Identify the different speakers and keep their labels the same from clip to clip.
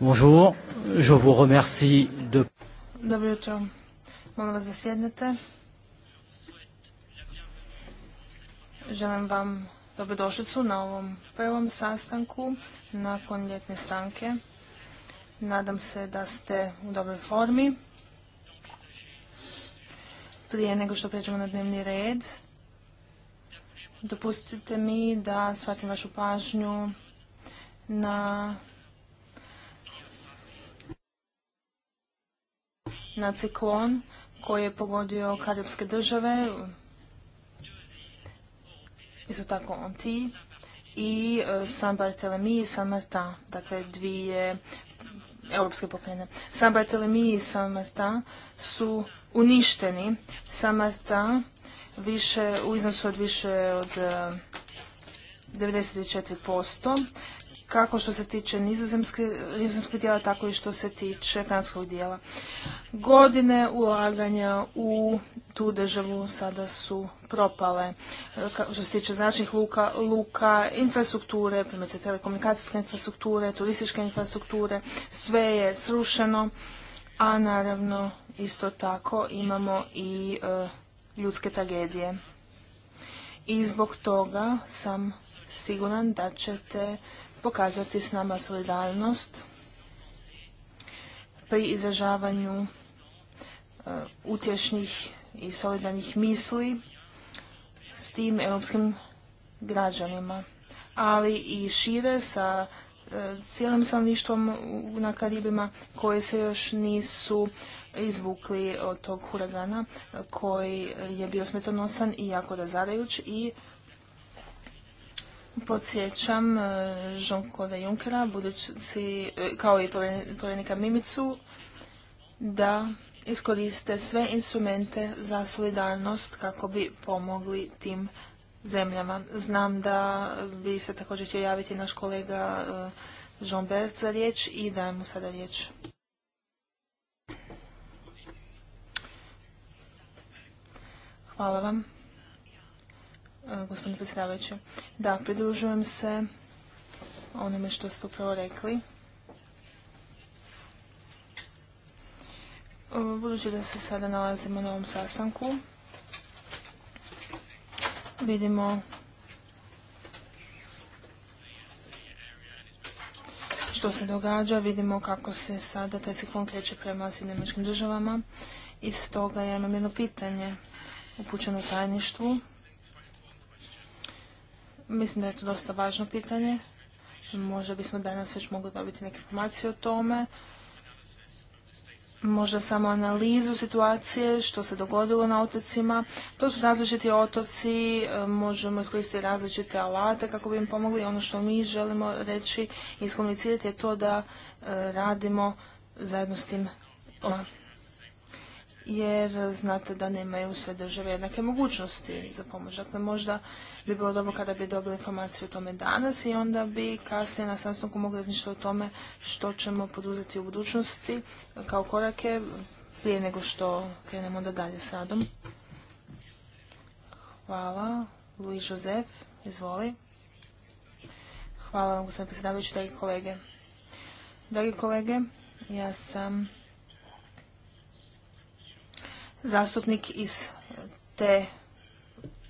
Speaker 1: Bonjour, je vous remercie de...
Speaker 2: Dobro jutro. Molim vas da sjednete. Želim vam dobrodošlicu na ovom prvom sastanku nakon ljetne stanke. Nadam se da ste u dobroj formi. Prije nego što pređemo na dnevni red, dopustite mi da shvatim vašu pažnju na na ciklon koji je pogodio karibske države, isto tako Ti e, i San Bartolomé i San dakle dvije europske pokrajine. San Bartolomé i San su uništeni. San više, u iznosu od više od 94%, e, kako što se tiče nizozemskog dijela, tako i što se tiče francuskog dijela. Godine ulaganja u tu državu sada su propale. E, što se tiče značnih luka, luka, infrastrukture, primjerice telekomunikacijske infrastrukture, turističke infrastrukture, sve je srušeno, a naravno isto tako imamo i e, ljudske tragedije. I zbog toga sam siguran da ćete pokazati s nama solidarnost pri izražavanju e, utješnih i solidarnih misli s tim europskim građanima, ali i šire sa e, cijelim stanovništvom na Karibima koji se još nisu izvukli od tog huragana koji je bio smetonosan i jako razarajuć i Podsjećam e, Jean-Claude Junckera, budući e, kao i povjerenika Mimicu, da iskoriste sve instrumente za solidarnost kako bi pomogli tim zemljama. Znam da bi se također htio javiti naš kolega e, Jean za riječ i dajem mu sada riječ. Hvala vam. E, gospodine predsjedavajući. Da, pridružujem se onome što ste upravo rekli. E, budući da se sada nalazimo na ovom sastanku, vidimo što se događa, vidimo kako se sada taj ciklon kreće prema Sjedinjeničkim državama i stoga ja imam jedno pitanje upućeno tajništvu Mislim da je to dosta važno pitanje. Možda bismo danas već mogli dobiti neke informacije o tome. Možda samo analizu situacije, što se dogodilo na otocima. To su različiti otoci, e, možemo iskoristiti različite alate kako bi im pomogli. Ono što mi želimo reći i iskomunicirati je to da e, radimo zajedno s tim jer znate da nemaju sve države jednake mogućnosti za pomoć. Dakle, možda bi bilo dobro kada bi dobili informaciju o tome danas i onda bi kasnije na sastanku mogli razmišljati o tome što ćemo poduzeti u budućnosti kao korake prije nego što krenemo onda dalje s radom. Hvala. Luis Joseph, izvoli. Hvala vam, gospodine predsjedavajući, dragi kolege. Dragi kolege, ja sam zastupnik iz te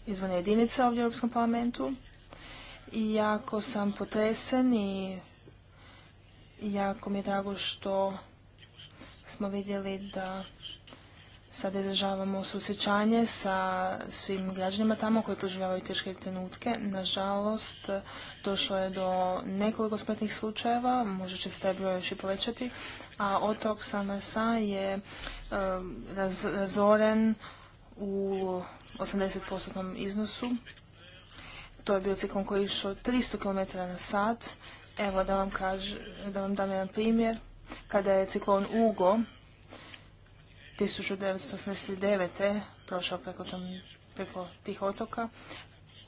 Speaker 2: izborne jedinice ovdje u Europskom parlamentu. I jako sam potresen i jako mi je drago što smo vidjeli da sad izražavamo susjećanje sa svim građanima tamo koji proživljavaju teške trenutke. Nažalost, došlo je do nekoliko smrtnih slučajeva, možda će se taj broj još i povećati, a otok samasa je Um, razoren u 80% iznosu. To je bio ciklon koji je išao 300 km na sat. Evo da vam, kaže, da vam dam jedan primjer. Kada je ciklon Ugo 1989. prošao preko, tom, preko tih otoka,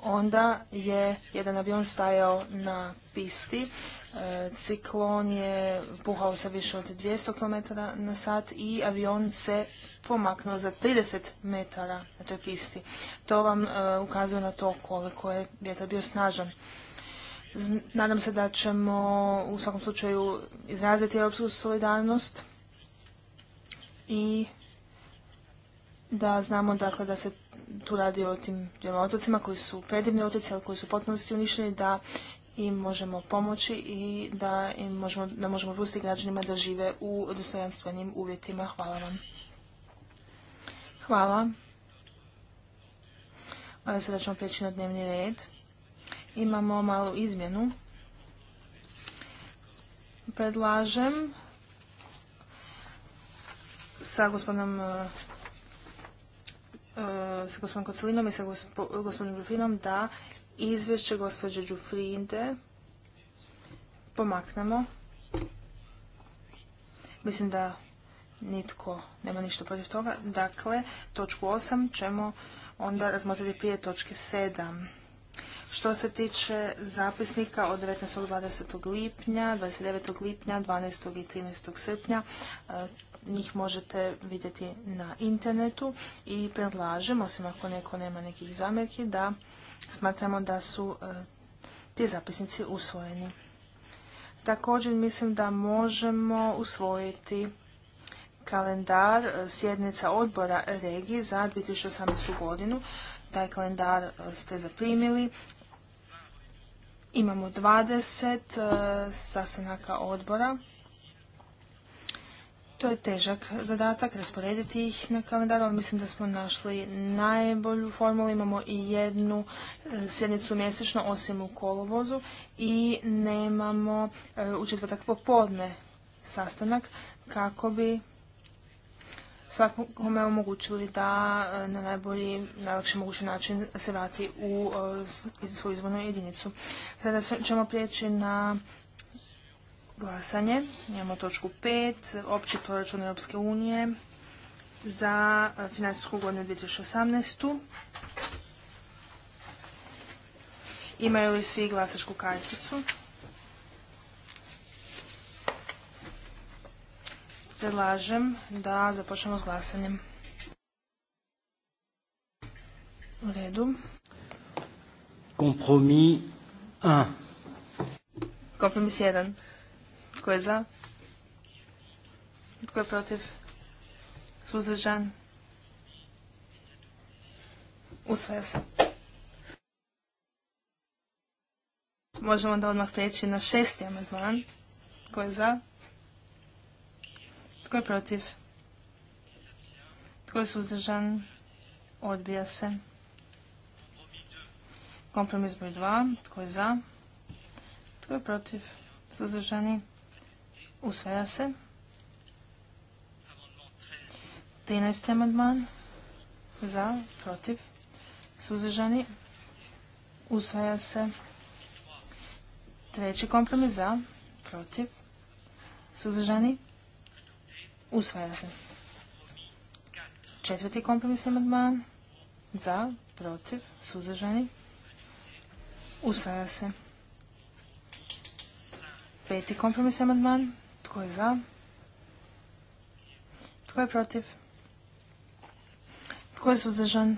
Speaker 2: onda je jedan avion stajao na pisti E, ciklon je puhao sa više od 200 km na sat i avion se pomaknuo za 30 metara na toj pisti. To vam e, ukazuje na to koliko je vjetar bio snažan. Nadam se da ćemo u svakom slučaju izraziti europsku solidarnost i da znamo dakle da se tu radi o tim dvijema otocima koji su predivni otoci, ali koji su potpunosti uništeni, da im možemo pomoći i da, im možemo, da možemo pustiti građanima da žive u dostojanstvenim uvjetima. Hvala vam. Hvala. Hvala se da ćemo prijeći na dnevni red. Imamo malu izmjenu. Predlažem sa gospodinom e, e, sa gospodinom Kocelinom i sa gospodinom Rufinom da izvješće gospođe Đufrinde pomaknemo. Mislim da nitko nema ništa protiv toga. Dakle, točku 8 ćemo onda razmotriti prije točke 7. Što se tiče zapisnika od 19. 20. lipnja, 29. lipnja, 12. i 13. srpnja, e, njih možete vidjeti na internetu i predlažem, osim ako neko nema nekih zamjerki, da Smatramo da su e, ti zapisnici usvojeni. Također mislim da možemo usvojiti kalendar e, sjednica odbora regije za 2018. godinu. Taj kalendar e, ste zaprimili. Imamo 20 sastanaka odbora to je težak zadatak, rasporediti ih na kalendaru, ali mislim da smo našli najbolju formulu. Imamo i jednu e, sjednicu mjesečno, osim u kolovozu, i nemamo e, u četvrtak popodne sastanak kako bi svakome omogućili da e, na najbolji, najlakši mogući način se vrati u svoju izbornu jedinicu. Sada ćemo prijeći na glasanje. Imamo točku 5, opći proračun Europske unije za e, financijsku godinu 2018. Imaju li svi glasačku karticu? Predlažem da započnemo s glasanjem. U redu.
Speaker 1: Kompromis 1.
Speaker 2: Kompromis 1. Tko je za? Tko je protiv? Suzdržan? Usvaja se. Možemo da odmah prijeći na šesti amandman. Tko je za? Tko je protiv? Tko je suzdržan? Odbija se. Kompromis broj dva. Tko je za? Tko je protiv? Suzdržani? Usvaja se. 13. amandman. Za, protiv, suzdržani. Usvaja se. Treći kompromis za, protiv, suzdržani. Usvaja se. Četvrti kompromis. amandman. Za, protiv, suzdržani. Usvaja se. Peti kompromis. amandman. Tko je za? Tko je protiv? Tko je suzdržan?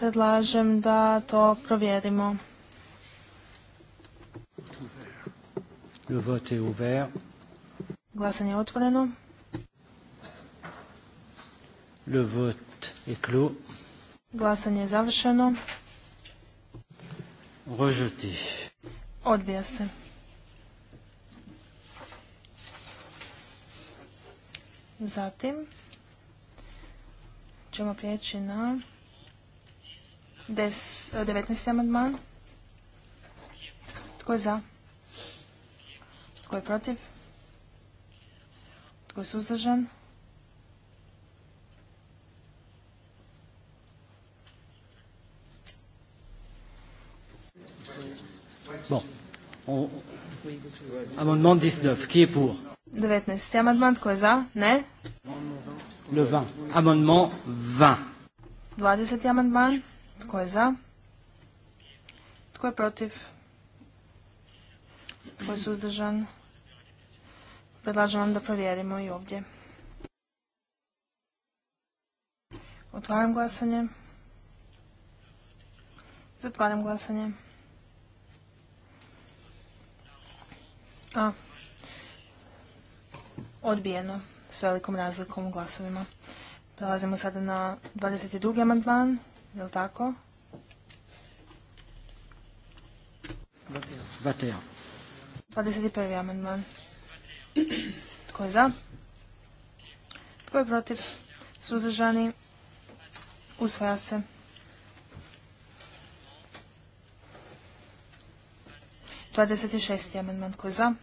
Speaker 2: Predlažem da to provjerimo. Glasanje je otvoreno. Le Glasanje je završeno. Odbija se. Zatim ćemo prijeći na 19. amandman. Tko je za? Tko je protiv? Tko je suzdržan? Bon. On... Amendement 19. Qui est pour 19. amandman, tko je za? Ne.
Speaker 1: 20. Amandman 20.
Speaker 2: 20. amandman, tko je za? Tko je protiv? Tko je suzdržan? Predlažem vam da provjerimo i ovdje. Otvaram glasanje. Zatvaram glasanje. A, Odbijeno s velikom razlikom u glasovima. Prelazimo sada na 22. amandman, je li tako? 21. 21. amandman. Tko je za? Tko je protiv? Suzdržani? Usvaja se. Dvadeset šest amandman tko je za?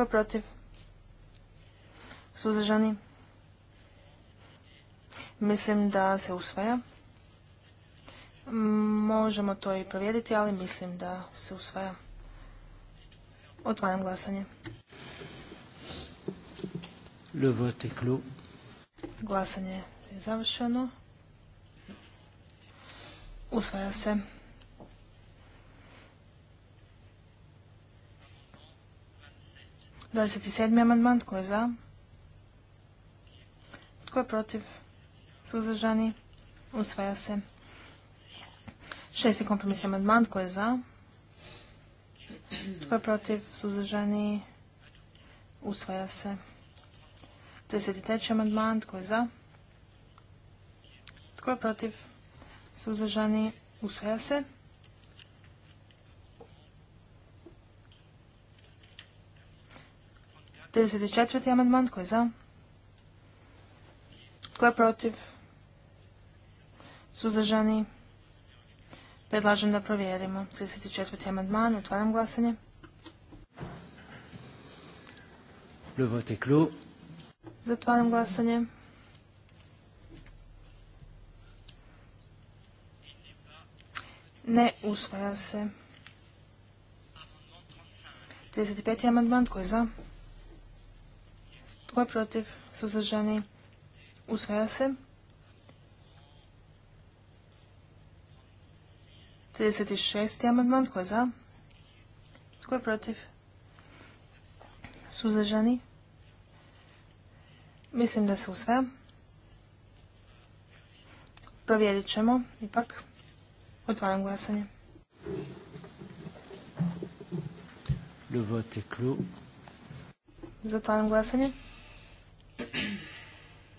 Speaker 2: je protiv? Suzdržani? Mislim da se usvaja. Možemo to i provjeriti, ali mislim da se usvaja. Otvaram glasanje.
Speaker 1: Le vote est clos.
Speaker 2: Glasanje je završeno. Usvaja se. 27. amandman, tko je za? Tko je protiv? Suzdržani? Usvaja se. Šesti kompromisni amandman, tko je za? Tko je protiv? Suzdržani? Usvaja se. 23. amandman, tko je za? Tko je protiv? Suzdržani? Usvaja se. 34. amandman, tko je za? Tko je protiv? Suzdržani? Predlažem da provjerimo. 34. amandman, otvaram glasanje. Le vote est Zatvaram glasanje. Ne usvaja se. 35. amandman, tko je za? Tko je protiv? Suzdržani? Usvaja se. 36. amandman. Tko je za? Tko je protiv? Suzdržani? Mislim da se usvaja. Provjerit ćemo. Ipak otvaram glasanje.
Speaker 1: Le vote est clos.
Speaker 2: Zatvaram glasanje.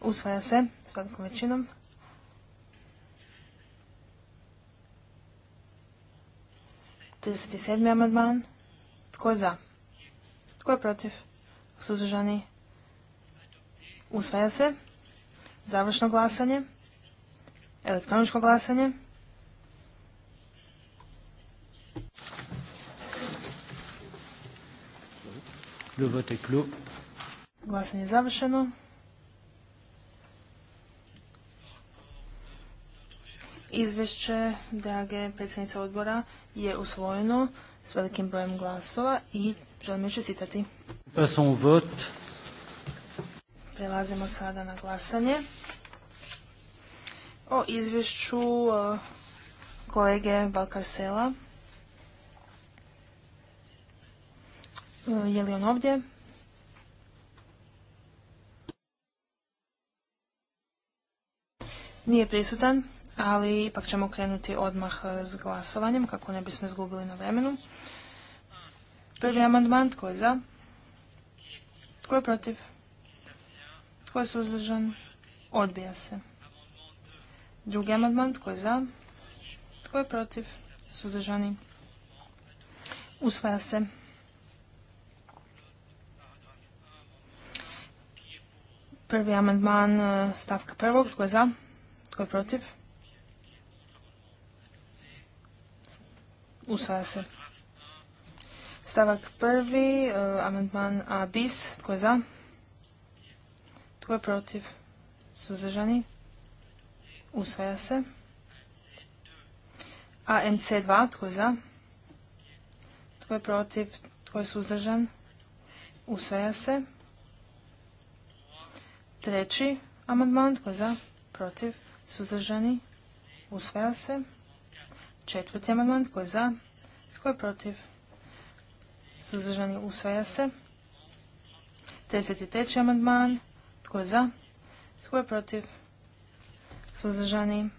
Speaker 2: Usvaja se s velikom većinom. Trideset sedmi amandman. Tko je za? Tko je protiv? Suzdržani? Usvaja se. Završno glasanje. Elektroničko glasanje. Le vote est Glasanje je završeno. Izvješće, drage predsjednice odbora, je usvojeno s velikim brojem glasova i želim još čestitati. Prelazimo sada na glasanje o izvješću e, kolege Balkarsela. E, je li on ovdje? Nije prisutan, ali ipak ćemo krenuti odmah eh, s glasovanjem kako ne bismo izgubili na vremenu. Prvi amandman, tko je za? Tko je protiv? Tko je suzdržan? Odbija se. Drugi amandman, tko je za? Tko je protiv? Suzdržani? Usvaja se. Prvi amandman eh, stavka prvog, tko je za? Tko je protiv? Usvaja se. Stavak prvi, e, amendman A bis. Tko je za? Tko je protiv? Suzdržani? Usvaja se. AMC2, tko je za? Tko je protiv? Tko je suzdržan? Usvaja se. Treći amandman, tko je za? Protiv? suzdržani, usvaja se. Četvrti amandman, tko je za, tko je protiv, suzdržani, usvaja se. treći amandman, tko je za, tko je protiv, suzdržani,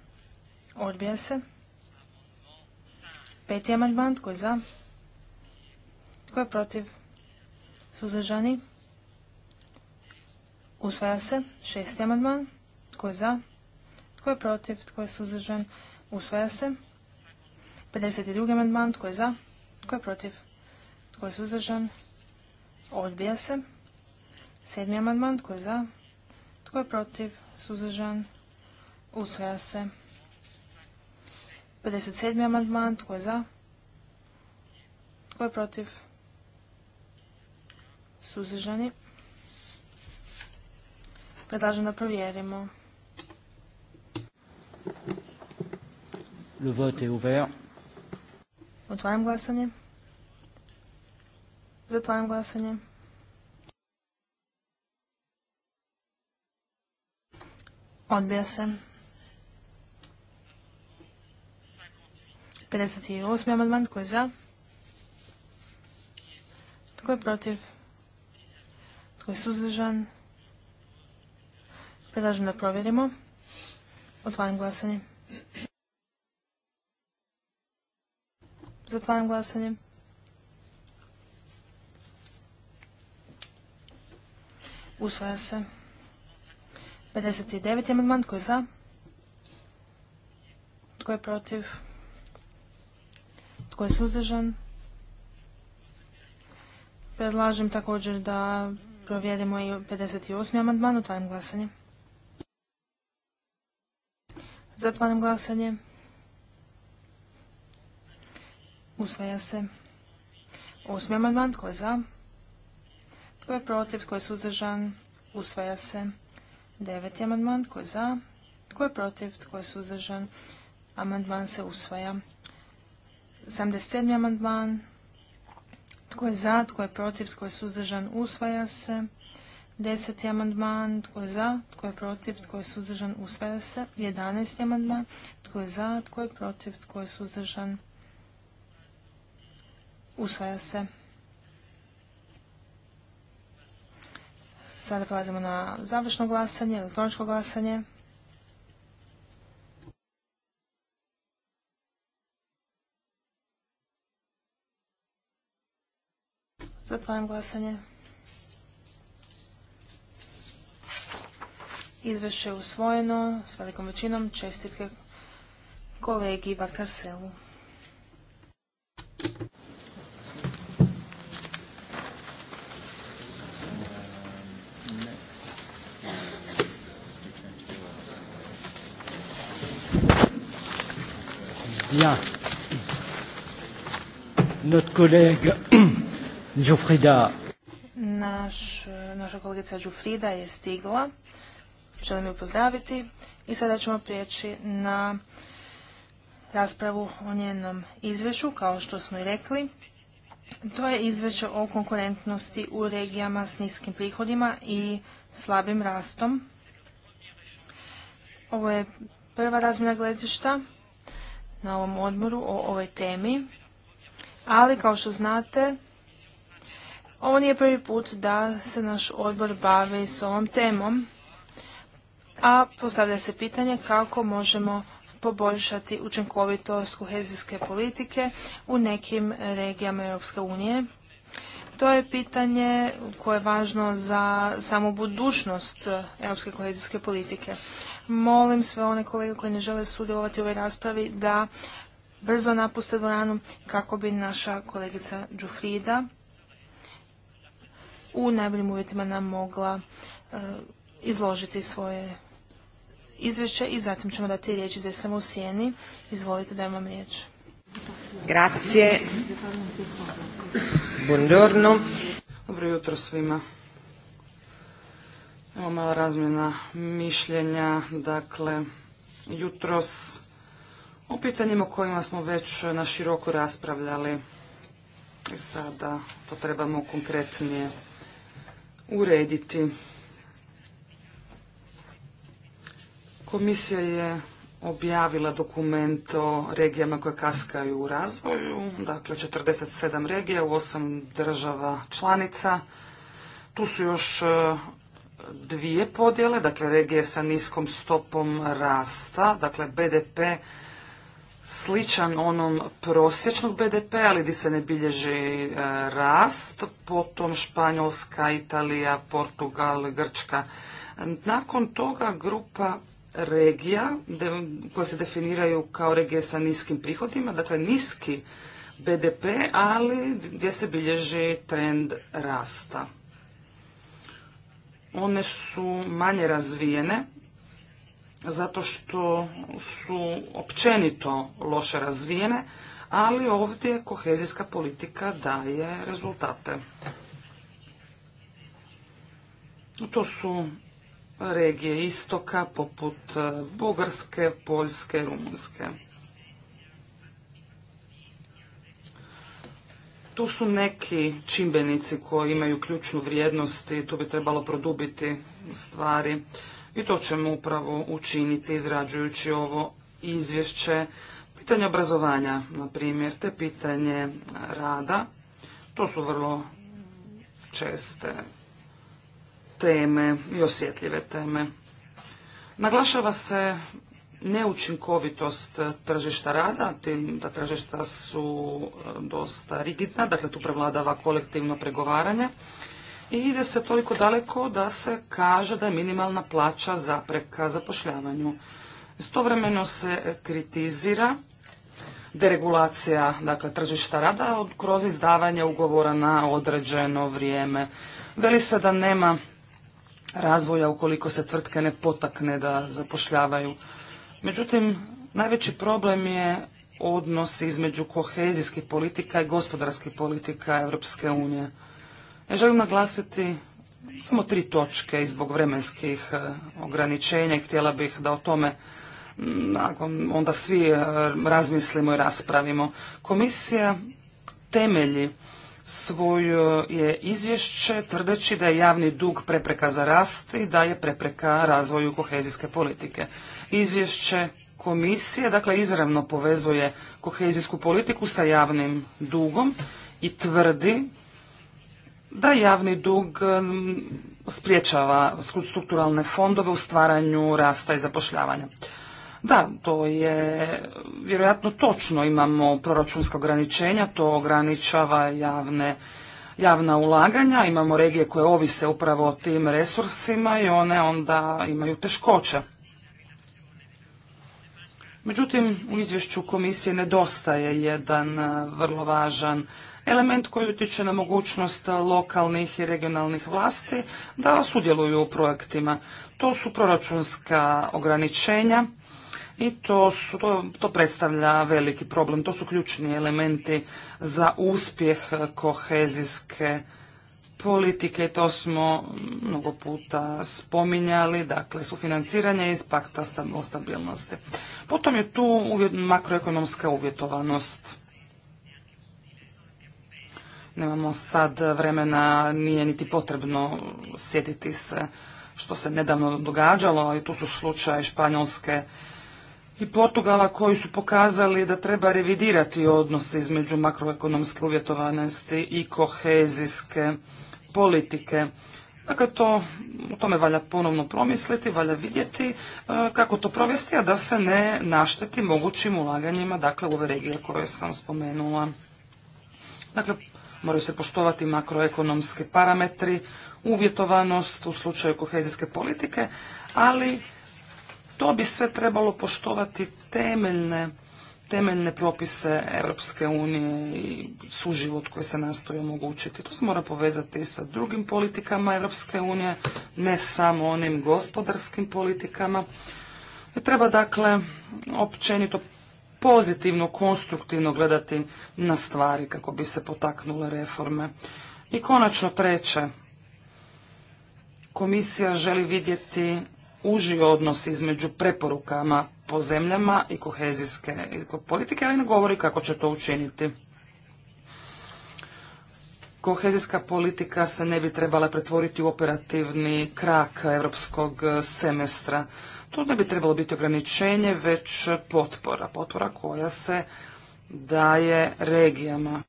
Speaker 2: odbija se. Peti amandman, tko je za, tko je protiv, suzdržani, usvaja se. Šesti amandman, tko je za, tko je protiv? Tko je suzdržan? Usvaja se. 52. amandman. Tko je za? Tko je protiv? Tko je suzdržan? Odbija se. 7. amandman. Tko je za? Tko je protiv? Suzdržan? Usvaja se. 57. amandman. Tko je za? Tko je protiv? Suzdržani? Predlažem da provjerimo.
Speaker 1: Le vote est Otvaram
Speaker 2: glasanje. Zatvaram glasanje. Odbija se. 58. amandman, tko je za? Tko je protiv? Tko je suzdržan? Predlažem da provjerimo. Otvaram glasanje. Zatvaram glasanje. Usvaja se. 59. amandman. Tko je za? Tko je protiv? Tko je suzdržan? Predlažem također da provjerimo i 58. amandman. Otvaram glasanje. Zatvaram glasanje. Usvaja se. Osmi amandman, tko je za? Tko je protiv? Tko je suzdržan? Usvaja se. Deveti amandman, tko je za? Tko je protiv? Tko je suzdržan? Amandman se usvaja. 77. amandman. Tko je za? Tko je protiv? Tko je suzdržan? Usvaja se. Deseti amandman, tko je za, tko je protiv, tko je suzdržan, usvaja se. Jedanaest amandman, tko je za, tko je protiv, tko je suzdržan, usvaja se. Sada prelazimo na završno glasanje, elektroničko glasanje. Zatvaram glasanje. Izvješće je usvojeno s velikom većinom. Čestitke kolegi Barkaselu.
Speaker 1: Bien. Notre collègue
Speaker 2: Naš, naša kolegica Giuffrida je stigla želim ju pozdraviti i sada ćemo prijeći na raspravu o njenom izvješću, kao što smo i rekli. To je izvješće o konkurentnosti u regijama s niskim prihodima i slabim rastom. Ovo je prva razmjena gledišta na ovom odboru o ovoj temi, ali kao što znate, ovo nije prvi put da se naš odbor bavi s ovom temom a postavlja se pitanje kako možemo poboljšati učinkovitost kohezijske politike u nekim regijama Europske unije. To je pitanje koje je važno za samu budućnost europske kohezijske politike. Molim sve one kolege koji ne žele sudjelovati u ovoj raspravi da brzo napuste dvoranu kako bi naša kolegica Džufrida u najboljim uvjetima nam mogla e, izložiti svoje izvješće i zatim ćemo dati riječ izvjesnom u Sijeni. Izvolite da vam riječ. Grazie.
Speaker 3: Buongiorno. Dobro jutro svima. Evo mala razmjena mišljenja. Dakle, jutros o pitanjima o kojima smo već na široko raspravljali. Sada to trebamo konkretnije urediti. Komisija je objavila dokument o regijama koje kaskaju u razvoju, dakle 47 regija u 8 država članica. Tu su još e, dvije podjele, dakle regije sa niskom stopom rasta, dakle BDP sličan onom prosječnog BDP, ali gdje se ne bilježi e, rast, potom Španjolska, Italija, Portugal, Grčka. Nakon toga grupa regija koje se definiraju kao regije sa niskim prihodima, dakle niski BDP, ali gdje se bilježi trend rasta. One su manje razvijene zato što su općenito loše razvijene, ali ovdje kohezijska politika daje rezultate. To su regije istoka poput e, Bugarske, Poljske Rumunske. Tu su neki čimbenici koji imaju ključnu vrijednost i tu bi trebalo produbiti stvari i to ćemo upravo učiniti izrađujući ovo izvješće. Pitanje obrazovanja, na primjer, te pitanje rada, to su vrlo česte teme i osjetljive teme. Naglašava se neučinkovitost tržišta rada, tim da tržišta su e, dosta rigidna, dakle tu prevladava kolektivno pregovaranje i ide se toliko daleko da se kaže da je minimalna plaća zapreka zapošljavanju. Istovremeno se kritizira deregulacija dakle, tržišta rada kroz izdavanje ugovora na određeno vrijeme. Veli se da nema razvoja ukoliko se tvrtke ne potakne da zapošljavaju. Međutim, najveći problem je odnos između kohezijskih politika i gospodarskih politika Europske unije. Ja želim naglasiti samo tri točke i zbog vremenskih e, ograničenja i htjela bih da o tome onda svi e, razmislimo i raspravimo. Komisija temelji svoje izvješće tvrdeći da je javni dug prepreka za rast i da je prepreka razvoju kohezijske politike. Izvješće komisije dakle izravno povezuje kohezijsku politiku sa javnim dugom i tvrdi da javni dug e, sprječava strukturalne fondove u stvaranju rasta i zapošljavanja. Da, to je vjerojatno točno. Imamo proračunska ograničenja, to ograničava javne javna ulaganja, imamo regije koje ovise upravo o tim resursima i one onda imaju teškoće. Međutim, u izvješću komisije nedostaje jedan e, vrlo važan element koji utječe na mogućnost lokalnih i regionalnih vlasti da sudjeluju u projektima. To su proračunska ograničenja i to, to, to predstavlja veliki problem. To su ključni elementi za uspjeh kohezijske politike, to smo mnogo puta spominjali, dakle sufinanciranje iz pakta o stabilnosti. Potom je tu makroekonomska uvjetovanost. Nemamo sad vremena, nije niti potrebno sjetiti se što se nedavno događalo i tu su slučaje španjolske i Portugala koji su pokazali da treba revidirati odnose između makroekonomske uvjetovanosti i kohezijske politike. Dakle, to, o tome valja ponovno promisliti, valja vidjeti e, kako to provesti, a da se ne našteti mogućim ulaganjima, dakle, u ove regije koje sam spomenula. Dakle, moraju se poštovati makroekonomski parametri, uvjetovanost u slučaju kohezijske politike, ali to bi sve trebalo poštovati temeljne temeljne propise Europske unije i suživot koji se nastoji omogućiti. To se mora povezati sa drugim politikama Europske unije, ne samo onim gospodarskim politikama. Treba dakle općenito pozitivno, konstruktivno gledati na stvari kako bi se potaknule reforme. I konačno treće, komisija želi vidjeti uži odnos između preporukama po zemljama i kohezijske politike, ali ne govori kako će to učiniti. Kohezijska politika se ne bi trebala pretvoriti u operativni krak europskog e, semestra. To ne bi trebalo biti ograničenje, već potpora. Potpora koja se daje regijama.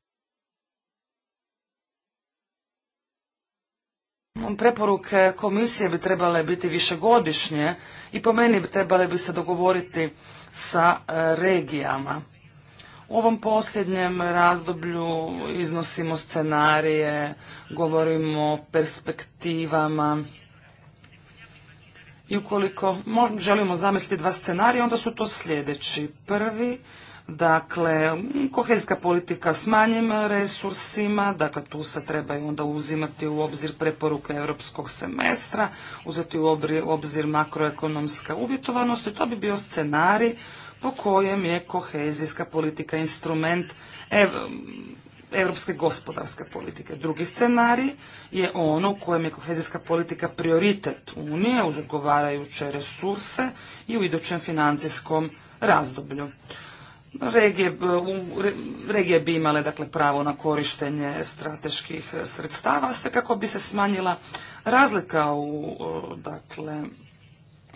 Speaker 3: Preporuke komisije bi trebale biti višegodišnje i po meni bi trebale bi se dogovoriti sa e, regijama. U ovom posljednjem razdoblju iznosimo scenarije, govorimo o perspektivama i ukoliko želimo zamisliti dva scenarija, onda su to sljedeći. Prvi Dakle, kohezijska politika s manjim resursima, dakle tu se trebaju onda uzimati u obzir preporuke europskog semestra, uzeti u obzir makroekonomska uvjetovanosti. i to bi bio scenarij po kojem je kohezijska politika instrument ev europske gospodarske politike. Drugi scenarij je ono u kojem je kohezijska politika prioritet Unije uz odgovarajuće resurse i u idućem financijskom razdoblju. Regije, bi imale dakle, pravo na korištenje strateških sredstava, sve kako bi se smanjila razlika u dakle,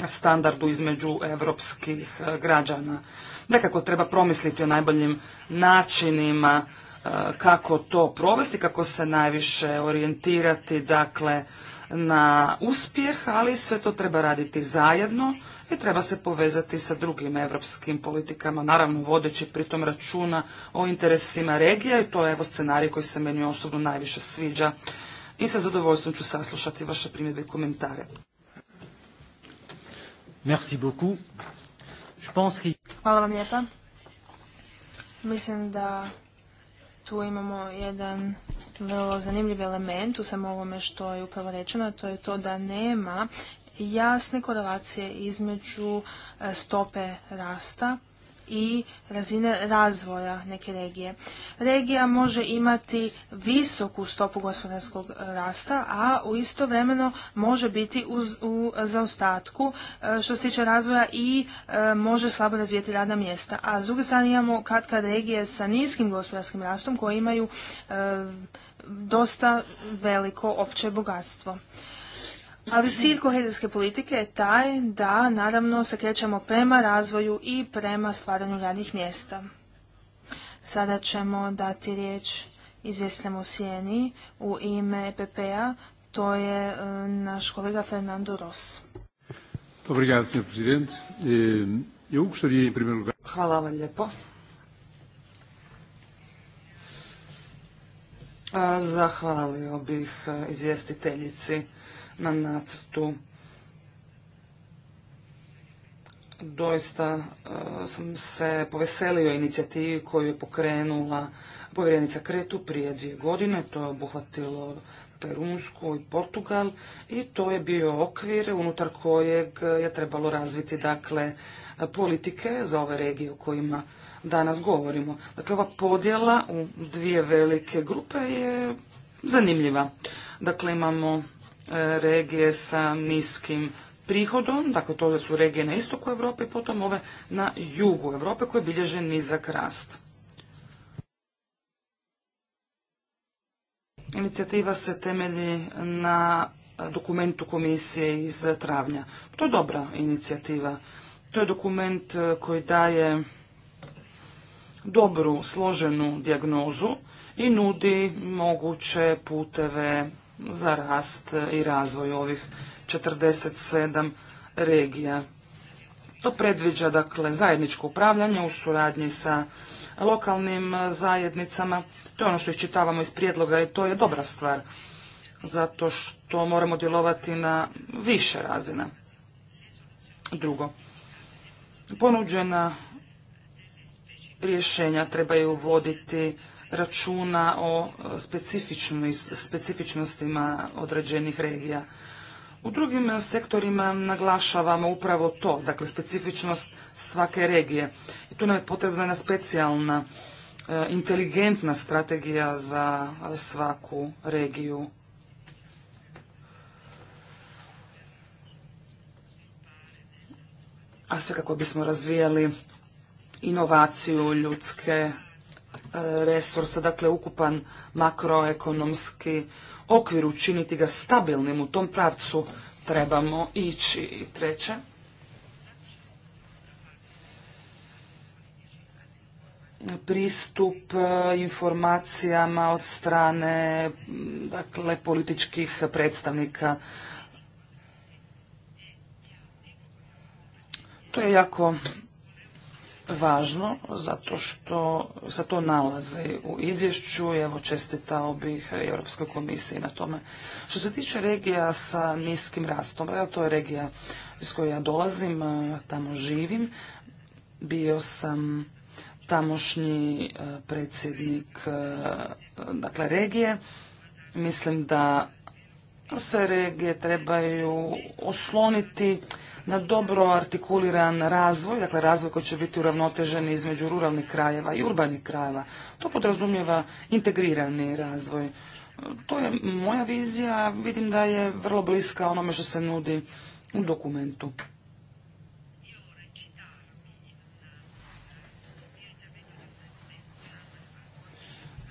Speaker 3: standardu između evropskih e, građana. Nekako treba promisliti o najboljim načinima e, kako to provesti, kako se najviše orijentirati dakle, na uspjeh, ali sve to treba raditi zajedno i treba se povezati sa drugim evropskim politikama, naravno vodeći pritom računa o interesima regija i to je evo scenarij koji se meni osobno najviše sviđa i sa zadovoljstvom ću saslušati vaše primjedbe i komentare.
Speaker 1: Merci beaucoup.
Speaker 3: Je pense que...
Speaker 2: Hvala vam lijepa. Mislim da tu imamo jedan vrlo zanimljiv element u samo ovome što je upravo rečeno, to je to da nema jasne korelacije između e, stope rasta i razine razvoja neke regije. Regija može imati visoku stopu gospodarskog rasta, a u istovremeno može biti u zaostatku e, što se tiče razvoja i e, može slabo razvijeti radna mjesta. A s druge strane imamo kad regije sa niskim gospodarskim rastom koje imaju dosta veliko opće bogatstvo. Ali cilj kohezijske politike je taj da naravno se krećemo prema razvoju i prema stvaranju radnih mjesta. Sada ćemo dati riječ izvjestljamo Sijeni u ime EPP-a, to je e, naš kolega Fernando Ros.
Speaker 1: E, Hvala
Speaker 3: vam lijepo. E, zahvalio bih izvjestiteljici na nacrtu. Doista e, sam se poveselio inicijativi koju je pokrenula povjerenica Kretu prije dvije godine. To je obuhvatilo Perunsku i Portugal i to je bio okvir unutar kojeg je trebalo razviti dakle politike za ove regije o kojima danas govorimo. Dakle, ova podjela u dvije velike grupe je zanimljiva. Dakle, imamo regije sa niskim prihodom, dakle to su regije na istoku Europe i potom ove na jugu Europe koje bilježe nizak rast. Inicijativa se temelji na dokumentu komisije iz travnja. To je dobra inicijativa. To je dokument e, koji daje dobru, složenu dijagnozu i nudi moguće puteve za rast i razvoj ovih 47 regija. To predviđa dakle zajedničko upravljanje u suradnji sa lokalnim zajednicama. To je ono što iščitavamo iz prijedloga i to je dobra stvar zato što moramo djelovati na više razina. Drugo, ponuđena rješenja trebaju voditi računa o e, specifičnostima određenih regija. U drugim e, sektorima naglašavamo upravo to, dakle specifičnost svake regije. I tu nam je potrebna jedna specijalna e, inteligentna strategija za svaku regiju. A sve kako bismo razvijali inovaciju ljudske resursa, dakle ukupan makroekonomski okvir, učiniti ga stabilnim. U tom pravcu trebamo ići. I treće, pristup e, informacijama od strane dakle, političkih predstavnika. To je jako važno zato što se to nalazi u izvješću i evo čestitao bih Europskoj komisiji na tome. Što se tiče regija sa niskim rastom, evo to je regija iz koje ja dolazim, tamo živim, bio sam tamošnji predsjednik dakle regije. Mislim da se regije trebaju osloniti na dobro artikuliran razvoj, dakle razvoj koji će biti uravnotežen između ruralnih krajeva i urbanih krajeva. To podrazumijeva integrirani razvoj. To je moja vizija, vidim da je vrlo bliska onome što se nudi u dokumentu.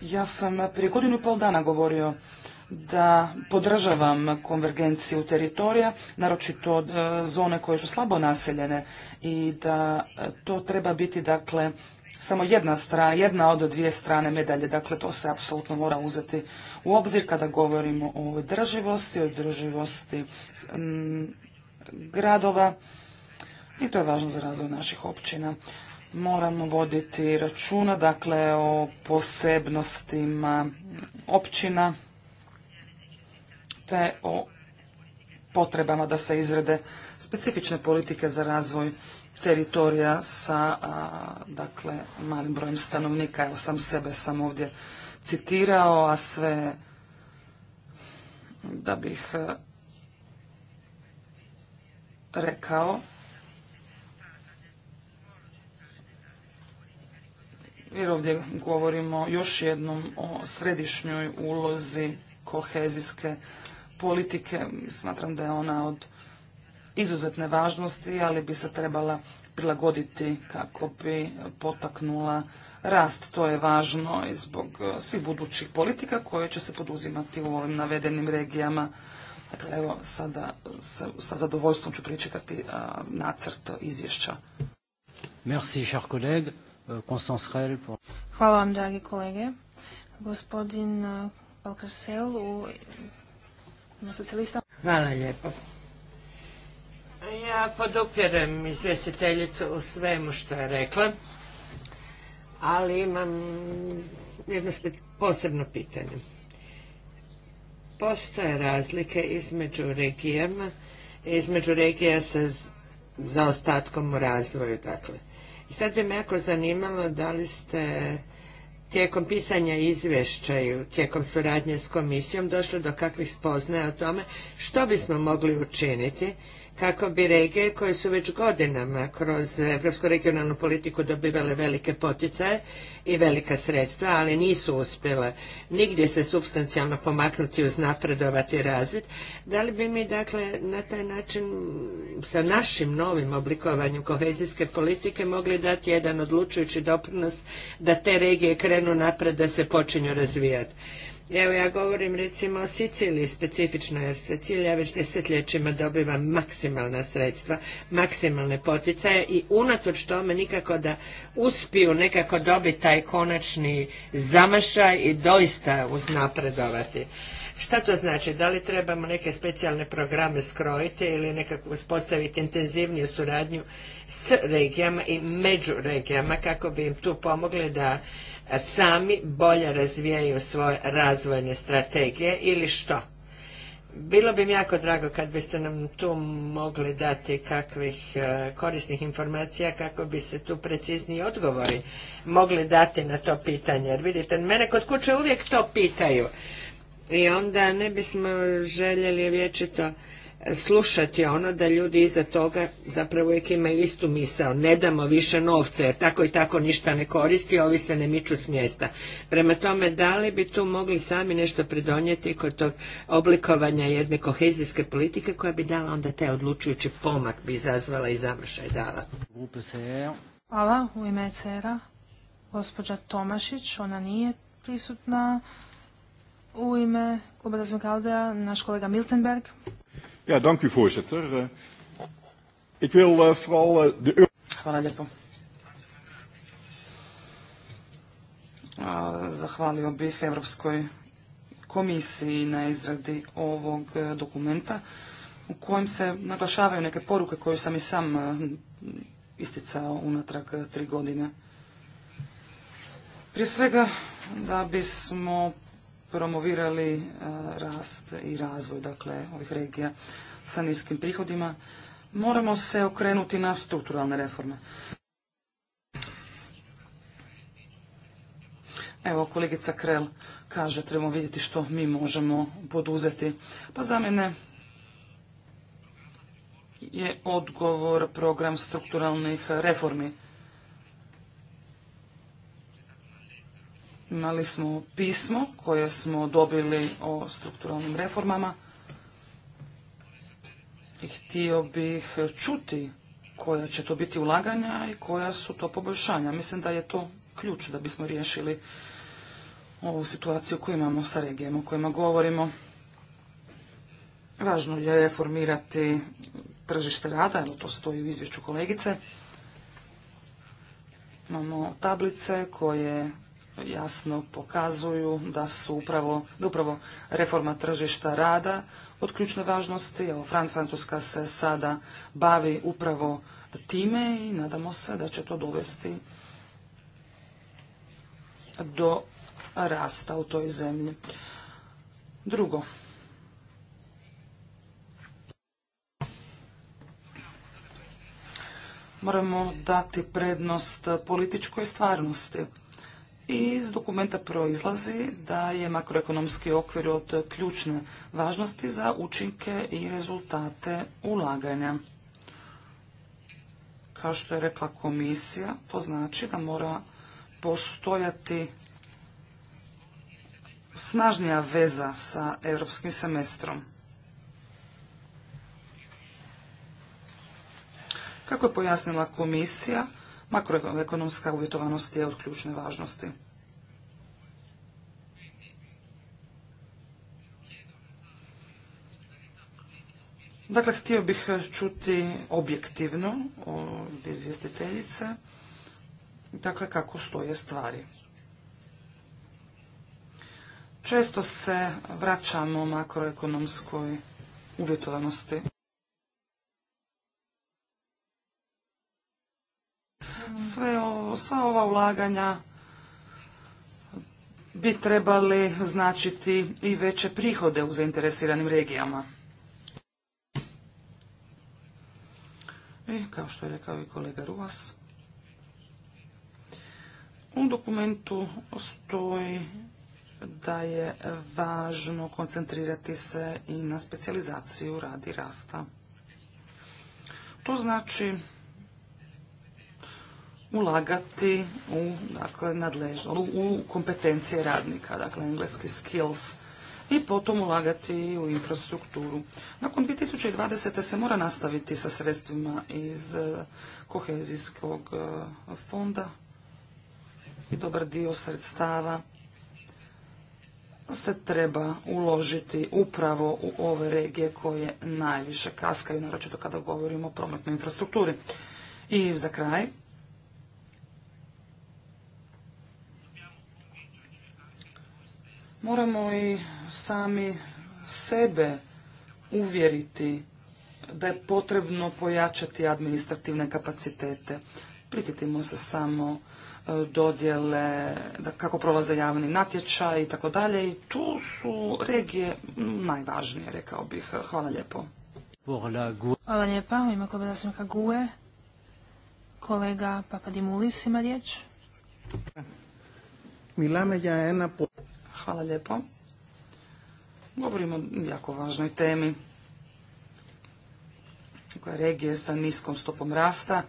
Speaker 3: Ja sam prije godinu i pol dana govorio da podržavam konvergenciju teritorija, naročito e, zone koje su slabo naseljene i da to treba biti dakle samo jedna strana, jedna od dvije strane medalje, dakle to se apsolutno mora uzeti u obzir kada govorimo o održivosti, održivosti mm, gradova i to je važno za razvoj naših općina. Moramo voditi računa, dakle, o posebnostima općina, te o potrebama da se izrede specifične politike za razvoj teritorija sa dakle, malim brojem stanovnika. Evo sam sebe sam ovdje citirao, a sve da bih rekao jer ovdje govorimo još jednom o središnjoj ulozi kohezijske politike. Smatram da je ona od izuzetne važnosti, ali bi se trebala prilagoditi kako bi potaknula rast. To je važno i zbog e, svih budućih politika koje će se poduzimati u ovim navedenim regijama. Dakle, evo, sada sa, zadovoljstvom ću pričekati e, nacrt izvješća.
Speaker 1: Merci, cher collègue. Euh, Constance Rell
Speaker 2: Hvala vam, dragi kolege. Gospodin e, Balkarsel u Hvala lijepo.
Speaker 4: Ja podupirem izvjestiteljicu u svemu što je rekla, ali imam jedno posebno pitanje. Postoje razlike između regijama, između regija sa zaostatkom u razvoju, dakle. I sad bi me jako zanimalo da li ste tijekom pisanja izvješća i tijekom suradnje s komisijom došlo do kakvih spoznaja o tome što bismo mogli učiniti kako bi regije koje su već godinama kroz europsku regionalnu politiku dobivale velike poticaje i velika sredstva, ali nisu uspjele nigdje se substancijalno pomaknuti, uznapredovati i razviti, da li bi mi dakle na taj način sa našim novim oblikovanjem kohezijske politike mogli dati jedan odlučujući doprinos da te regije krenu napred, da se počinju razvijati. Evo ja govorim recimo o Siciliji specifično, jer Sicilija već desetljećima dobiva maksimalna sredstva, maksimalne poticaje i unatoč tome nikako da uspiju nekako dobiti taj konačni zamašaj i doista uznapredovati. Šta to znači? Da li trebamo neke specijalne programe skrojiti ili nekako uspostaviti intenzivniju suradnju s regijama i među regijama kako bi im tu pomogli da sami bolje razvijaju svoje razvojne strategije ili što? Bilo bi mi jako drago kad biste nam tu mogli dati kakvih e, korisnih informacija kako bi se tu precizniji odgovori mogli dati na to pitanje. Jer vidite, mene kod kuće uvijek to pitaju. I onda ne bismo željeli vječito slušati ono da ljudi iza toga zapravo uvijek imaju istu misao, ne damo više novca jer tako i tako ništa ne koristi, ovi se ne miču s mjesta. Prema tome, da li bi tu mogli sami nešto pridonijeti kod tog oblikovanja jedne kohezijske politike koja bi dala onda taj odlučujući pomak bi izazvala i završaj dala?
Speaker 2: Hvala, u ime Cera, Gospođa Tomašić, ona nije prisutna. U ime Kluba naš kolega Miltenberg.
Speaker 4: Ja, dank u voorzitter. Eh, ik wil eh, vooral eh, de...
Speaker 3: Hvala Zahvalio bih Evropskoj komisiji na izradi ovog dokumenta u kojem se naglašavaju neke poruke koje sam i sam isticao unatrag tri godine. Prije svega da bismo promovirali e, rast i razvoj dakle, ovih regija sa niskim prihodima. Moramo se okrenuti na strukturalne reforme. Evo, kolegica Krel kaže, trebamo vidjeti što mi možemo poduzeti. Pa za mene je odgovor program strukturalnih reformi. Imali smo pismo koje smo dobili o strukturalnim reformama i htio bih čuti koja će to biti ulaganja i koja su to poboljšanja. Mislim da je to ključ da bismo riješili ovu situaciju koju imamo sa regijom o kojima govorimo. Važno je formirati tržište rada, evo to stoji u izvješću kolegice. Imamo tablice koje jasno pokazuju da su upravo, upravo reforma tržišta rada od ključne važnosti. Evo, Franc Francuska se sada bavi upravo time i nadamo se da će to dovesti do rasta u toj zemlji. Drugo, moramo dati prednost političkoj stvarnosti. I iz dokumenta proizlazi da je makroekonomski okvir od ključne važnosti za učinke i rezultate ulaganja. Kao što je rekla komisija, to znači da mora postojati snažnija veza sa europskim semestrom. Kako je pojasnila komisija, makroekonomska uvjetovanost je od ključne važnosti. Dakle, htio bih čuti objektivno od izvjestiteljice, dakle, kako stoje stvari. Često se vraćamo makroekonomskoj uvjetovanosti. Sve ovo, sva ova ulaganja bi trebali značiti i veće prihode u zainteresiranim regijama. I kao što je rekao i kolega Ruas, u dokumentu stoji da je važno koncentrirati se i na specijalizaciju radi rasta. To znači ulagati u, dakle, u kompetencije radnika, dakle, engleski skills i potom ulagati u infrastrukturu. Nakon 2020. se mora nastaviti sa sredstvima iz e, kohezijskog e, fonda i dobar dio sredstava se treba uložiti upravo u ove regije koje najviše kaskaju, naročito kada govorimo o prometnoj infrastrukturi. I za kraj, Moramo i sami sebe uvjeriti da je potrebno pojačati administrativne kapacitete. Prisjetimo se samo e, dodjele, da kako prolaze javni natječaj i tako dalje. I tu su regije najvažnije, rekao bih. Hvala lijepo. Hvala
Speaker 2: lijepa. U ime kluba zastupnika GUE, kolega Papadimulis ima riječ. ja ena po... Hvala lijepo.
Speaker 3: Govorimo o jako važnoj temi. Dakle, regije sa niskom stopom rasta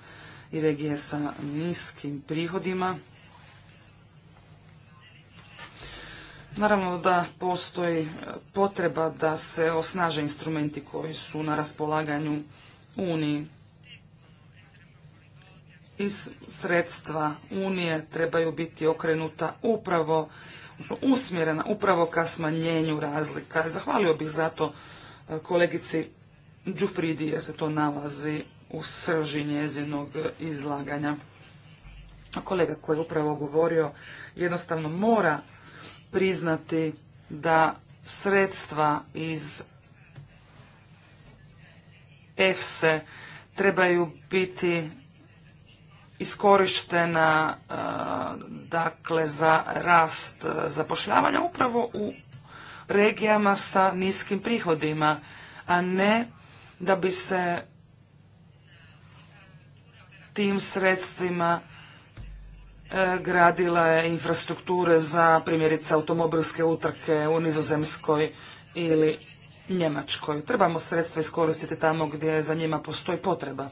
Speaker 3: i regije sa niskim prihodima. Naravno da postoji potreba da se osnaže instrumenti koji su na raspolaganju Uniji. I sredstva Unije trebaju biti okrenuta upravo usmjerena upravo ka smanjenju razlika. Zahvalio bih zato e, kolegici Đufridi jer se to nalazi u srži njezinog izlaganja. Kolega koji je upravo govorio jednostavno mora priznati da sredstva iz EFSE trebaju biti iskorištena e, dakle za rast e, zapošljavanja upravo u regijama sa niskim prihodima, a ne da bi se tim sredstvima e, gradila infrastrukture za primjerice automobilske utrke u Nizozemskoj ili Njemačkoj. Trebamo sredstva iskoristiti tamo gdje za njima postoji potreba.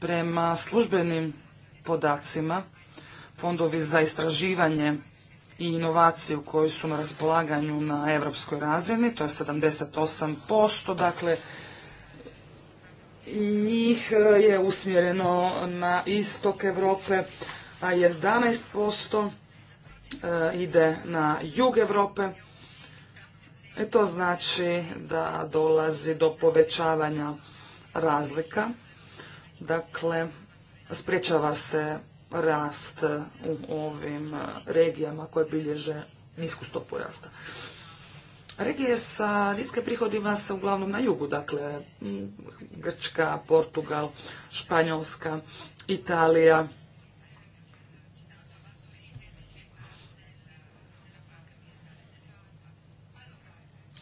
Speaker 3: Prema službenim podacima. Fondovi za istraživanje i inovaciju koji su na raspolaganju na europskoj razini, to je 78%, dakle njih e, je usmjereno na istok Europe, a 11% e, ide na jug Europe. E to znači da dolazi do povećavanja razlika. Dakle, sprečava se rast u ovim regijama koje bilježe nisku stopu rasta. Regije sa niske prihodima se uglavnom na jugu, dakle Grčka, Portugal, Španjolska, Italija.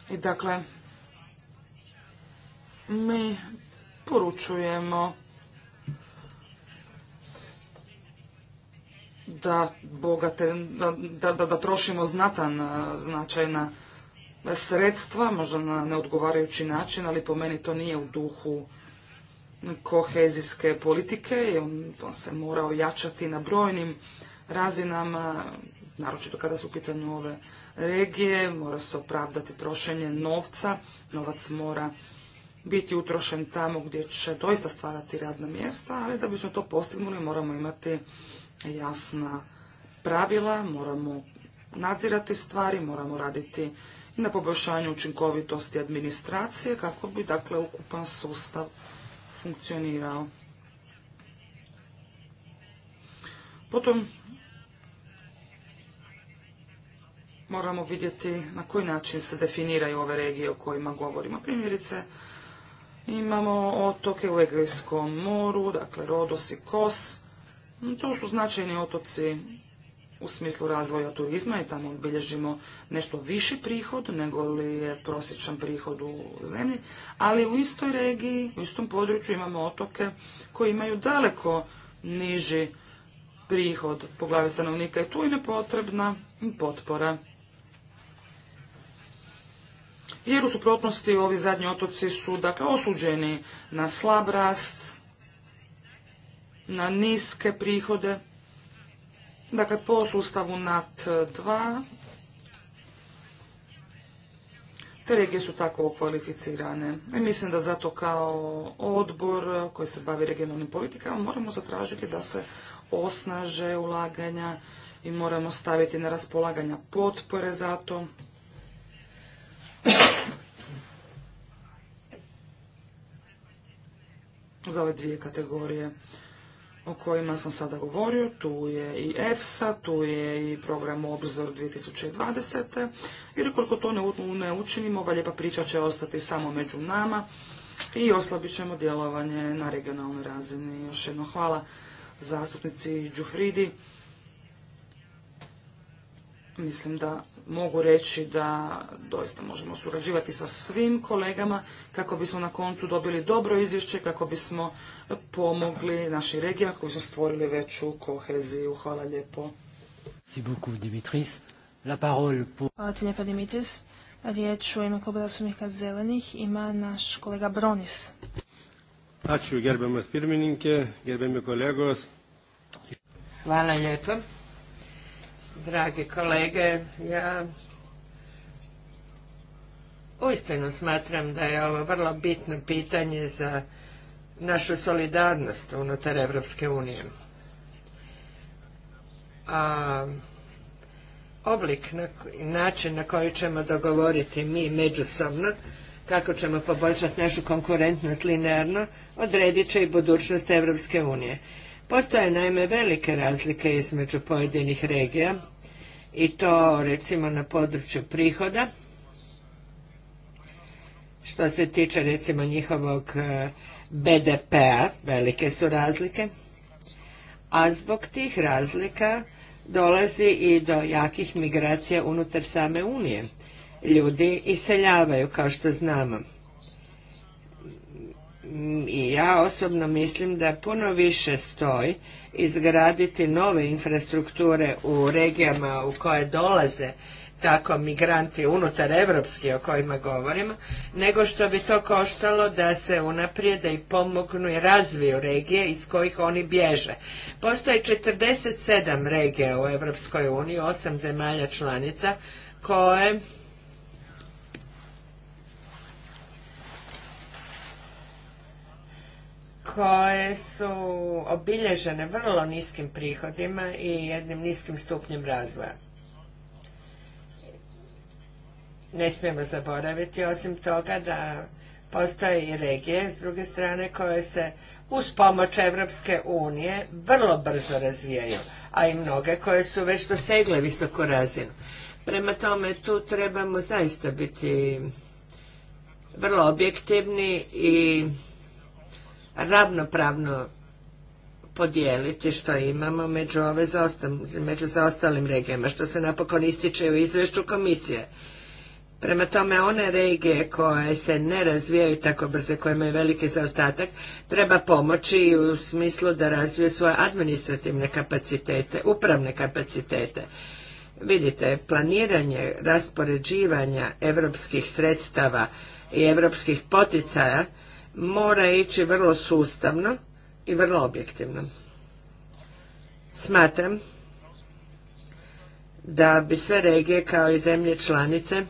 Speaker 3: I dakle, mi poručujemo da bogate, da, da, da trošimo znatan eh, značajna sredstva, možda na neodgovarajući način, ali po meni to nije u duhu kohezijske politike i on, on se mora ojačati na brojnim razinama, naročito kada su u pitanju ove regije, mora se opravdati trošenje novca, novac mora biti utrošen tamo gdje će doista stvarati radna mjesta, ali da bismo to postignuli moramo imati jasna pravila, moramo nadzirati stvari, moramo raditi i na poboljšanju učinkovitosti administracije kako bi dakle ukupan sustav funkcionirao. Potom moramo vidjeti na koji način se definiraju ove regije o kojima govorimo. Primjerice, imamo otoke u Egejskom moru, dakle Rodos i Kos. To su značajni otoci u smislu razvoja turizma i tamo obilježimo nešto viši prihod nego li je prosječan prihod u zemlji, ali u istoj regiji, u istom području imamo otoke koji imaju daleko niži prihod po glavi stanovnika i tu je nepotrebna potpora. Jer u suprotnosti ovi zadnji otoci su dakle osuđeni na slab rast, na niske prihode. Dakle, po sustavu NAT2 te regije su tako okvalificirane. I e, mislim da zato kao odbor koji se bavi regionalnim politikama moramo zatražiti da se osnaže ulaganja i moramo staviti na raspolaganja potpore za to. za ove dvije kategorije o kojima sam sada govorio, tu je i EFSA, tu je i program Obzor 2020. Jer koliko to ne učinimo, ova lijepa priča će ostati samo među nama i oslabit ćemo djelovanje na regionalnoj razini. Još jedno hvala zastupnici Džufridi. Mislim da mogu reći da doista možemo surađivati sa svim kolegama kako bismo na koncu dobili dobro izvješće, kako bismo pomogli naši regijama koji su stvorili veću koheziju. Hvala lijepo.
Speaker 2: Hvala ti lijepa Dimitris. Riječ u ime kluba zastupnika zelenih ima naš kolega Bronis.
Speaker 1: Ačiū gerbiamas pirmininkė, gerbiami kolegos.
Speaker 4: Hvala lijepa. Dragi kolege, ja uistinu smatram da je ovo vrlo bitno pitanje za našu solidarnost unutar Evropske unije. A oblik i način na koji ćemo dogovoriti mi međusobno, kako ćemo poboljšati našu konkurentnost linearno, odredit će i budućnost Evropske unije. Postoje naime velike razlike između pojedinih regija i to recimo na području prihoda, što se tiče recimo njihovog BDP-a, velike su razlike, a zbog tih razlika dolazi i do jakih migracija unutar same Unije. Ljudi iseljavaju, kao što znamo. I ja osobno mislim da puno više stoji izgraditi nove infrastrukture u regijama u koje dolaze tako migranti unutar evropski o kojima govorimo, nego što bi to koštalo da se unaprijede i pomognu i razviju regije iz kojih oni bježe. Postoje 47 regija u Evropskoj uniji, 8 zemalja članica, koje koje su obilježene vrlo niskim prihodima i jednim niskim stupnjem razvoja ne smijemo zaboraviti osim toga da postoje i regije s druge strane koje se uz pomoć Evropske unije vrlo brzo razvijaju, a i mnoge koje su već dosegle visoku razinu. Prema tome tu trebamo zaista biti vrlo objektivni i ravnopravno podijeliti što imamo među, ove zaostalim, zaostalim regijama, što se napokon ističe u izvješću komisije. Prema tome, one regije koje se ne razvijaju tako brze, koje imaju veliki zaostatak, treba pomoći u smislu da razviju svoje administrativne kapacitete, upravne kapacitete. Vidite, planiranje raspoređivanja europskih sredstava i europskih poticaja mora ići vrlo sustavno i vrlo objektivno. Smatram da bi sve regije kao i zemlje članice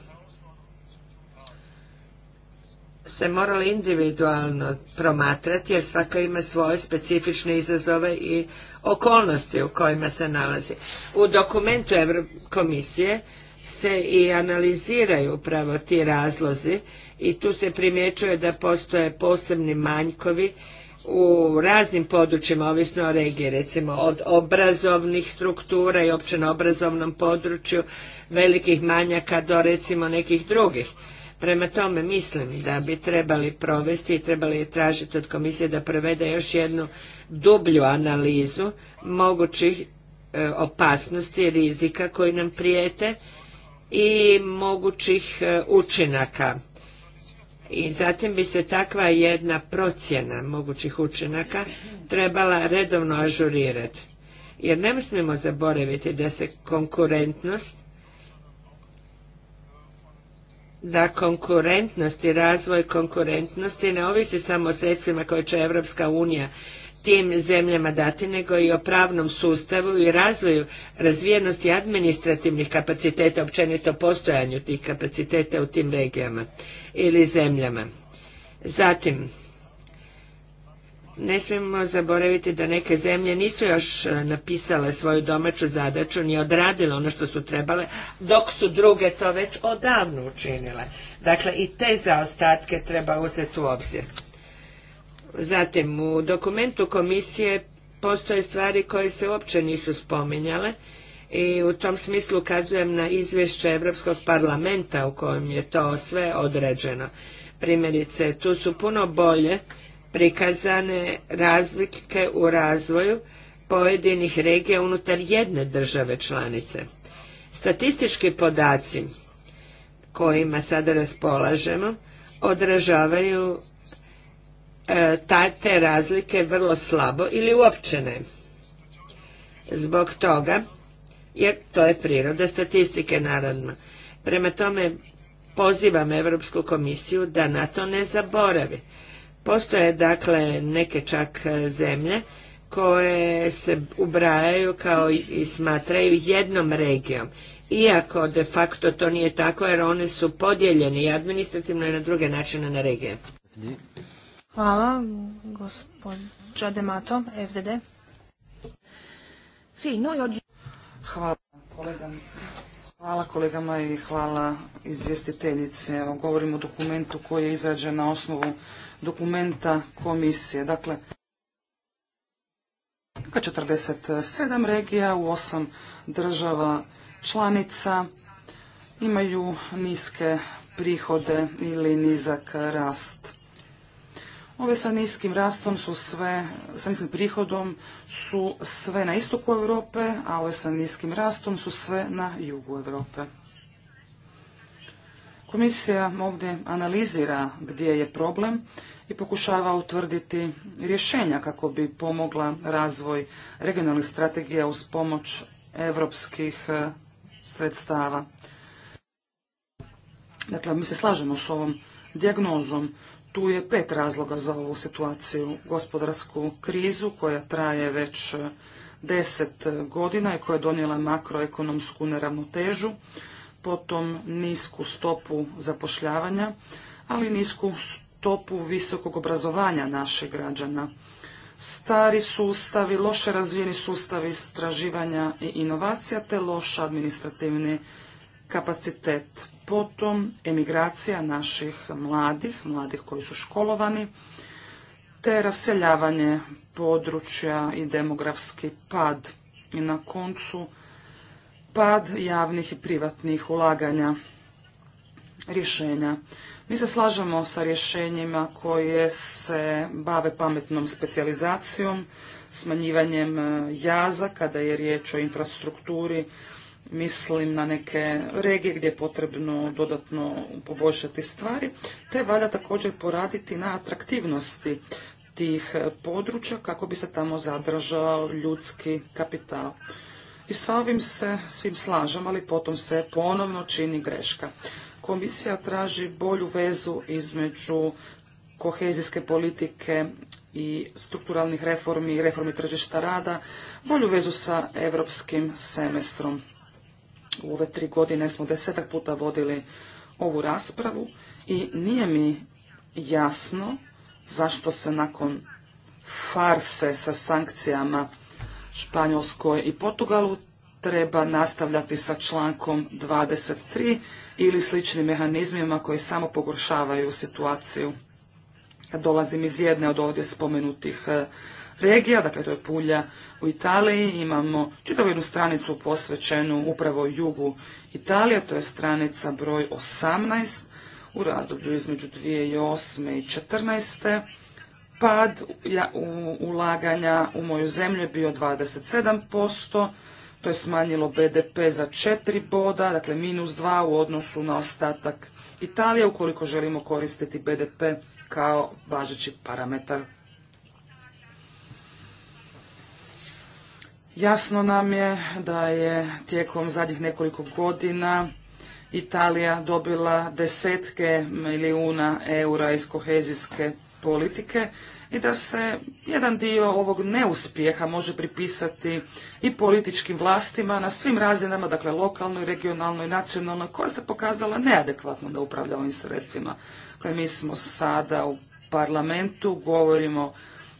Speaker 4: se moralo individualno promatrati jer svaka ima svoje specifične izazove i okolnosti u kojima se nalazi. U dokumentu Europske komisije se i analiziraju upravo ti razlozi i tu se primjećuje da postoje posebni manjkovi u raznim područjima, ovisno o regiji, recimo od obrazovnih struktura i općeno obrazovnom području, velikih manjaka do recimo nekih drugih Prema tome mislim da bi trebali provesti i trebali tražiti od komisije da provede još jednu dublju analizu mogućih e, opasnosti, rizika koji nam prijete i mogućih e, učinaka. I zatim bi se takva jedna procjena mogućih učinaka trebala redovno ažurirati. Jer ne smijemo zaboraviti da se konkurentnost da konkurentnost i razvoj konkurentnosti ne ovisi samo o sredstvima koje će Evropska unija tim zemljama dati, nego i o pravnom sustavu i razvoju razvijenosti administrativnih kapaciteta, općenito postojanju tih kapaciteta u tim regijama ili zemljama. Zatim, ne smijemo zaboraviti da neke zemlje nisu još e, napisale svoju domaću zadaću ni odradile ono što su trebale, dok su druge to već odavno učinile. Dakle, i te zaostatke treba uzeti u obzir. Zatim, u dokumentu komisije postoje stvari koje se uopće nisu spominjale i u tom smislu ukazujem na izvješće Europskog parlamenta u kojem je to sve određeno. Primjerice, tu su puno bolje prikazane razlike u razvoju pojedinih regija unutar jedne države članice. Statistički podaci kojima sada raspolažemo odražavaju e, te razlike vrlo slabo ili uopće ne. Zbog toga, jer to je priroda statistike naravno. Prema tome pozivam Europsku komisiju da na to ne zaboravi Postoje dakle neke čak e, zemlje koje se ubrajaju kao i smatraju jednom regijom. Iako de facto to nije tako jer one su podijeljene i administrativno i na druge načine na regije.
Speaker 2: Hvala, gospođa Demato, FDD.
Speaker 3: Hvala kolegama. Hvala kolegama i hvala izvjestiteljice. o dokumentu koji je izrađen na osnovu dokumenta komisije. Dakle, 47 regija u 8 država članica imaju niske prihode ili nizak rast. Ove sa niskim rastom su sve, sa niskim prihodom su sve na istoku Europe, a ove sa niskim rastom su sve na jugu Europe. Komisija ovdje analizira gdje je problem i pokušava utvrditi rješenja kako bi pomogla razvoj regionalnih strategija uz pomoć europskih e, sredstava. Dakle, mi se slažemo s ovom dijagnozom. Tu je pet razloga za ovu situaciju. Gospodarsku krizu koja traje već e, deset godina i koja je donijela makroekonomsku neravnotežu, potom nisku stopu zapošljavanja, ali nisku Topu visokog obrazovanja naših građana. Stari sustavi, loše razvijeni sustavi istraživanja i inovacija te loš administrativni kapacitet. Potom emigracija naših mladih, mladih koji su školovani, te raseljavanje područja i demografski pad. I na koncu pad javnih i privatnih ulaganja rješenja mi se slažemo sa rješenjima koje se bave pametnom specijalizacijom, smanjivanjem e, jaza kada je riječ o infrastrukturi, mislim na neke regije gdje je potrebno dodatno poboljšati stvari, te valja također poraditi na atraktivnosti tih područja kako bi se tamo zadržao ljudski kapital. I sa ovim se svim slažem, ali potom se ponovno čini greška komisija traži bolju vezu između kohezijske politike i strukturalnih reformi i reformi tržišta rada, bolju vezu sa europskim semestrom. U ove tri godine smo desetak puta vodili ovu raspravu i nije mi jasno zašto se nakon farse sa sankcijama Španjolskoj i Portugalu treba nastavljati sa člankom 23 ili sličnim mehanizmima koji samo pogoršavaju situaciju. Kad dolazim iz jedne od ovdje spomenutih e, regija, dakle to je Pulja u Italiji, imamo čitavu jednu stranicu posvećenu upravo jugu Italije, to je stranica broj 18 u razdoblju između 2008. i 2014. Pad ulaganja u moju zemlju je bio 27%, to je smanjilo BDP za 4 boda, dakle minus 2 u odnosu na ostatak Italije, ukoliko želimo koristiti BDP kao važeći parametar. Jasno nam je da je tijekom zadnjih nekoliko godina Italija dobila desetke milijuna eura iz kohezijske politike i da se jedan dio ovog neuspjeha može pripisati i političkim vlastima na svim razinama, dakle lokalnoj, regionalnoj, nacionalnoj, koja se pokazala neadekvatno da upravlja ovim sredstvima. Dakle, mi smo sada u parlamentu, govorimo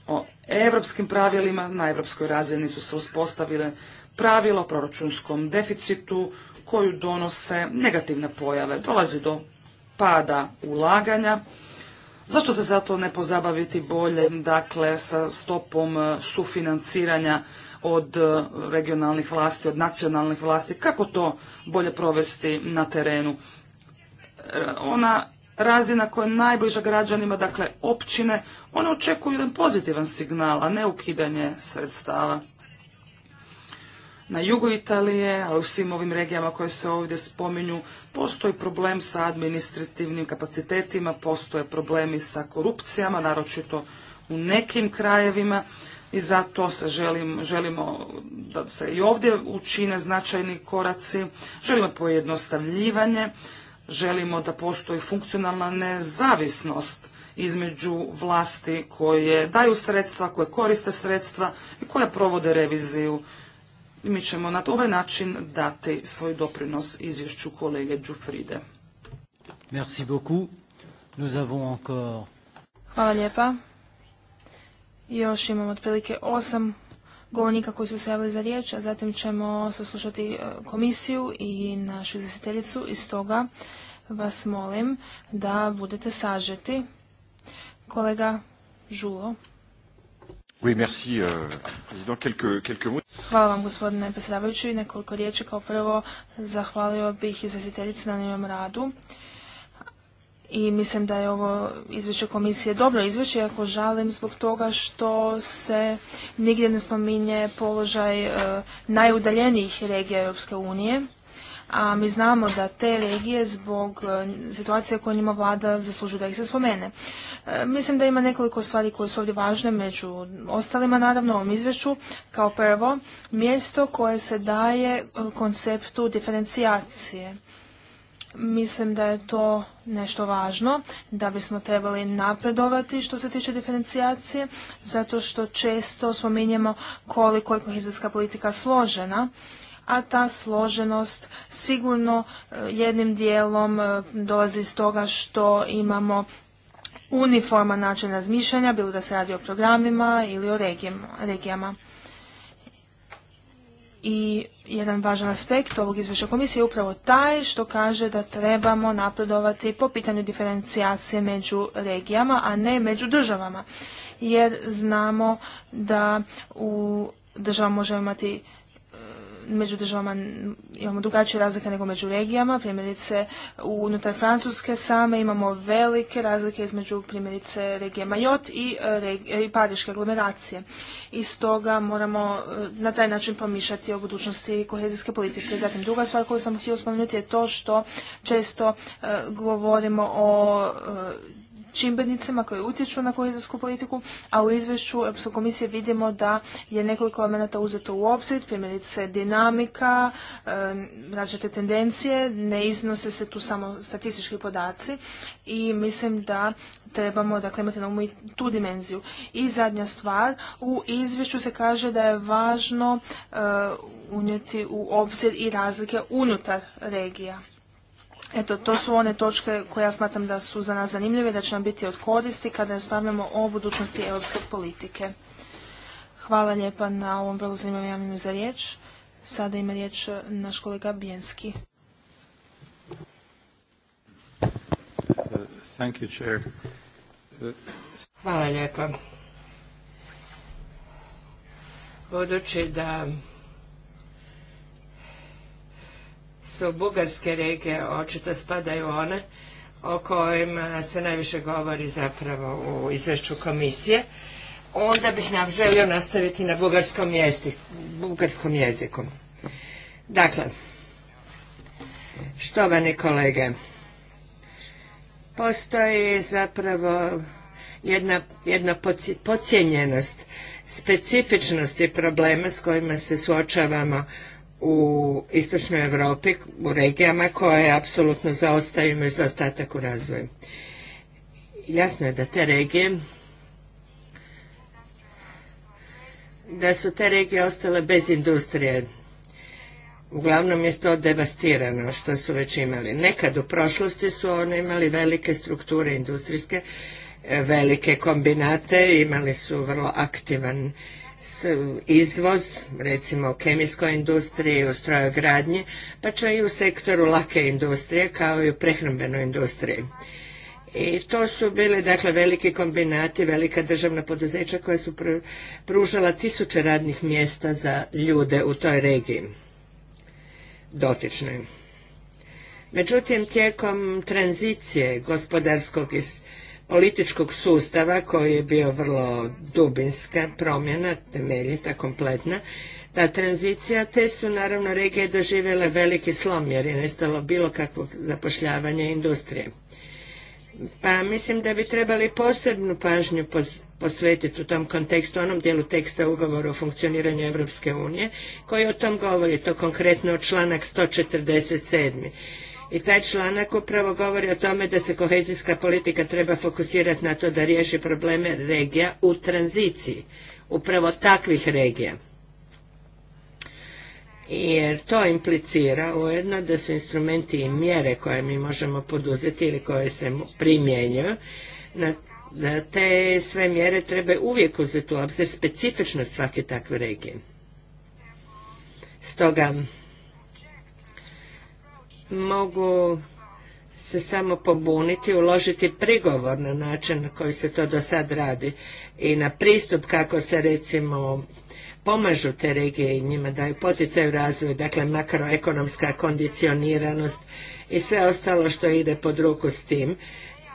Speaker 3: o europskim pravilima, na europskoj razini su se uspostavile pravila o proračunskom deficitu koju donose negativne pojave. Dolazi do pada ulaganja, Zašto se zato ne pozabaviti bolje, dakle, sa stopom e, sufinanciranja od e, regionalnih vlasti, od nacionalnih vlasti, kako to bolje provesti na terenu? E, ona razina koja je najbliža građanima, dakle općine, one očekuju jedan pozitivan signal, a ne ukidanje sredstava na jugu Italije, ali u svim ovim regijama koje se ovdje spominju, postoji problem sa administrativnim kapacitetima, postoje problemi sa korupcijama, naročito u nekim krajevima i zato se želim, želimo da se i ovdje učine značajni koraci, želimo pojednostavljivanje, želimo da postoji funkcionalna nezavisnost između vlasti koje daju sredstva, koje koriste sredstva i koje provode reviziju mi ćemo na ovaj način dati svoj doprinos izvješću kolege Đufride.
Speaker 1: Merci beaucoup. Nous avons encore...
Speaker 2: Hvala lijepa. Još imamo otprilike osam govornika koji su se javili za riječ, a zatim ćemo saslušati e, komisiju i našu izvjestiteljicu. I toga vas molim da budete sažeti. Kolega Žulo.
Speaker 1: Euh,
Speaker 2: Hvala vam gospodine predsjedavajući. Nekoliko riječi kao prvo zahvalio bih izvjestiteljici na njenom radu. I mislim da je ovo izvješće komisije dobro izvješće, ako žalim zbog toga što se nigdje ne spominje položaj e, najudaljenijih regija Europske unije a mi znamo da te regije zbog e, situacije koje njima vlada zaslužuju da ih se spomene. E, mislim da ima nekoliko stvari koje su ovdje važne, među ostalima naravno u ovom izvješću. Kao prvo, mjesto koje se daje e, konceptu diferencijacije. Mislim da je to nešto važno, da bismo trebali napredovati što se tiče diferencijacije, zato što često spominjemo koliko je kohezijska politika složena a ta složenost sigurno e, jednim dijelom e, dolazi iz toga što imamo uniforman način razmišljanja, bilo da se radi o programima ili o regijama. I jedan važan aspekt ovog izvješća komisije je upravo taj što kaže da trebamo napredovati po pitanju diferencijacije među regijama, a ne među državama. Jer znamo da u državama možemo imati među državama imamo drugačije razlike nego među regijama. Primjerice, unutar Francuske same imamo velike razlike između primjerice regije Majot i, e, e, i Pariške aglomeracije. I stoga moramo e, na taj način pomišljati o budućnosti kohezijske politike. Zatim druga stvar koju sam htio spomenuti je to što često govorimo o čimbenicima koji utječu na kohezijsku politiku, a u izvješću Europske komisije vidimo da je nekoliko elemenata uzeto u obzir, primjerice dinamika, različite tendencije, ne iznose se tu samo statistički podaci i mislim da trebamo dakle, imati na umu i tu dimenziju. I zadnja stvar, u izvješću se kaže da je važno eh, unijeti u obzir i razlike unutar regija. Eto, to su one točke koje ja smatram da su za nas zanimljive da će nam biti od koristi kada raspravljamo o budućnosti europske politike. Hvala lijepa na ovom vrlo zanimljivom javljanju za riječ. Sada ima riječ e, naš kolega Bijenski.
Speaker 4: Hvala lijepa. Budući da su bugarske regije, očito spadaju one o kojima e, se najviše govori zapravo u izvješću komisije, onda bih nam želio nastaviti na bugarskom, bugarskom jeziku. Dakle, štovani kolege, postoji zapravo jedna, jedna pocijenjenost specifičnosti problema s kojima se suočavamo u istočnoj Europi, u regijama koje apsolutno zaostaju za zaostatak u razvoju. Jasno je da te regije da su te regije ostale bez industrije. Uglavnom je to devastirano što su već imali. Nekad u prošlosti su one imali velike strukture industrijske, velike kombinate, imali su vrlo aktivan izvoz, recimo u kemijskoj industriji, u strojogradnji, pa čak i u sektoru lake industrije kao i u prehrambenoj industriji. I to su bili dakle veliki kombinati, velika državna poduzeća koja su pružala tisuće radnih mjesta za ljude u toj regiji dotičnoj. Međutim, tijekom tranzicije gospodarskog iz političkog sustava koji je bio vrlo dubinska promjena, temeljita, kompletna, ta tranzicija, te su naravno regije doživjele veliki slom jer je nestalo bilo kakvo zapošljavanje industrije. Pa mislim da bi trebali posebnu pažnju posvetiti u tom kontekstu, onom dijelu teksta ugovora o funkcioniranju Europske unije, koji o tom govori, to konkretno članak 147 i taj članak upravo govori o tome da se kohezijska politika treba fokusirati na to da riješi probleme regija u tranziciji, upravo takvih regija. Jer to implicira ujedno da su instrumenti i mjere koje mi možemo poduzeti ili koje se primjenjuju da te sve mjere treba uvijek uzeti u obzir specifičnost svake takve regije. Stoga mogu se samo pobuniti, uložiti prigovor na način na koji se to do sad radi i na pristup kako se recimo pomažu te regije i njima daju poticaj u razvoju, dakle makroekonomska kondicioniranost i sve ostalo što ide pod ruku s tim,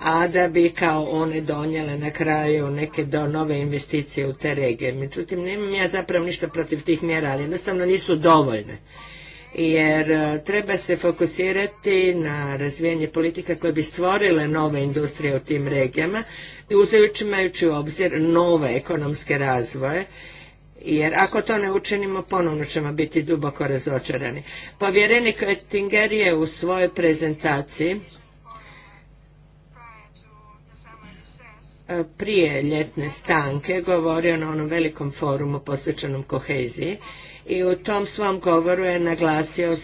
Speaker 4: a da bi kao one donijele na kraju neke do nove investicije u te regije. Međutim, nemam ja zapravo ništa protiv tih mjera, ali jednostavno nisu dovoljne jer e, treba se fokusirati na razvijanje politika koje bi stvorile nove industrije u tim regijama i uzimajući u obzir nove ekonomske razvoje jer ako to ne učinimo ponovno ćemo biti duboko razočarani. Povjerenik Oettinger je u svojoj prezentaciji e, prije ljetne stanke govorio na onom velikom forumu posvećenom koheziji i u tom svom govoru je naglasio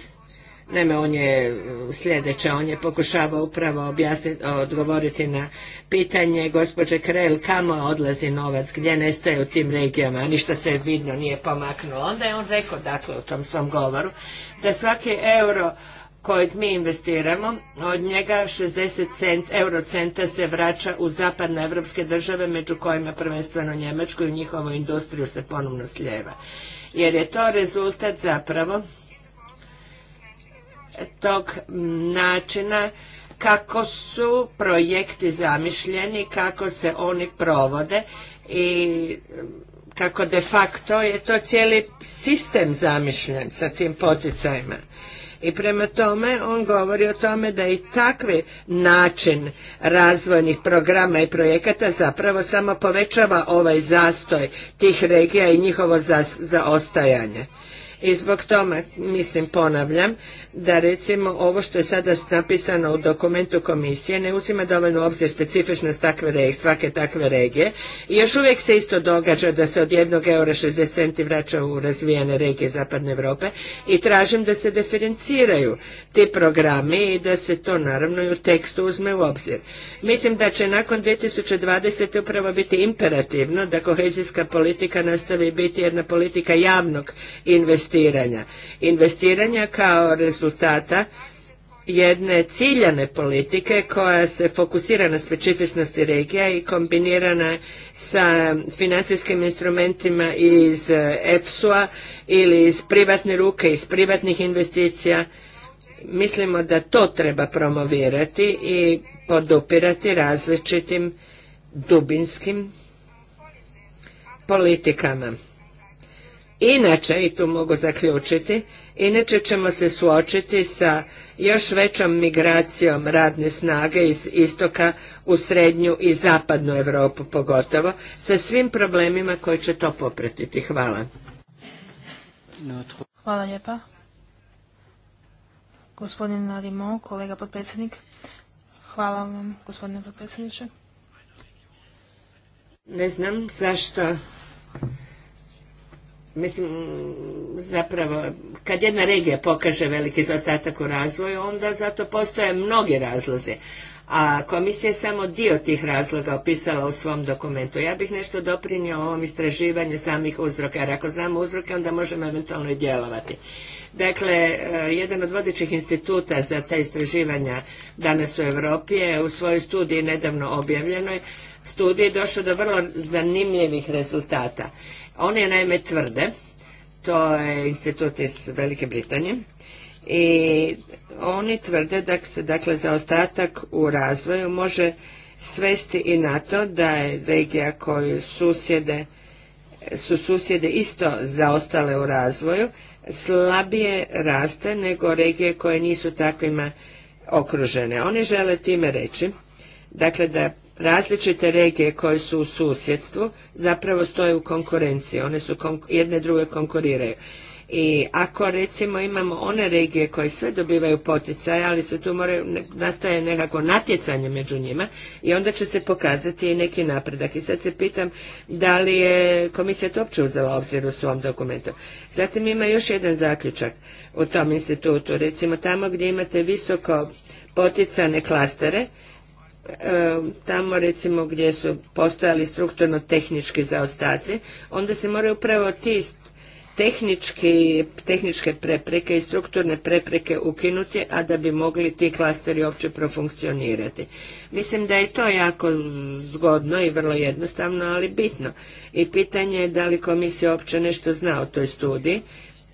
Speaker 4: Naime, on je e, sljedeće, on je pokušavao upravo objasniti, e, odgovoriti na pitanje gospođe Krel kamo odlazi novac, gdje nestaje u tim regijama, a ništa se vidno nije pomaknulo. Onda je on rekao, dakle, u tom svom govoru, da svaki euro kojeg mi investiramo, od njega 60 cent, euro centa se vraća u zapadne evropske države, među kojima prvenstveno Njemačku i u njihovu industriju se ponovno sljeva jer je to rezultat zapravo tog načina kako su projekti zamišljeni, kako se oni provode i kako de facto je to cijeli sistem zamišljen sa tim poticajima. I prema tome on govori o tome da i takvi način razvojnih programa i projekata zapravo samo povećava ovaj zastoj tih regija i njihovo zaostajanje. I zbog toga, mislim, ponavljam, da recimo ovo što je sada napisano u dokumentu komisije ne uzima dovoljno obzir specifičnost takve svake takve regije i još uvijek se isto događa da se od jednog eura 60 centi vraća u razvijene regije Zapadne Europe i tražim da se diferenciraju ti programi i da se to naravno i u tekstu uzme u obzir. Mislim da će nakon 2020. upravo biti imperativno da kohezijska politika nastavi biti jedna politika javnog investiranja investiranja. Investiranja kao rezultata jedne ciljane politike koja se fokusira na specifičnosti regija i kombinirana sa financijskim instrumentima iz e, epsu a ili iz privatne ruke, iz privatnih investicija. Mislimo da to treba promovirati i podupirati različitim dubinskim politikama. Inače, i tu mogu zaključiti, inače ćemo se suočiti sa još većom migracijom radne snage iz istoka u srednju i zapadnu Europu pogotovo, sa svim problemima koji će to popratiti. Hvala.
Speaker 2: Hvala lijepa. Gospodin Narimo, kolega potpredsjednik. Hvala vam, gospodine potpredsjedniče.
Speaker 4: Ne znam zašto mislim, zapravo, kad jedna regija pokaže veliki zastatak u razvoju, onda zato postoje mnogi razloze. A komisija je samo dio tih razloga opisala u svom dokumentu. Ja bih nešto doprinio ovom istraživanju samih uzroka, jer ako znamo uzroke, onda možemo eventualno i djelovati. Dakle, e, jedan od vodećih instituta za ta istraživanja danas u Europi je u svojoj studiji nedavno objavljenoj studije došlo do vrlo zanimljivih rezultata. One naime tvrde, to je institut iz Velike Britanije, i oni tvrde da se dakle zaostatak u razvoju može svesti i na to da je regija koju susjede su susjede isto zaostale u razvoju, slabije raste nego regije koje nisu takvima okružene. Oni žele time reći, dakle da različite regije koje su u susjedstvu zapravo stoje u konkurenciji. One su jedne druge konkuriraju. I ako recimo imamo one regije koje sve dobivaju poticaje, ali se tu moraju, nastaje nekako natjecanje među njima i onda će se pokazati i neki napredak. I sad se pitam da li je komisija to uopće uzela obzir u svom dokumentu. Zatim ima još jedan zaključak u tom institutu. Recimo tamo gdje imate visoko poticane klastere, E, tamo recimo gdje su postojali strukturno tehnički zaostaci, onda se moraju upravo ti tehnički, tehničke prepreke i strukturne prepreke ukinuti, a da bi mogli ti klasteri uopće profunkcionirati. Mislim da je to jako zgodno i vrlo jednostavno, ali bitno. I pitanje je da li komisija uopće nešto zna o toj studiji.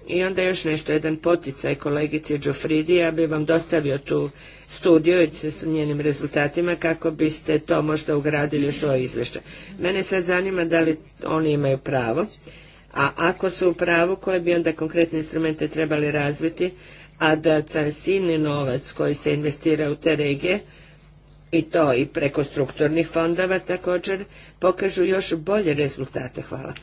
Speaker 4: I onda još nešto, jedan poticaj kolegice Jofridi, ja bi vam dostavio tu studiju i s njenim rezultatima kako biste to možda ugradili u svoje izvješće. Mene sad zanima da li oni imaju pravo, a ako su u pravu, koje bi onda konkretne instrumente trebali razviti, a da taj silni novac koji se investira u te regije, i to i preko strukturnih fondova također, pokažu još bolje rezultate. Hvala.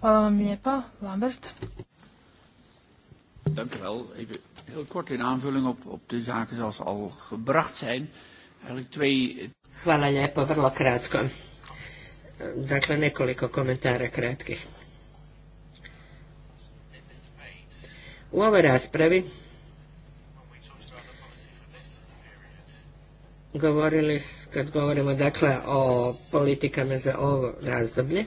Speaker 2: Hvala vam lijepa, Lambert.
Speaker 4: Dank u wel. Even heel kort in aanvulling op, op de zaken zoals al gebracht zijn. Eigenlijk twee... Hvala lijepo, vrlo kratko. Dakle, nekoliko komentara kratkih. U ovoj raspravi govorili, kad govorimo dakle o politikama za ovo razdoblje,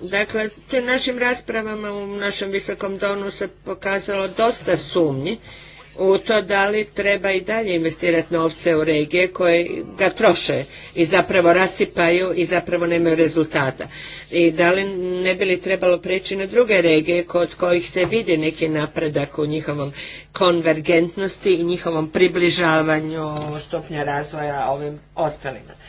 Speaker 4: Dakle, te našim raspravama u našem visokom donu se pokazalo dosta sumnji u to da li treba i dalje investirati novce u regije koje ga troše i zapravo rasipaju i zapravo nemaju rezultata. I da li ne bi li trebalo preći na druge regije kod kojih se vidi neki napredak u njihovom konvergentnosti i njihovom približavanju stupnja razvoja ovim ostalima.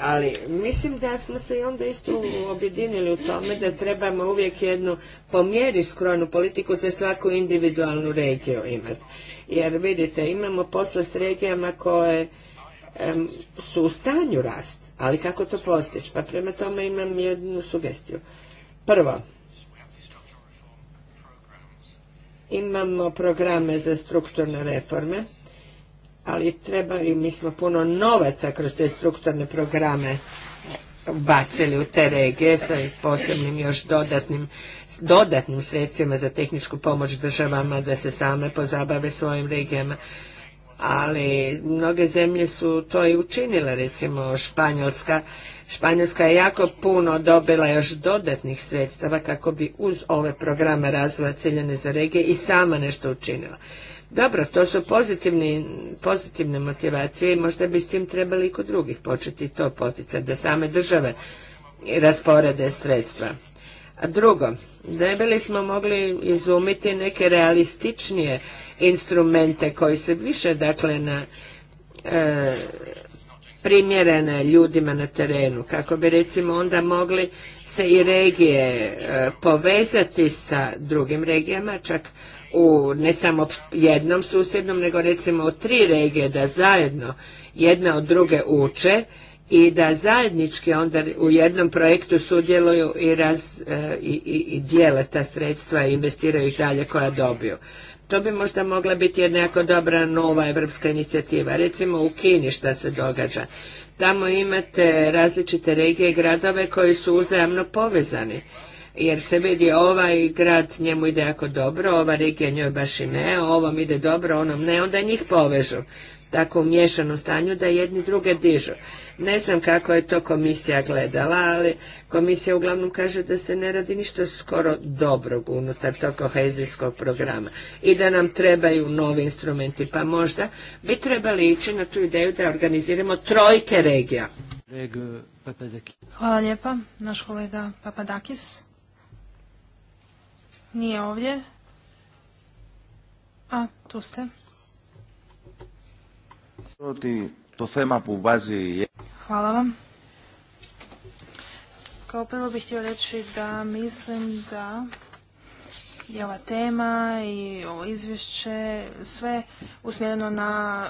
Speaker 4: Ali mislim da smo se i onda isto objedinili u tome da trebamo uvijek jednu po mjeri skromnu politiku za svaku individualnu regiju imati. Jer vidite, imamo posla s regijama koje su u stanju rast, ali kako to postići? Pa prema tome imam jednu sugestiju. Prvo, imamo programe za strukturne reforme ali treba i mi smo puno novaca kroz te strukturne programe bacili u te regije sa posebnim još dodatnim, dodatnim sredstvima za tehničku pomoć državama da se same pozabave svojim regijama. Ali mnoge zemlje su to i učinile, recimo Španjolska. Španjolska je jako puno dobila još dodatnih sredstava kako bi uz ove programe razvoja ciljene za regije i sama nešto učinila. Dobro, to su pozitivne motivacije i možda bi s tim trebali i kod drugih početi to poticati, da same države rasporede sredstva. A drugo, ne bili smo mogli izumiti neke realističnije instrumente koji se više dakle na e, primjerene ljudima na terenu, kako bi recimo onda mogli se i regije e, povezati sa drugim regijama, čak u ne samo jednom susjednom, nego recimo u tri regije da zajedno jedna od druge uče i da zajednički onda u jednom projektu sudjeluju i, raz, e, i, i, i dijele ta sredstva i investiraju ih dalje koja dobiju. To bi možda mogla biti jedna jako dobra nova evropska inicijativa. Recimo u Kini šta se događa. Tamo imate različite regije i gradove koji su uzajamno povezani jer se vidi ovaj grad njemu ide jako dobro, ova regija njoj baš i ne, ovom ide dobro, onom ne, onda njih povežu tako u miješanom stanju da jedni druge dižu. Ne znam kako je to komisija gledala, ali komisija uglavnom kaže da se ne radi ništa skoro dobrog unutar tog kohezijskog programa i da nam trebaju novi instrumenti, pa možda bi trebali ići na tu ideju da organiziramo trojke regija.
Speaker 2: Hvala lijepa, naš kolega Papadakis. Nije ovdje. A, tu ste. Hvala vam. Kao prvo bih htio reći da mislim da je ova tema i ovo izvješće sve usmjereno na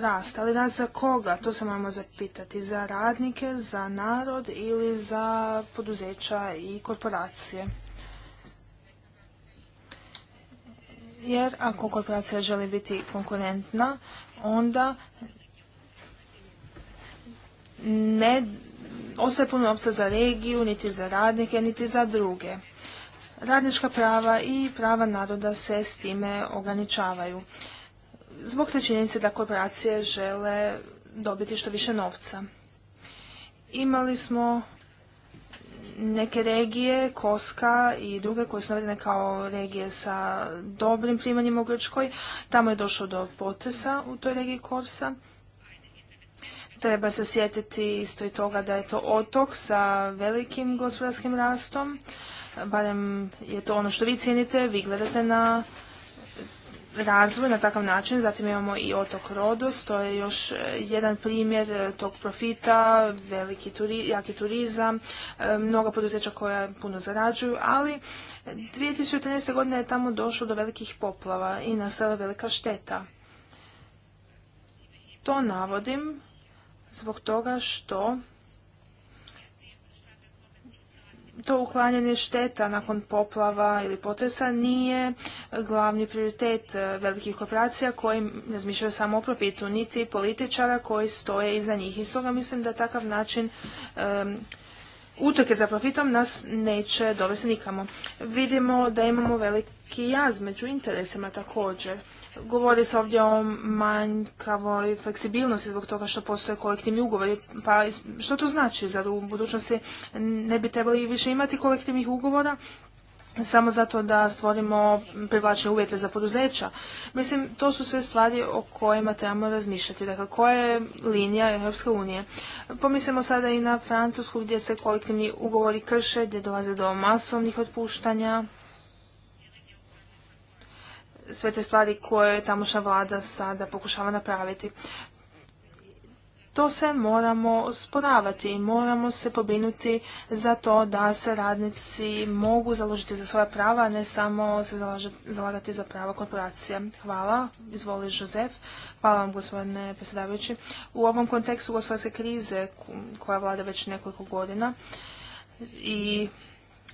Speaker 2: rast, ali rast za koga? To se moramo zapitati. Za radnike, za narod ili za poduzeća i korporacije? Jer ako korporacija želi biti konkurentna, onda ne ostaje puno opca za regiju, niti za radnike, niti za druge. Radnička prava i prava naroda se s time ograničavaju. Zbog te činjenice da korporacije žele dobiti što više novca. Imali smo neke regije, Koska i druge koje su navedene kao regije sa dobrim primanjem u Grčkoj. Tamo je došlo do potresa u toj regiji Korsa. Treba se sjetiti isto i toga da je to otok sa velikim gospodarskim rastom. Barem je to ono što vi cijenite, vi gledate na razvoj na takav način. Zatim imamo i otok Rodos, to je još e, jedan primjer e, tog profita, veliki turi, jaki turizam, e, mnoga poduzeća koja puno zarađuju, ali 2013. godine je tamo došlo do velikih poplava i nastala velika šteta. To navodim zbog toga što to uklanjanje šteta nakon poplava ili potresa nije glavni prioritet e, velikih korporacija koji razmišljaju samo o profitu, niti političara koji stoje iza njih. I stoga mislim da takav način utrke za profitom nas neće dovesti nikamo. Vidimo da imamo veliki jaz među interesima također. Govori se ovdje o manjkavoj fleksibilnosti zbog toga što postoje kolektivni ugovori. Pa što to znači? Zar u budućnosti ne bi trebali više imati kolektivnih ugovora? samo zato da stvorimo privlačne uvjete za poduzeća. Mislim, to su sve stvari o kojima trebamo razmišljati. Dakle, koja je linija Europske unije? Pomislimo sada i na Francusku gdje se kolektivni ugovori krše, gdje dolaze do masovnih otpuštanja sve te stvari koje tamošnja vlada sada pokušava napraviti. To sve moramo sporavati i moramo se pobrinuti za to da se radnici mogu založiti za svoja prava, a ne samo se zalagati za prava korporacije. Hvala, izvoli Žozef. Hvala vam, gospodine predsjedavajući. U ovom kontekstu gospodarske krize koja vlada već nekoliko godina i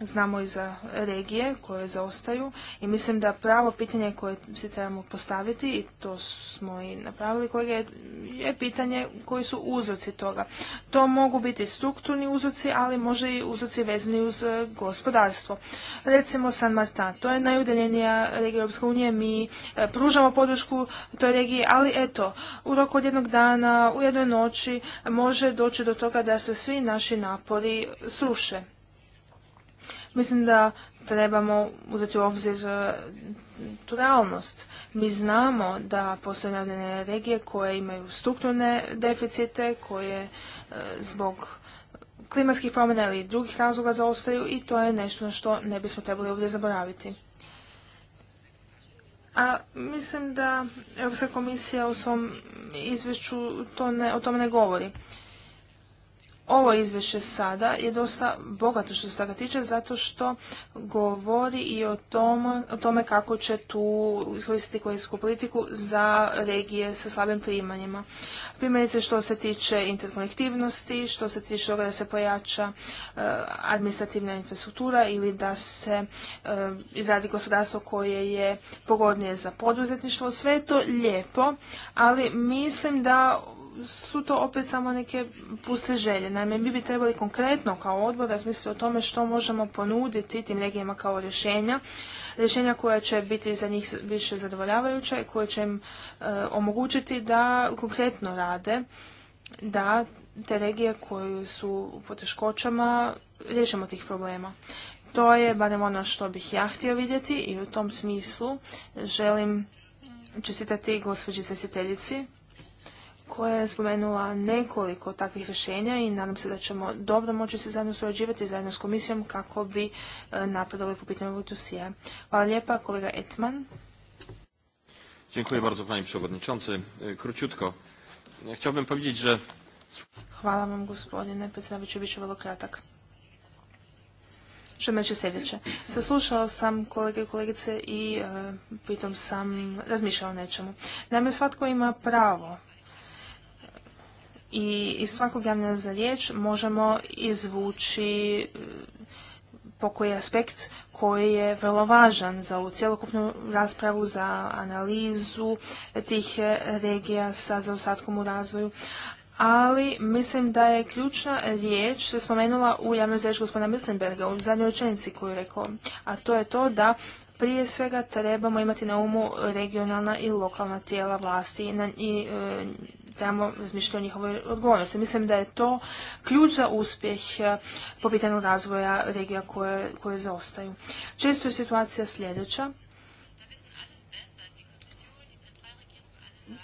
Speaker 2: znamo i za regije koje zaostaju i mislim da pravo pitanje koje se trebamo postaviti i to smo i napravili kolege je pitanje koji su uzroci toga. To mogu biti strukturni uzroci, ali može i uzroci vezani uz e, gospodarstvo. Recimo San Martin, to je najudaljenija regija Europske unije, mi e, pružamo podršku toj regiji, ali eto, u roku od jednog dana, u jednoj noći može doći do toga da se svi naši napori sruše. Mislim da trebamo uzeti u obzir e, tu realnost. Mi znamo da postoje navedene regije koje imaju strukturne deficite, koje e, zbog klimatskih promjena ili drugih razloga zaostaju i to je nešto na što ne bismo trebali ovdje zaboraviti. A mislim da Europska komisija u svom izvješću to ne, o tome ne govori. Ovo izvješće sada je dosta bogato što se toga tiče zato što govori i o, o tome kako će tu iskoristiti kojesku politiku za regije sa slabim primanjima. Primjerice što se tiče interkonektivnosti, što se tiče toga da se pojača eh, administrativna infrastruktura ili da se eh, izradi gospodarstvo koje je pogodnije za poduzetništvo. Sve je to lijepo, ali mislim da su to opet samo neke puste želje. Naime, mi bi trebali konkretno kao odbor razmisliti o tome što možemo ponuditi tim regijama kao rješenja, rješenja koja će biti za njih više zadovoljavajuća i koja će im e, omogućiti da konkretno rade, da te regije koje su u poteškoćama riješimo tih problema. To je barem ono što bih ja htio vidjeti i u tom smislu želim čestitati gospođi svesiteljici koja je spomenula nekoliko takvih rješenja i nadam se da ćemo dobro moći se zajedno surađivati zajedno s komisijom kako bi e, napredovali po pitanju ovog dosija. Hvala lijepa, kolega Etman.
Speaker 4: Dziękuję bardzo, panie przewodniczący. E, króciutko. Chciałbym powiedzieć, że...
Speaker 2: Hvala vam, gospodine predsjedavajući, bit ću vrlo kratak. Što meće sljedeće. sam kolege i kolegice i e, sam rozmyślał o nečemu. Naime, svatko ima pravo i iz svakog javljanja za riječ možemo izvući eh, pokoji aspekt koji je vrlo važan za ovu cjelokupnu raspravu, za analizu tih eh, regija sa zaostatkom u razvoju. Ali mislim da je ključna riječ se spomenula u javnoj zreči gospodina Miltenberga u zadnjoj rečenici koju je rekao, a to je to da prije svega trebamo imati na umu regionalna i lokalna tijela vlasti i, na, eh, samo razmišljati o njihovoj odgovornosti. Mislim da je to ključ za uspjeh eh, po pitanju razvoja regija koje, koje zaostaju. Često je situacija sljedeća.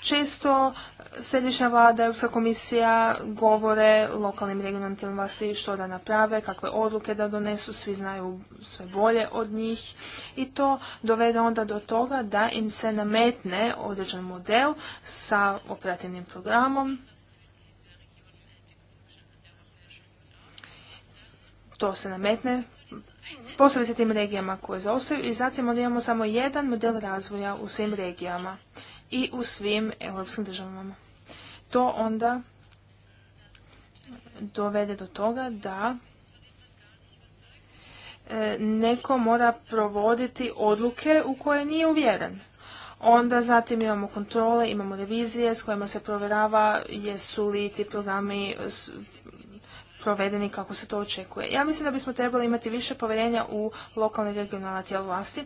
Speaker 2: Često središnja vlada, Europska komisija govore lokalnim regionalnim vlasti što da naprave, kakve odluke da donesu, svi znaju sve bolje od njih i to dovede onda do toga da im se nametne određen model sa operativnim programom. To se nametne posebice tim regijama koje zaostaju i zatim onda imamo samo jedan model razvoja u svim regijama i u svim europskim državama to onda dovede do toga da e, neko mora provoditi odluke u koje nije uvjeren. Onda zatim imamo kontrole, imamo revizije s kojima se provjerava jesu li ti programi provedeni kako se to očekuje. Ja mislim da bismo trebali imati više povjerenja u lokalne i regionalne tijela vlasti.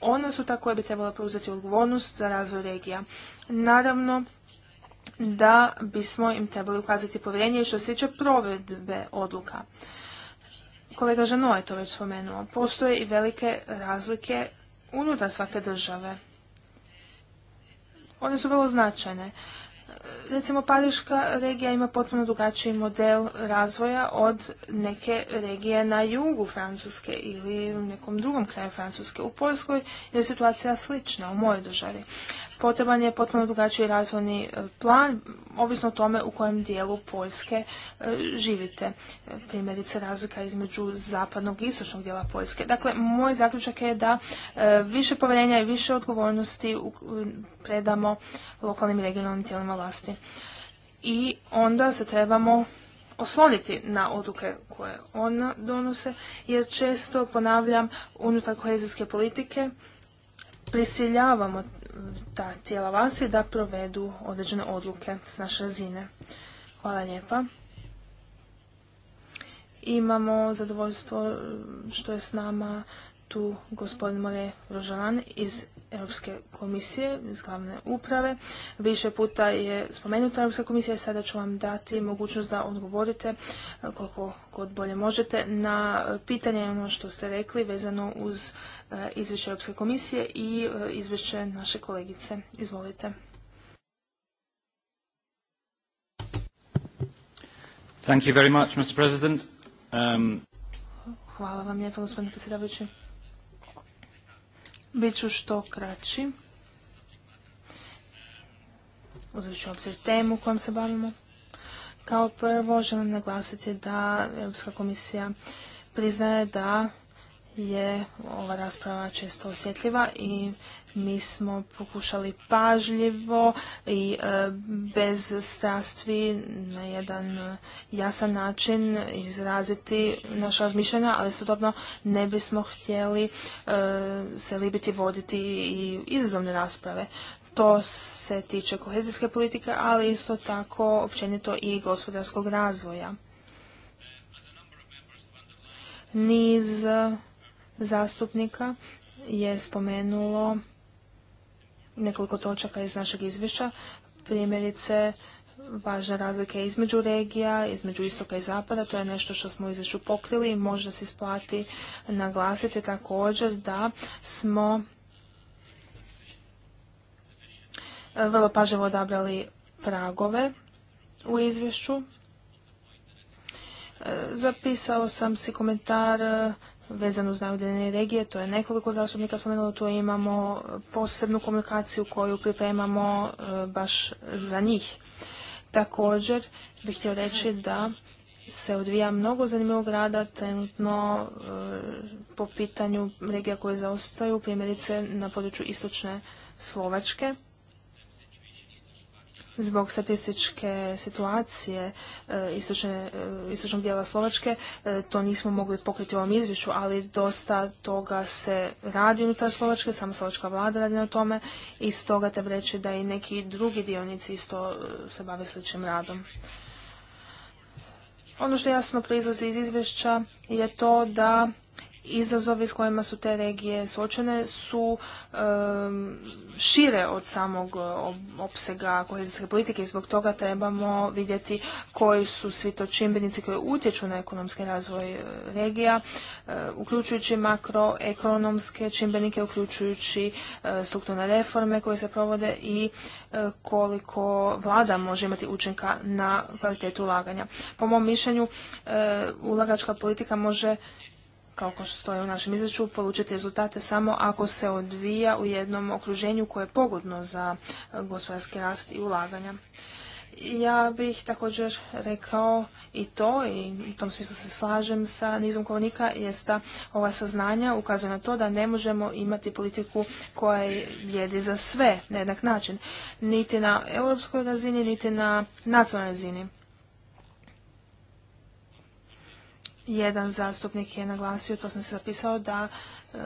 Speaker 2: Ona su ta koja bi trebala preuzeti odgovornost za razvoj regija. Naravno, da bismo im trebali ukazati povjerenje što se tiče provedbe odluka. Kolega Žano je to već spomenuo. Postoje i velike razlike unutar svake države. One su vrlo značajne. Recimo, Pariška regija ima potpuno drugačiji model razvoja od neke regije na jugu Francuske ili u nekom drugom kraju Francuske. U Poljskoj je situacija slična, u mojoj državi potreban je potpuno drugačiji razvojni e, plan, ovisno o tome u kojem dijelu Poljske e, živite. E, primjerice razlika između zapadnog i istočnog dijela Poljske. Dakle, moj zaključak je da više povjerenja i više odgovornosti predamo lokalnim i regionalnim tijelima vlasti. I onda se trebamo osloniti na odluke koje ona donose, jer često, ponavljam, unutar kohezijske politike prisiljavamo ta tijela vas i da provedu određene odluke s naše razine. Hvala lijepa. Imamo zadovoljstvo što je s nama tu gospodin More Rožalan iz Europske komisije, iz glavne uprave. Više puta je spomenuta Europska komisija, sada ću vam dati mogućnost da odgovorite e, koliko god bolje možete na pitanje ono što ste rekli vezano uz e, izvješće Europske komisije i e, izvješće naše kolegice. Izvolite.
Speaker 1: Thank you very much, Mr. President. Um...
Speaker 2: Hvala vam lijepo, gospodine predsjedavajući. Bit ću što kraći. Uzet ću obzir temu kojom se bavimo. Kao prvo želim naglasiti da Europska komisija priznaje da je ova rasprava često osjetljiva i mi smo pokušali pažljivo i e, bez strastvi na jedan jasan način izraziti naša razmišljanja, ali sudobno ne bismo htjeli e, se libiti voditi i izazovne rasprave. To se tiče kohezijske politike, ali isto tako općenito i gospodarskog razvoja. Niz zastupnika je spomenulo nekoliko točaka iz našeg izvješća, primjerice važne razlike između regija, između istoka i zapada, to je nešto što smo u izvješću pokrili i možda se isplati naglasiti također da smo e, vrlo pažljivo odabrali pragove u izvješću. E, zapisao sam si komentar vezano uz regije, to je nekoliko zastupnika spomenulo, tu imamo posebnu komunikaciju koju pripremamo e, baš za njih. Također bih htio reći da se odvija mnogo zanimljivog rada trenutno e, po pitanju regija koje zaostaju, primjerice na području istočne Slovačke zbog statističke situacije e, e, istočnog dijela Slovačke. E, to nismo mogli pokriti u ovom izvješću, ali dosta toga se radi unutar Slovačke, sama Slovačka vlada radi na tome i stoga treba reći da i neki drugi dionici isto se bave sličnim radom. Ono što jasno proizlazi iz izvješća je to da izazovi s kojima su te regije suočene su šire od samog e, opsega kohezijske politike i zbog toga trebamo vidjeti koji su svi to čimbenici koji utječu na ekonomski razvoj e, regija, e, uključujući makroekonomske čimbenike, uključujući strukturne reforme koje se provode i koliko vlada može imati učinka na kvalitetu ulaganja. Po mom mišljenju ulagačka politika može kao ko što stoje u našem izveću, polučiti rezultate samo ako se odvija u jednom okruženju koje je pogodno za e, gospodarski rast i ulaganja. Ja bih također rekao i to, i u tom smislu se slažem sa nizom kolonika jest da ova saznanja ukazuju na to da ne možemo imati politiku koja jedi za sve na jednak način, niti na europskoj razini, niti na nacionalnoj razini. jedan zastupnik je naglasio, to sam se zapisao, da e,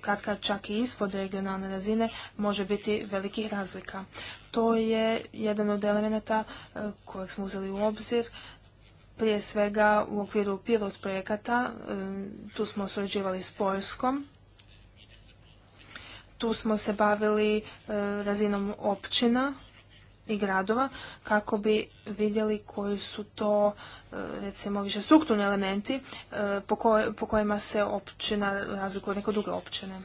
Speaker 2: kad, kad čak i ispod regionalne razine može biti velikih razlika. To je jedan od elemenata e, kojeg smo uzeli u obzir prije svega u okviru pilot projekata, e, tu smo surađivali s Poljskom, tu smo se bavili razinom općina i gradova kako bi vidjeli koji su to e, recimo više strukturni elementi e, po kojima se općina razlikuje od neke druge općine.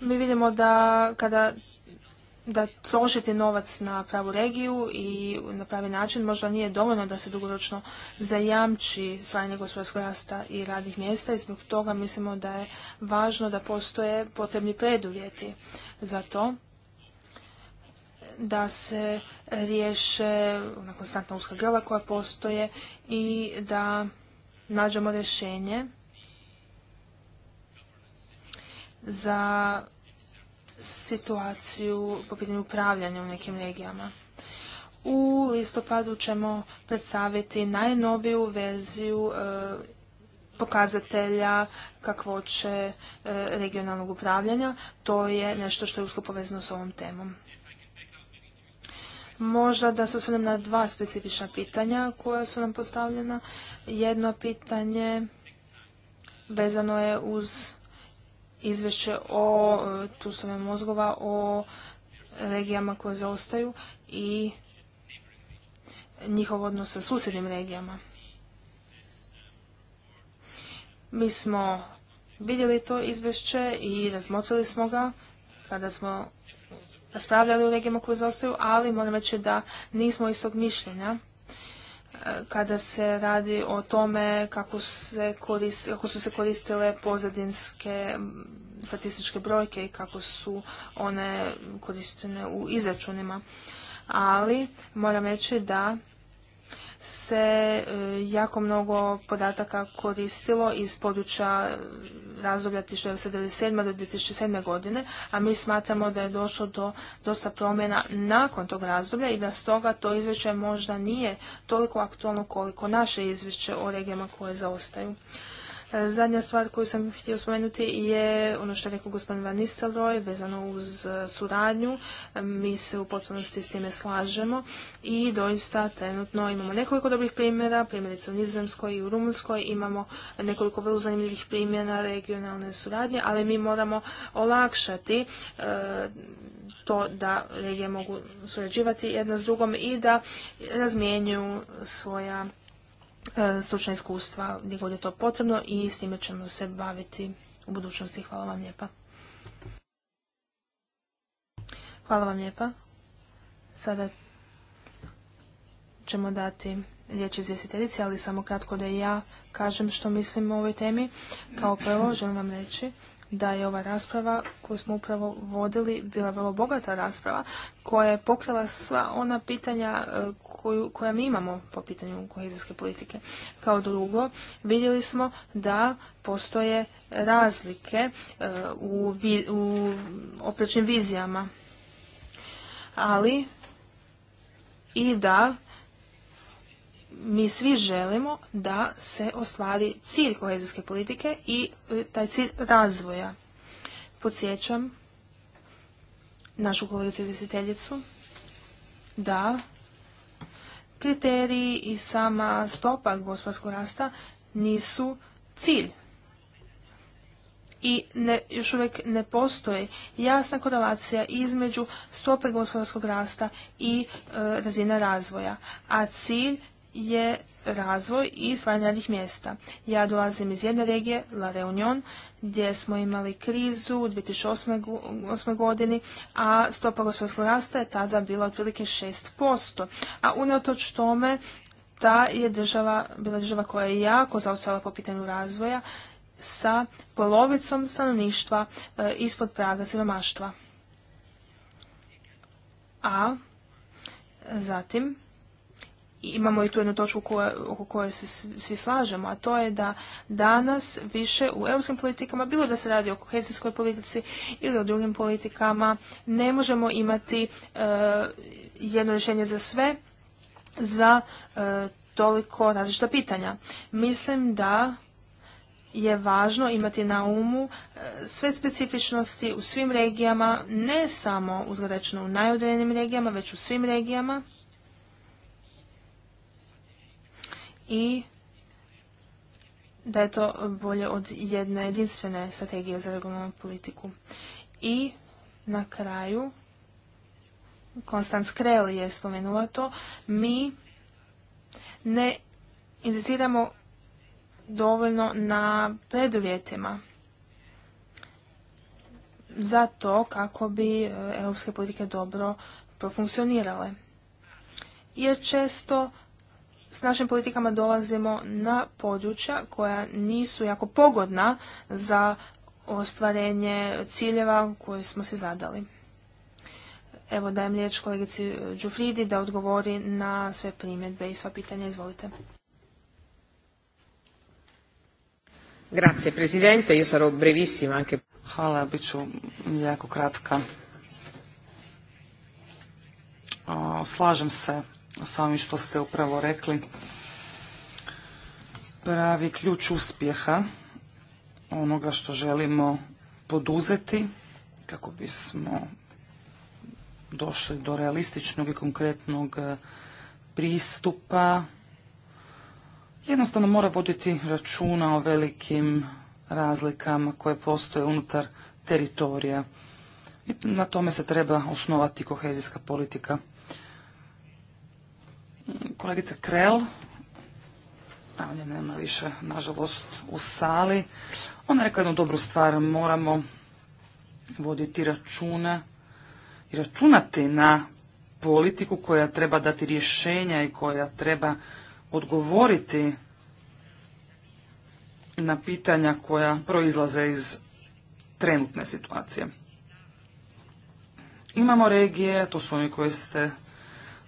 Speaker 2: Mi vidimo da kada da trošiti novac na pravu regiju i na pravi način možda nije dovoljno da se dugoročno zajamči stvaranje gospodarskog rasta i radnih mjesta i zbog toga mislimo da je važno da postoje potrebni preduvjeti za to da se riješe ona konstantna uska grla koja postoje i da nađemo rješenje za situaciju po upravljanja u nekim regijama. U listopadu ćemo predstaviti najnoviju verziju e, pokazatelja kakvoće će regionalnog upravljanja. To je nešto što je usko povezano s ovom temom. Možda da se osvrnem na dva specifična pitanja koja su nam postavljena. Jedno pitanje vezano je uz izvješće o e, tusove mozgova, o regijama koje zaostaju i njihov odnos sa susjednim regijama. Mi smo vidjeli to izvješće i razmotrili smo ga kada smo raspravljali u regijama koje zaostaju, ali moram reći da nismo istog mišljenja e, kada se radi o tome kako, kako su se koristile pozadinske statističke brojke i kako su one korištene u izračunima. Ali moram reći da se e, jako mnogo podataka koristilo iz područja razdoblja 1997. do 2007. godine, a mi smatramo da je došlo do dosta promjena nakon tog razdoblja i da stoga to izvješće možda nije toliko aktualno koliko naše izvješće o regijama koje zaostaju. Zadnja stvar koju sam htio spomenuti je ono što je rekao gospodin Van Nistelroj vezano uz e, suradnju. Mi se u potpunosti s time slažemo i doista trenutno imamo nekoliko dobrih primjera, primjerice u Nizozemskoj i u Rumunskoj imamo nekoliko vrlo zanimljivih primjera regionalne suradnje, ali mi moramo olakšati e, to da regije mogu surađivati jedna s drugom i da razmijenju svoja E, stručna iskustva gdje god je to potrebno i s time ćemo se baviti u budućnosti. Hvala vam lijepa. Hvala vam lijepa. Sada ćemo dati riječ izvjestiteljici, ali samo kratko da i ja kažem što mislim o ovoj temi. Kao prvo želim vam reći da je ova rasprava koju smo upravo vodili bila vrlo bogata rasprava koja je pokrila sva ona pitanja e, koju, koja mi imamo po pitanju kohezijske politike. Kao drugo, vidjeli smo da postoje razlike eh, u, u oprečnim vizijama, ali i da mi svi želimo da se ostvari cilj kohezijske politike i eh, taj cilj razvoja. Podsjećam našu kolegicu izvjestiteljicu da kriteriji i sama stopa gospodarskog rasta nisu cilj. I još uvijek ne postoji jasna korelacija između stope gospodarskog rasta i e, razine razvoja. A cilj je razvoj i stvaranje radnih mjesta. Ja dolazim iz jedne regije, La Reunion, gdje smo imali krizu u 2008. godini, a stopa gospodarskog rasta je tada bila otprilike 6%. A unatoč tome, ta je država, bila država koja je jako zaostala po pitanju razvoja sa polovicom stanovništva eh, ispod praga siromaštva. A zatim, imamo i tu jednu točku oko koje se svi slažemo, a to je da danas više u europskim politikama, bilo da se radi o kohezijskoj politici ili o drugim politikama, ne možemo imati e, jedno rješenje za sve za e, toliko različita pitanja. Mislim da je važno imati na umu e, sve specifičnosti u svim regijama, ne samo uzgledačno u najudaljenim regijama, već u svim regijama i da je to bolje od jedne jedinstvene strategije za regionalnu politiku. I na kraju, Konstanc Krell je spomenula to, mi ne inzistiramo dovoljno na preduvjetima za to kako bi e, europske politike dobro profunkcionirale. Jer često s našim politikama dolazimo na područja koja nisu jako pogodna za ostvarenje ciljeva koje smo si zadali. Evo dajem riječ kolegici Đufridi da odgovori na sve primjedbe i sva pitanja. Izvolite.
Speaker 4: Grazie Presidente, io sarò brevissima
Speaker 3: Hvala, bit ću jako kratka. slažem se samim što ste upravo rekli. Pravi ključ uspjeha onoga što želimo poduzeti kako bismo došli do realističnog i konkretnog e, pristupa jednostavno mora voditi računa o velikim razlikama koje postoje unutar teritorija. I na tome se treba osnovati kohezijska politika. Kolegica Krell, a nje nema više, nažalost, u sali. Ona je rekla jednu dobru stvar, moramo voditi računa i računati na politiku koja treba dati rješenja i koja treba odgovoriti na pitanja koja proizlaze iz trenutne situacije. Imamo regije, to su oni koje ste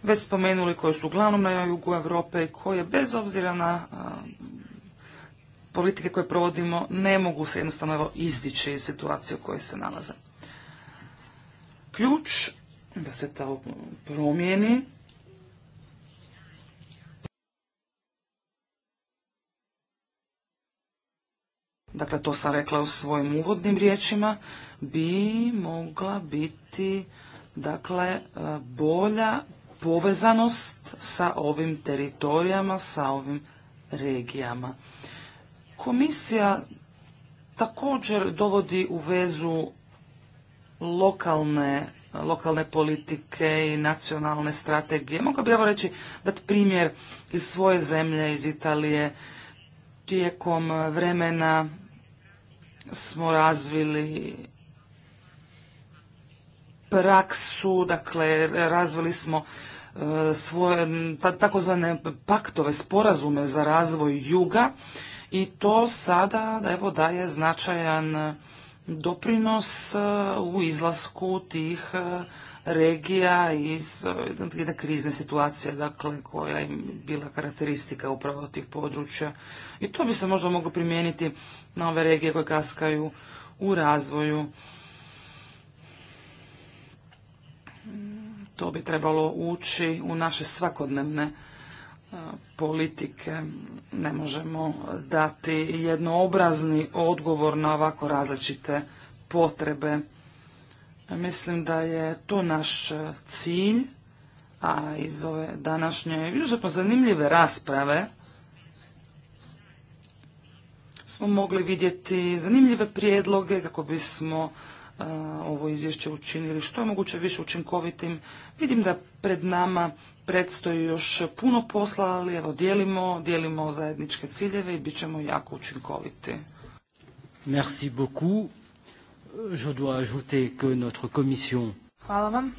Speaker 3: već spomenuli, koje su uglavnom na jugu Europe i koje bez obzira na politike koje provodimo ne mogu se jednostavno evo, izdići iz situacije u kojoj se nalaze. Ključ da se to promijeni dakle to sam rekla u svojim uvodnim riječima, bi mogla biti dakle bolja povezanost sa ovim teritorijama, sa ovim regijama. Komisija također dovodi u vezu lokalne, lokalne politike i nacionalne strategije. Mogu bi evo reći dat primjer iz svoje zemlje, iz Italije. Tijekom vremena smo razvili praksu, dakle razvili smo E, svoje takozvane paktove, sporazume za razvoj juga i to sada evo daje značajan doprinos e, u izlasku tih e, regija iz jedne krizne situacije, dakle, koja je bila karakteristika upravo tih područja. I to bi se možda moglo primijeniti na ove regije koje kaskaju u razvoju. To bi trebalo ući u naše svakodnevne e, politike. Ne možemo dati jednoobrazni odgovor na ovako različite potrebe. Mislim da je to naš cilj, a iz ove današnje izuzetno zanimljive rasprave smo mogli vidjeti zanimljive prijedloge kako bismo ovo izvješće učinili što je moguće više učinkovitim. Vidim da pred nama predstoji još puno posla, ali evo dijelimo, dijelimo zajedničke ciljeve i bit ćemo jako učinkoviti.
Speaker 1: Merci beaucoup. Je dois ajouter que notre commission...
Speaker 2: Hvala vam.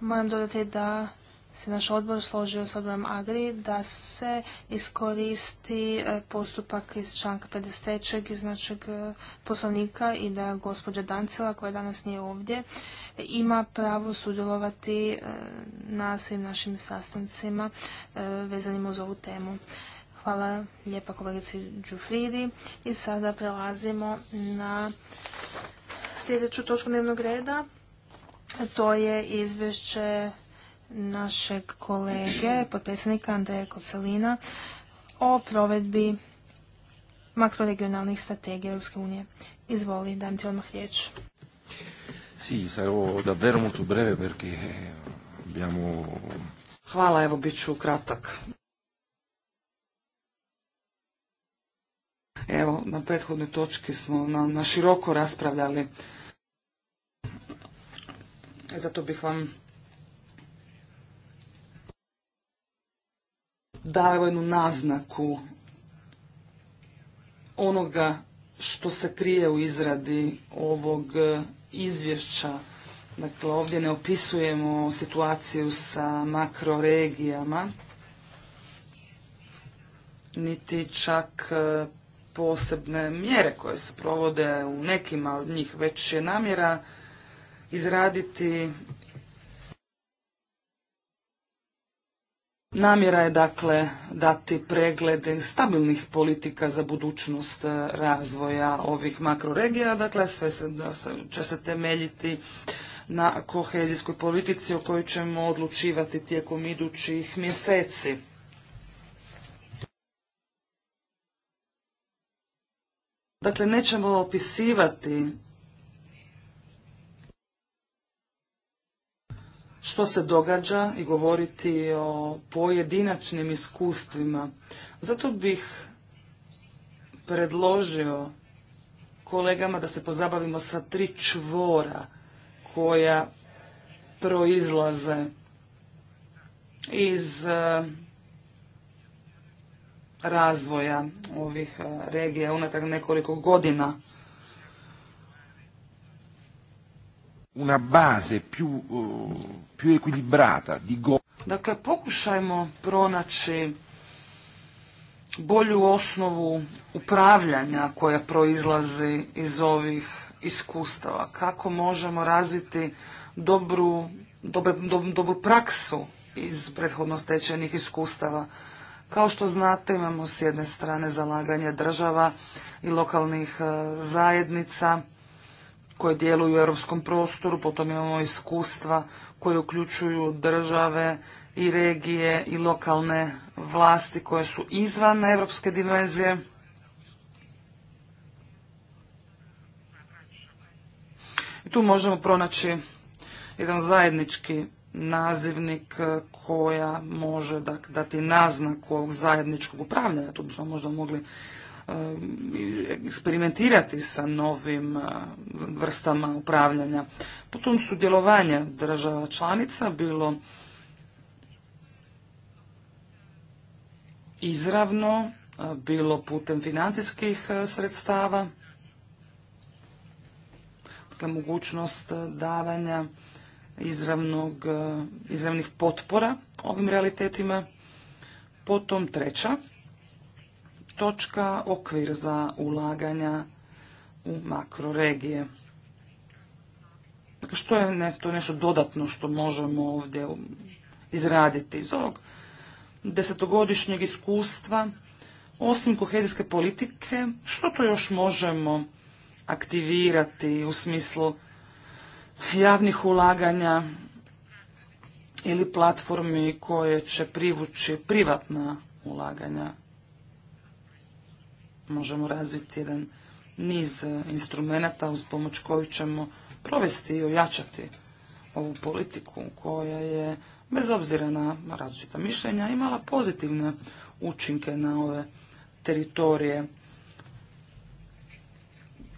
Speaker 2: Moram dodati da se naš odbor složio s odborom Agri da se iskoristi e, postupak iz članka 53. iz našeg e, poslovnika i da gospođa Dancela, koja danas nije ovdje, ima pravo sudjelovati e, na svim našim sastancima vezanim uz ovu temu. Hvala lijepa kolegici Džufridi. i sada prelazimo na sljedeću točku dnevnog reda. To je izvješće našeg kolege, potpredsjednika Andreja Kocelina, o provedbi makroregionalnih strategija Europske unije. Izvoli, dajem ti odmah riječ.
Speaker 1: Sì, sarò breve perché eh,
Speaker 4: abbiamo...
Speaker 3: Hvala, evo, bit ću kratak. Evo, na prethodnoj točki smo na, na široko raspravljali. Zato bih vam dao jednu naznaku onoga što se krije u izradi ovog e, izvješća. Dakle, ovdje ne opisujemo situaciju sa makroregijama, niti čak e, posebne mjere koje se provode u nekima od njih, već je namjera izraditi Namjera je dakle dati preglede stabilnih politika za budućnost e, razvoja ovih makroregija, dakle sve se, da se, će se temeljiti na kohezijskoj politici o kojoj ćemo odlučivati tijekom idućih mjeseci. Dakle, nećemo opisivati što se događa i govoriti o pojedinačnim iskustvima. Zato bih predložio kolegama da se pozabavimo sa tri čvora koja proizlaze iz e, razvoja ovih e, regija unatrag nekoliko godina. una base più, eh, più equilibrata di go... Dakle, pokušajmo pronaći bolju osnovu upravljanja koja proizlazi iz ovih iskustava. Kako možemo razviti dobru, dobru praksu iz prethodno stečenih iskustava. Kao što znate, imamo s jedne strane zalaganje država i lokalnih eh, zajednica koje djeluju u europskom prostoru, potom imamo iskustva koje uključuju države i regije i lokalne vlasti koje su izvan europske dimenzije. I tu možemo pronaći jedan zajednički nazivnik eh, koja može dati naznaku ovog zajedničkog upravljanja. Tu bismo možda mogli Um, eksperimentirati sa novim uh, vrstama upravljanja. Potom sudjelovanje država članica bilo izravno, uh, bilo putem financijskih uh, sredstava, dakle mogućnost davanja izravnog, izravnih potpora ovim realitetima. Potom treća točka okvir za ulaganja u makroregije. Dakle, što je to nešto dodatno što možemo ovdje izraditi iz ovog desetogodišnjeg iskustva, osim kohezijske politike, što to još možemo aktivirati u smislu javnih ulaganja ili platformi koje će privući privatna ulaganja možemo razviti jedan niz e, instrumenata uz pomoć koju ćemo provesti i ojačati ovu politiku koja je, bez obzira na različita mišljenja, imala pozitivne učinke na ove teritorije.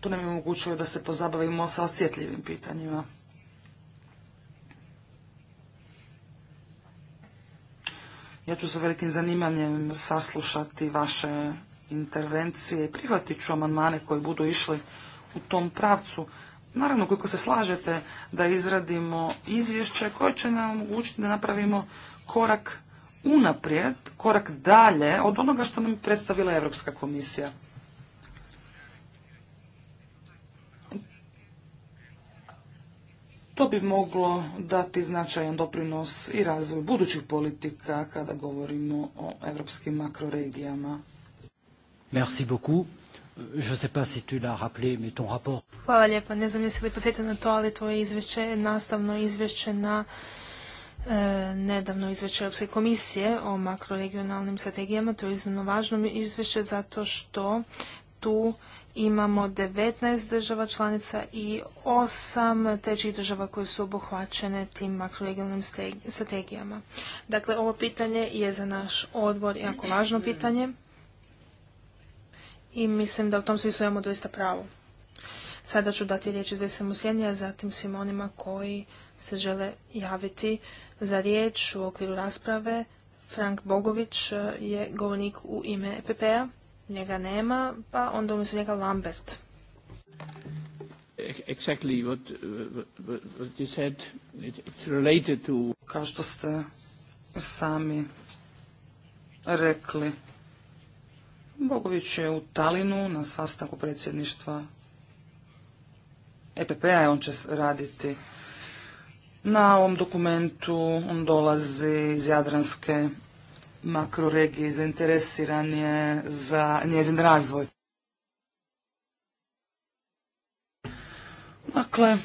Speaker 3: To nam je omogućilo da se pozabavimo sa osjetljivim pitanjima. Ja ću sa velikim zanimanjem saslušati vaše intervencije i prihvatit ću amandmane koji budu išli u tom pravcu. Naravno, koliko se slažete da izradimo izvješće koje će nam omogućiti da napravimo korak unaprijed, korak dalje od onoga što nam je predstavila Europska komisija. To bi moglo dati značajan doprinos i razvoju budućih politika kada govorimo o europskim makroregijama.
Speaker 2: Hvala lijepa. Ne znam jesi li podsjetio na to, ali tvoje izvješće nastavno izvješće na e, nedavno izvješće Europske komisije o makroregionalnim strategijama. To je iznimno važno izvješće zato što tu imamo 19 država članica i 8 trećih država koje su obuhvaćene tim makroregionalnim strategijama. Dakle, ovo pitanje je za naš odbor jako važno pitanje i mislim da u tom smislu imamo doista pravo. Sada ću dati riječ da Musljenija, a zatim svim onima koji se žele javiti za riječ u okviru rasprave. Frank Bogović e, je govornik u ime EPP-a, njega nema, pa onda umjesto njega Lambert.
Speaker 4: Kao što
Speaker 3: ste sami rekli, Bogović je u Talinu na sastanku predsjedništva EPP-a i on će raditi na ovom dokumentu. On dolazi iz Jadranske makroregije, zainteresiran je za njezin razvoj. Dakle,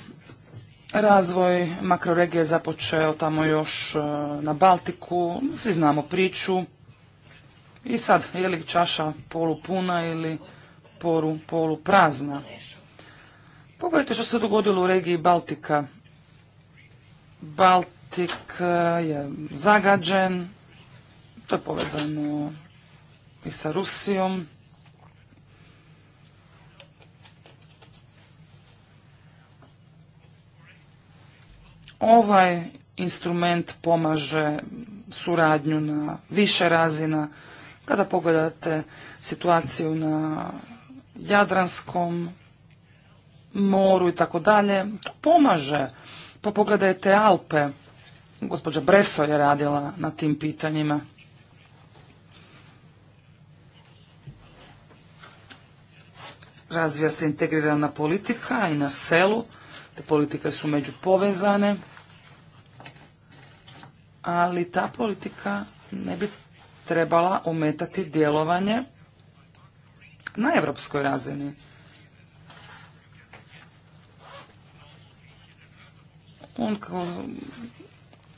Speaker 3: razvoj makroregije započeo tamo još e, na Baltiku. Svi znamo priču. I sad, je li čaša polupuna ili poru, poluprazna? Pogledajte što se dogodilo u regiji Baltika. Baltik e, je zagađen, to je povezano i sa Rusijom. Ovaj instrument pomaže suradnju na više razina kada pogledate situaciju na Jadranskom moru i tako dalje, to pomaže. Pa pogledajte Alpe. Gospođa Breso je radila na tim pitanjima. Razvija se integrirana politika i na selu. Te politike su među povezane. Ali ta politika ne bi trebala ometati djelovanje na europskoj razini.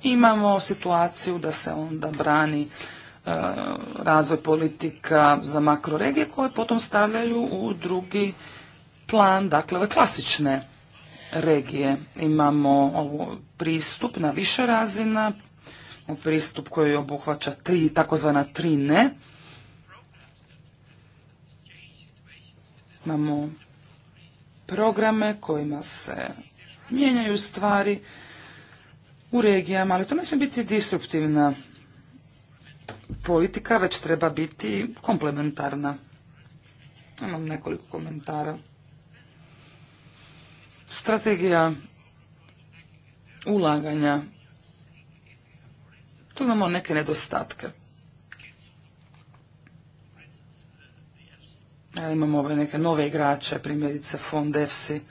Speaker 3: Imamo situaciju da se onda brani e, razvoj politika za makroregije koje potom stavljaju u drugi plan, dakle ove klasične regije. Imamo pristup na više razina, pristup koji obuhvaća tri, takozvana tri ne. Imamo programe kojima se mijenjaju stvari u regijama, ali to ne smije biti disruptivna politika, već treba biti komplementarna. Imam nekoliko komentara. Strategija ulaganja tu imamo neke nedostatke. imamo ove neke nove igrače, primjerice fond EFSI.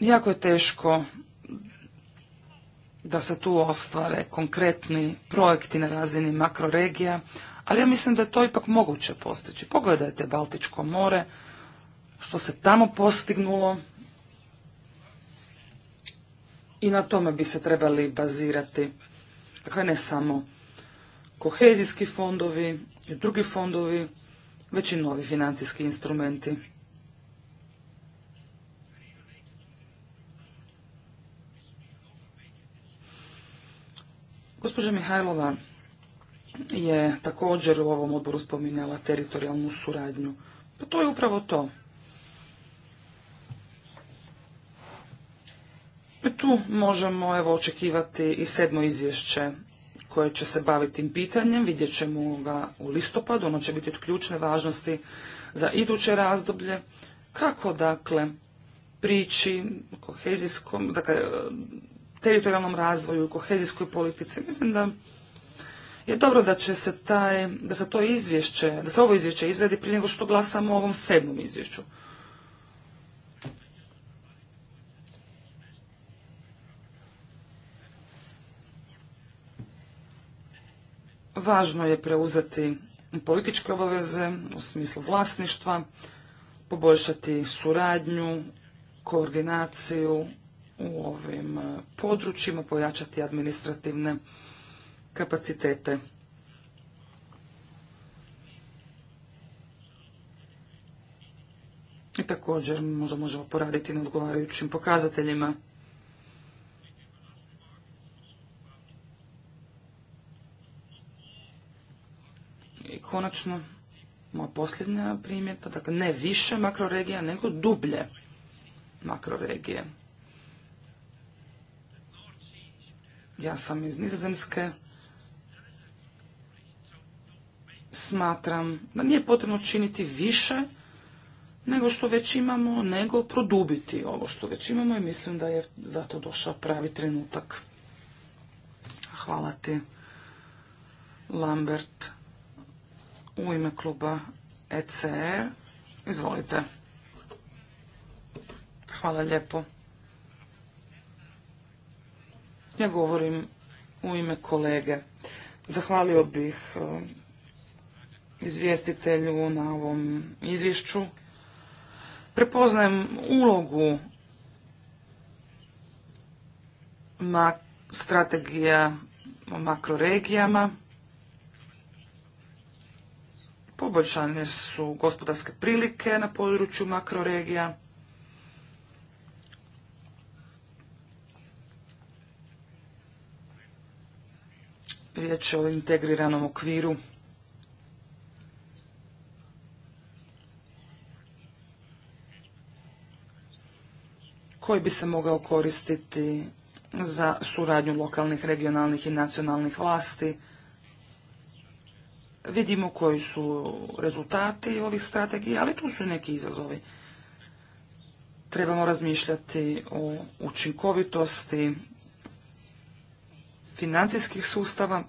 Speaker 3: Jako je teško da se tu ostvare konkretni projekti na razini makroregija, ali ja mislim da je to ipak moguće postići. Pogledajte Baltičko more, što se tamo postignulo, i na tome bi se trebali bazirati. Dakle, ne samo kohezijski fondovi i drugi fondovi, već i novi financijski instrumenti. Gospođa Mihajlova je također u ovom odboru spominjala teritorijalnu suradnju. Pa to je upravo to. Tu možemo evo očekivati i sedmo izvješće koje će se baviti tim pitanjem. Vidjet ćemo ga u listopadu. Ono će biti od ključne važnosti za iduće razdoblje. Kako dakle priči kohezijskom, dakle teritorijalnom razvoju kohezijskoj politici. Mislim da je dobro da će se taj, da se to izvješće, da se ovo izvješće izradi prije nego što glasamo o ovom sedmom izvješću. Važno je preuzeti političke obaveze u smislu vlasništva, poboljšati suradnju, koordinaciju u ovim e, područjima, pojačati administrativne kapacitete. I također možda možemo poraditi na odgovarajućim pokazateljima. konačno, moja posljednja primjeta dakle ne više makroregija, nego dublje makroregije. Ja sam iz Nizozemske, smatram da nije potrebno činiti više nego što već imamo, nego produbiti ovo što već imamo i mislim da je zato došao pravi trenutak. Hvala ti, Lambert u ime kluba ECR. E, izvolite. Hvala lijepo. Ja govorim u ime kolege. Zahvalio bih e, izvjestitelju na ovom izvješću. Prepoznajem ulogu strategija o makroregijama. Poboljšane su gospodarske prilike na području makroregija. Riječ je o integriranom okviru. koji bi se mogao koristiti za suradnju lokalnih, regionalnih i nacionalnih vlasti vidimo koji su rezultati ovih strategija, ali tu su neki izazovi. Trebamo razmišljati o učinkovitosti financijskih sustava,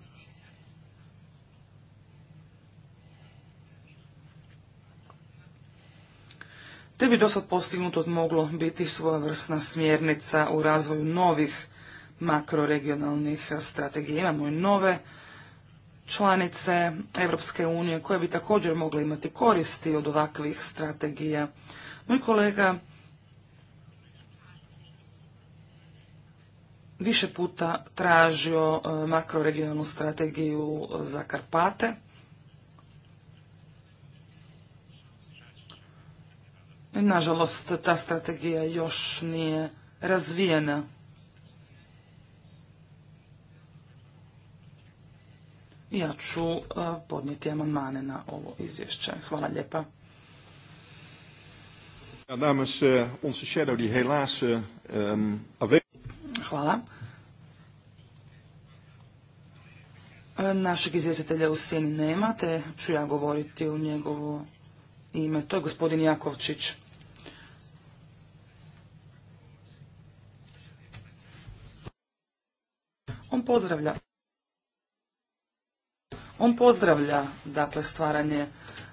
Speaker 3: te bi dosad postignuto moglo biti vrsna smjernica u razvoju novih makroregionalnih strategija. Imamo i nove članice Europske unije koje bi također mogle imati koristi od ovakvih strategija. Moj kolega više puta tražio e, makroregionalnu strategiju za Karpate. Nažalost, ta strategija još nije razvijena. ja ću e, podnijeti amandmane na ovo izvješće. Hvala lijepa. Hvala. Našeg izvjestitelja u sjeni nema, te ću ja govoriti u njegovo ime. To je gospodin Jakovčić. On pozdravlja on pozdravlja dakle stvaranje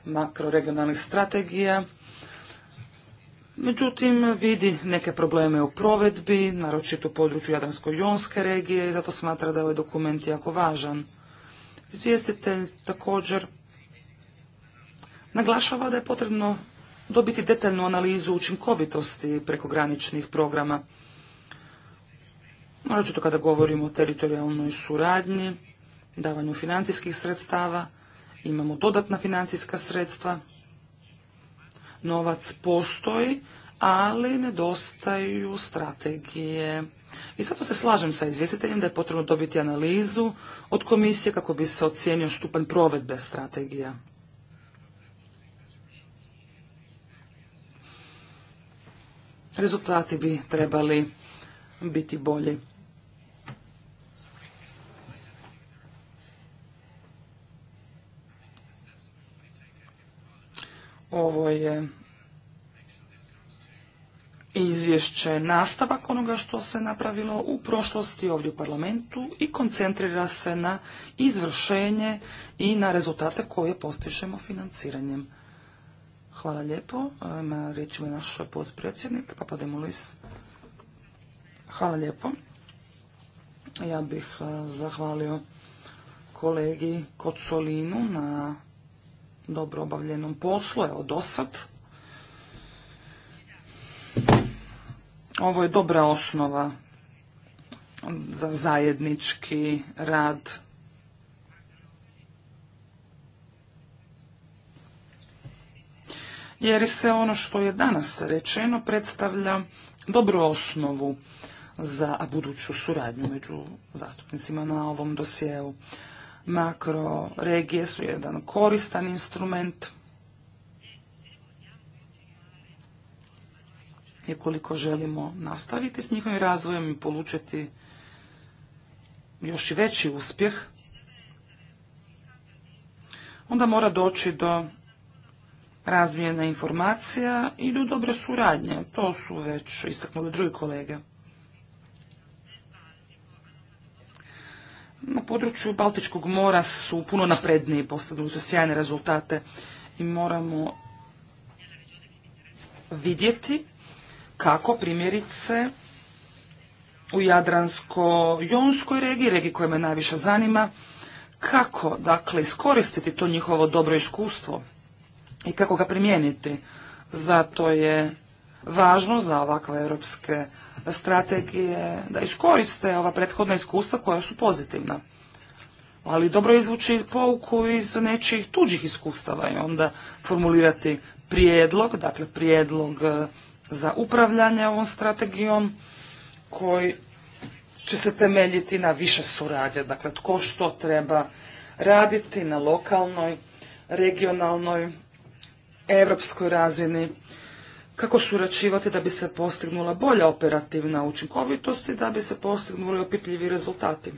Speaker 3: makroregionalnih strategija, međutim vidi neke probleme u provedbi, naročito u području Jadransko-Jonske regije i zato smatra da je ovaj dokument jako važan. Izvjestitelj također naglašava da je potrebno dobiti detaljnu analizu učinkovitosti prekograničnih programa. Naročito kada govorimo o teritorijalnoj suradnji, davanju financijskih sredstava, imamo dodatna financijska sredstva, novac postoji, ali nedostaju strategije. I zato se slažem sa izvjestiteljem da je potrebno dobiti analizu od komisije kako bi se ocijenio stupanj provedbe strategija. Rezultati bi trebali biti bolji. Ovo je izvješće nastavak onoga što se napravilo u prošlosti ovdje u parlamentu i koncentrira se na izvršenje i na rezultate koje postišemo financiranjem. Hvala lijepo. Ima riječ mi naš potpredsjednik, Papademulis. Hvala lijepo. Ja bih eh, zahvalio kolegi Kocolinu na dobro obavljenom poslu, evo do Ovo je dobra osnova za zajednički rad. Jer se ono što je danas rečeno predstavlja dobru osnovu za buduću suradnju među zastupnicima na ovom dosjeu regije su jedan koristan instrument. I koliko želimo nastaviti s njihovim razvojem i polučiti još i veći uspjeh, onda mora doći do razmjene informacija i do dobre suradnje. To su već istaknuli drugi kolege. Na području Baltičkog mora su puno napredniji, postavili su sjajne rezultate i moramo vidjeti kako primjerice u Jadransko-Jonskoj regiji, regiji koja me najviše zanima, kako dakle iskoristiti to njihovo dobro iskustvo i kako ga primijeniti. Zato je važno za ovakve europske strategije, da iskoriste ova prethodna iskustva koja su pozitivna. Ali dobro izvući pouku iz nečijih tuđih iskustava i onda formulirati prijedlog, dakle prijedlog e, za upravljanje ovom strategijom koji će se temeljiti na više suradnje, dakle tko što treba raditi na lokalnoj, regionalnoj, europskoj razini, kako suračivati da bi se postignula bolja operativna učinkovitost i da bi se postignuli opipljivi rezultati.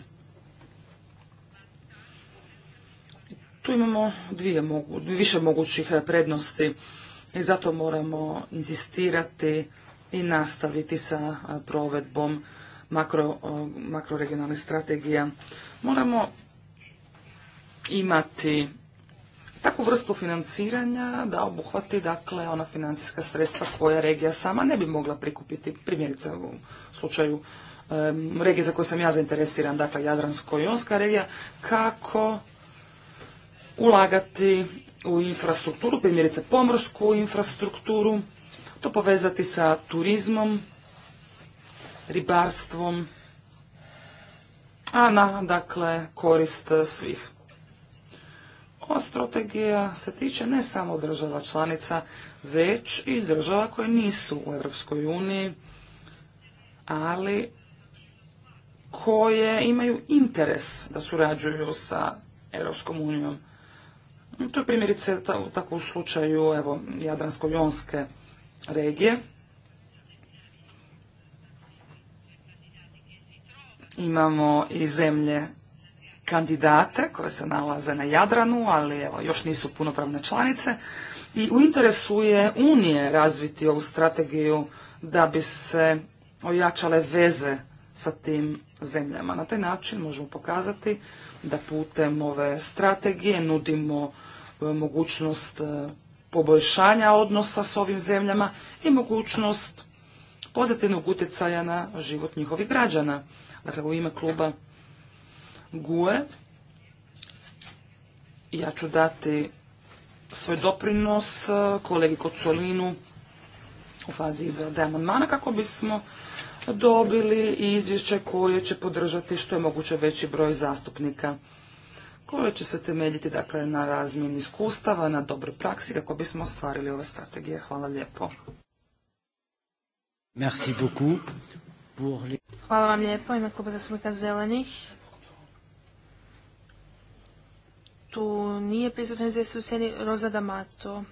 Speaker 3: Tu imamo dvije, više mogućih eh, prednosti i zato moramo inzistirati i nastaviti sa eh, provedbom makro, eh, makroregionalnih strategija. Moramo imati takvu vrstu financiranja da obuhvati dakle ona financijska sredstva koja regija sama ne bi mogla prikupiti, primjerice u slučaju regije za koju sam ja zainteresiran, dakle Jadransko-Jonska regija, kako ulagati u infrastrukturu, primjerice pomorsku infrastrukturu, to povezati sa turizmom, ribarstvom, a na, dakle, korist svih. Ova strategija se tiče ne samo država članica, već i država koje nisu u Europskoj uniji, ali koje imaju interes da surađuju sa Europskom unijom. To je primjerice tako u slučaju evo, Jadransko-Jonske regije. Imamo i zemlje kandidate koje se nalaze na Jadranu, ali evo, još nisu punopravne članice. I u interesu je Unije razviti ovu strategiju da bi se ojačale veze sa tim zemljama. Na taj način možemo pokazati da putem ove strategije nudimo e, mogućnost e, poboljšanja odnosa s ovim zemljama i mogućnost pozitivnog utjecaja na život njihovih građana. Dakle, u ime kluba GUE. Ja ću dati svoj doprinos e, kolegi Kocolinu u fazi izrade amandmana kako bismo dobili izvješće koje će podržati što je moguće veći broj zastupnika koje će se temeljiti dakle, na razmjeni iskustava, na dobroj praksi kako
Speaker 2: bismo ostvarili ove strategije. Hvala lijepo. Hvala vam lijepo. Ime kluba Zelenih. tu nije prisutna seni u Roza D'Amato.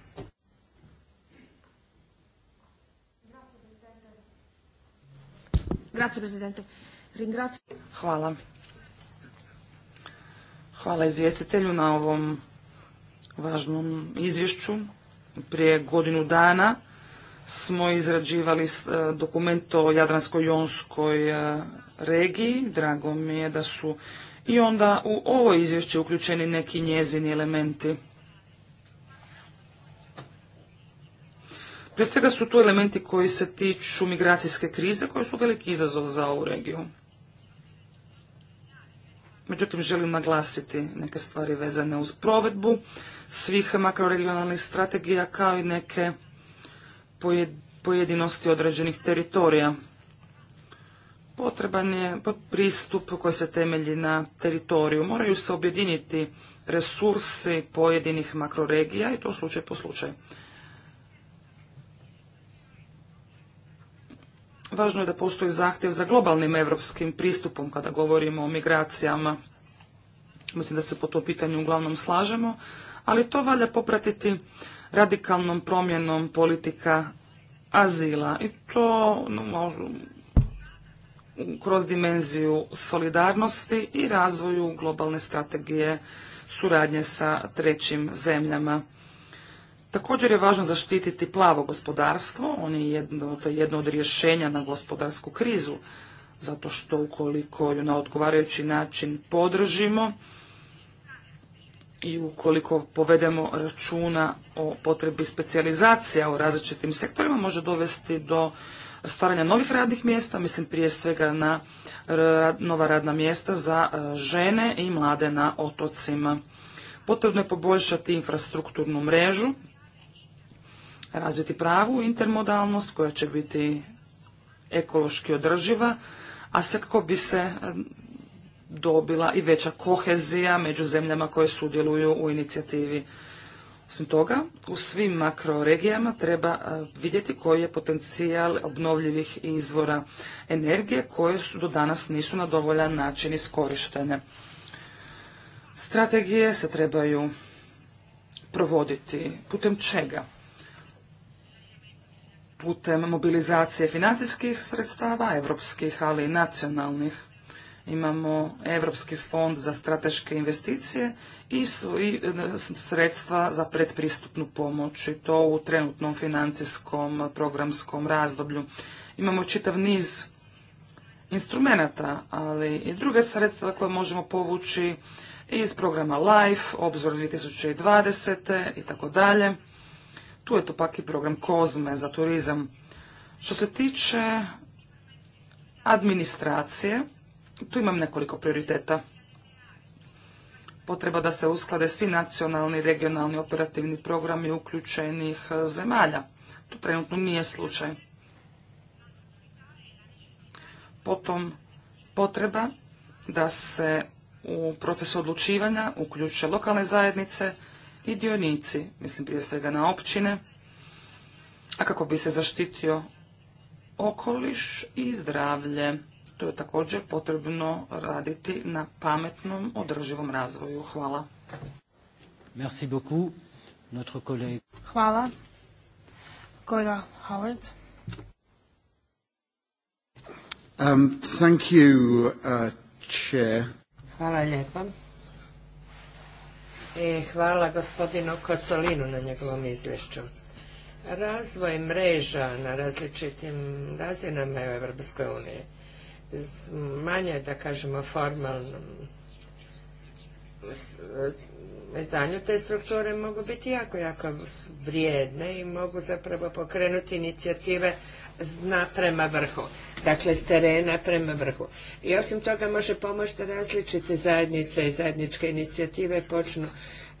Speaker 2: Hvala.
Speaker 3: Hvala izvjestitelju na ovom važnom izvješću. Prije godinu dana smo izrađivali e, dokument o Jadransko-Jonskoj e, regiji. Drago mi je da su i onda u ovo izvješće uključeni neki njezini elementi. Prije svega su tu elementi koji se tiču migracijske krize, koji su veliki izazov za ovu regiju. Međutim, želim naglasiti neke stvari vezane uz provedbu svih makroregionalnih strategija, kao i neke pojedinosti određenih teritorija. Potreban je pristup koji se temelji na teritoriju. Moraju se objediniti resursi pojedinih makroregija i to slučaj po slučaj. Važno je da postoji zahtjev za globalnim evropskim pristupom kada govorimo o migracijama. Mislim da se po tom pitanju uglavnom slažemo, ali to valja popratiti radikalnom promjenom politika azila i to kroz dimenziju solidarnosti i razvoju globalne strategije suradnje sa trećim zemljama. Također je važno zaštititi plavo gospodarstvo, on je jedno, to je jedno od rješenja na gospodarsku krizu, zato što ukoliko ju na odgovarajući način podržimo i ukoliko povedemo računa o potrebi specijalizacija u različitim sektorima, može dovesti do stvaranja novih radnih mjesta, mislim prije svega na nova radna mjesta za e, žene i mlade na otocima. Potrebno je poboljšati infrastrukturnu mrežu, razviti pravu intermodalnost koja će biti ekološki održiva, a sve kako bi se e, dobila i veća kohezija među zemljama koje sudjeluju u inicijativi osim toga, u svim makroregijama treba e, vidjeti koji je potencijal obnovljivih izvora energije koje su do danas nisu na dovoljan način iskorištene. Strategije se trebaju provoditi putem čega? Putem mobilizacije financijskih sredstava, evropskih, ali i nacionalnih imamo Europski fond za strateške investicije i su i e, sredstva za predpristupnu pomoć i to u trenutnom financijskom e, programskom razdoblju. Imamo čitav niz instrumenata, ali i druge sredstva koje možemo povući iz programa LIFE, Obzor 2020. i tako dalje. Tu je to pak i program COSME za turizam. Što se tiče administracije, tu imam nekoliko prioriteta. Potreba da se usklade svi nacionalni i regionalni operativni programi uključenih e, zemalja. To trenutno nije slučaj. Potom potreba da se u procesu odlučivanja uključe lokalne zajednice i dionici, mislim prije svega na općine, a kako bi se zaštitio okoliš i zdravlje tu je također potrebno raditi na pametnom održivom razvoju. Hvala.
Speaker 1: Merci beaucoup, notre collègue.
Speaker 2: Hvala. Kolega Howard.
Speaker 1: Um, thank you, uh, chair.
Speaker 2: Hvala
Speaker 4: lijepa. E, hvala gospodinu Kocolinu na njegovom izvješću. Razvoj mreža na različitim razinama u Evropskoj uniji manje, da kažemo, formalnom izdanju te strukture mogu biti jako, jako vrijedne i mogu zapravo pokrenuti inicijative zna prema vrhu. Dakle, s terena prema vrhu. I osim toga može pomoći da različite zajednice i zajedničke inicijative počnu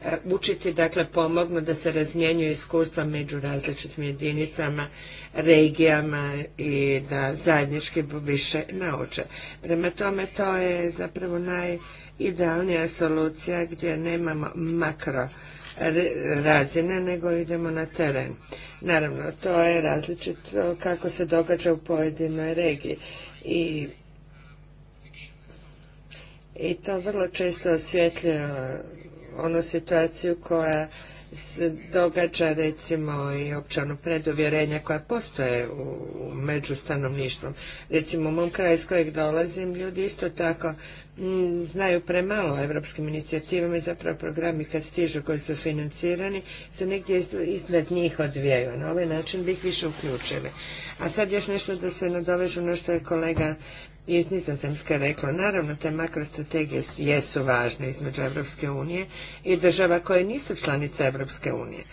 Speaker 4: E, učiti, dakle pomognu da se razmjenjuju iskustva među različitim jedinicama, regijama i da zajednički više nauče. Prema tome to je zapravo najidealnija solucija gdje nemamo makro razine, nego idemo na teren. Naravno, to je različito kako se događa u pojedinoj regiji. I i to vrlo često osvjetljuje onu situaciju koja se događa recimo i općano preduvjerenja koja postoje u, među stanovništvom. Recimo u mom kraju iz kojeg dolazim ljudi isto tako znaju premalo o evropskim inicijativama i zapravo programi kad stižu koji su financirani se negdje iznad njih odvijaju. Na ovaj način bi ih više uključili. A sad još nešto da se nadovežu na ono što je kolega iz Nizozemske rekla. Naravno, te makrostrategije jesu važne između Evropske unije i država koje nisu članice Evropske unije.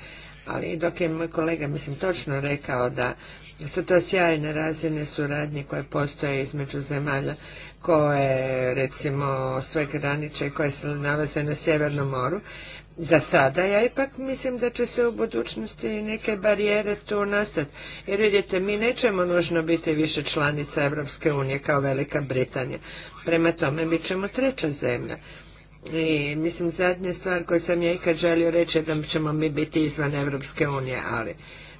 Speaker 4: Ali dok je moj kolega, mislim, točno rekao da su to sjajne razine suradnje koje postoje između zemalja koje, recimo, sve graniče koje se nalaze na Sjevernom moru, za sada. Ja ipak mislim da će se u budućnosti neke barijere tu nastati. Jer vidite, mi nećemo nužno biti više članica Evropske unije kao Velika Britanija. Prema tome, mi ćemo treća zemlja. I mislim, zadnja stvar koju sam ja ikad želio reći je da ćemo mi biti izvan Evropske unije, ali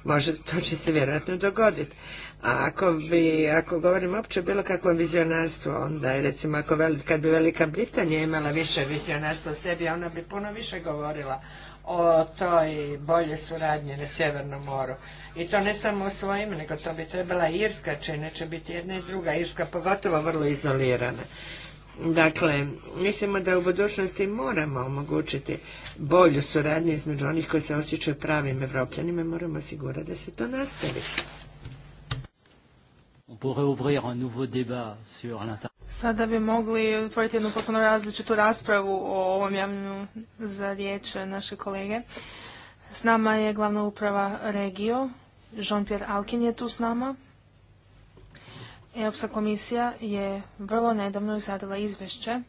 Speaker 4: Može, to će se vjerojatno dogoditi. A ako bi, ako govorim opće bilo kakvo vizionarstvo, onda je recimo ako kad bi Velika Britanija imala više vizionarstva sebi, ona bi puno više govorila o toj bolje suradnje na Sjevernom moru. I to ne samo o svojim, nego to bi trebala i Irska, će neće biti jedna i druga. Irska pogotovo vrlo izolirana. Dakle, mislimo da u budućnosti moramo omogućiti bolju suradnju između onih koji se osjećaju pravim evropljanima, moramo osigurati da se to nastavi.
Speaker 2: Sada bi mogli otvoriti jednu potpuno različitu raspravu o ovom javljanju za riječ naše kolege. S nama je glavna uprava Regio, Jean-Pierre Alkin je tu s nama. Europska komisija je vrlo nedavno izradila izvješće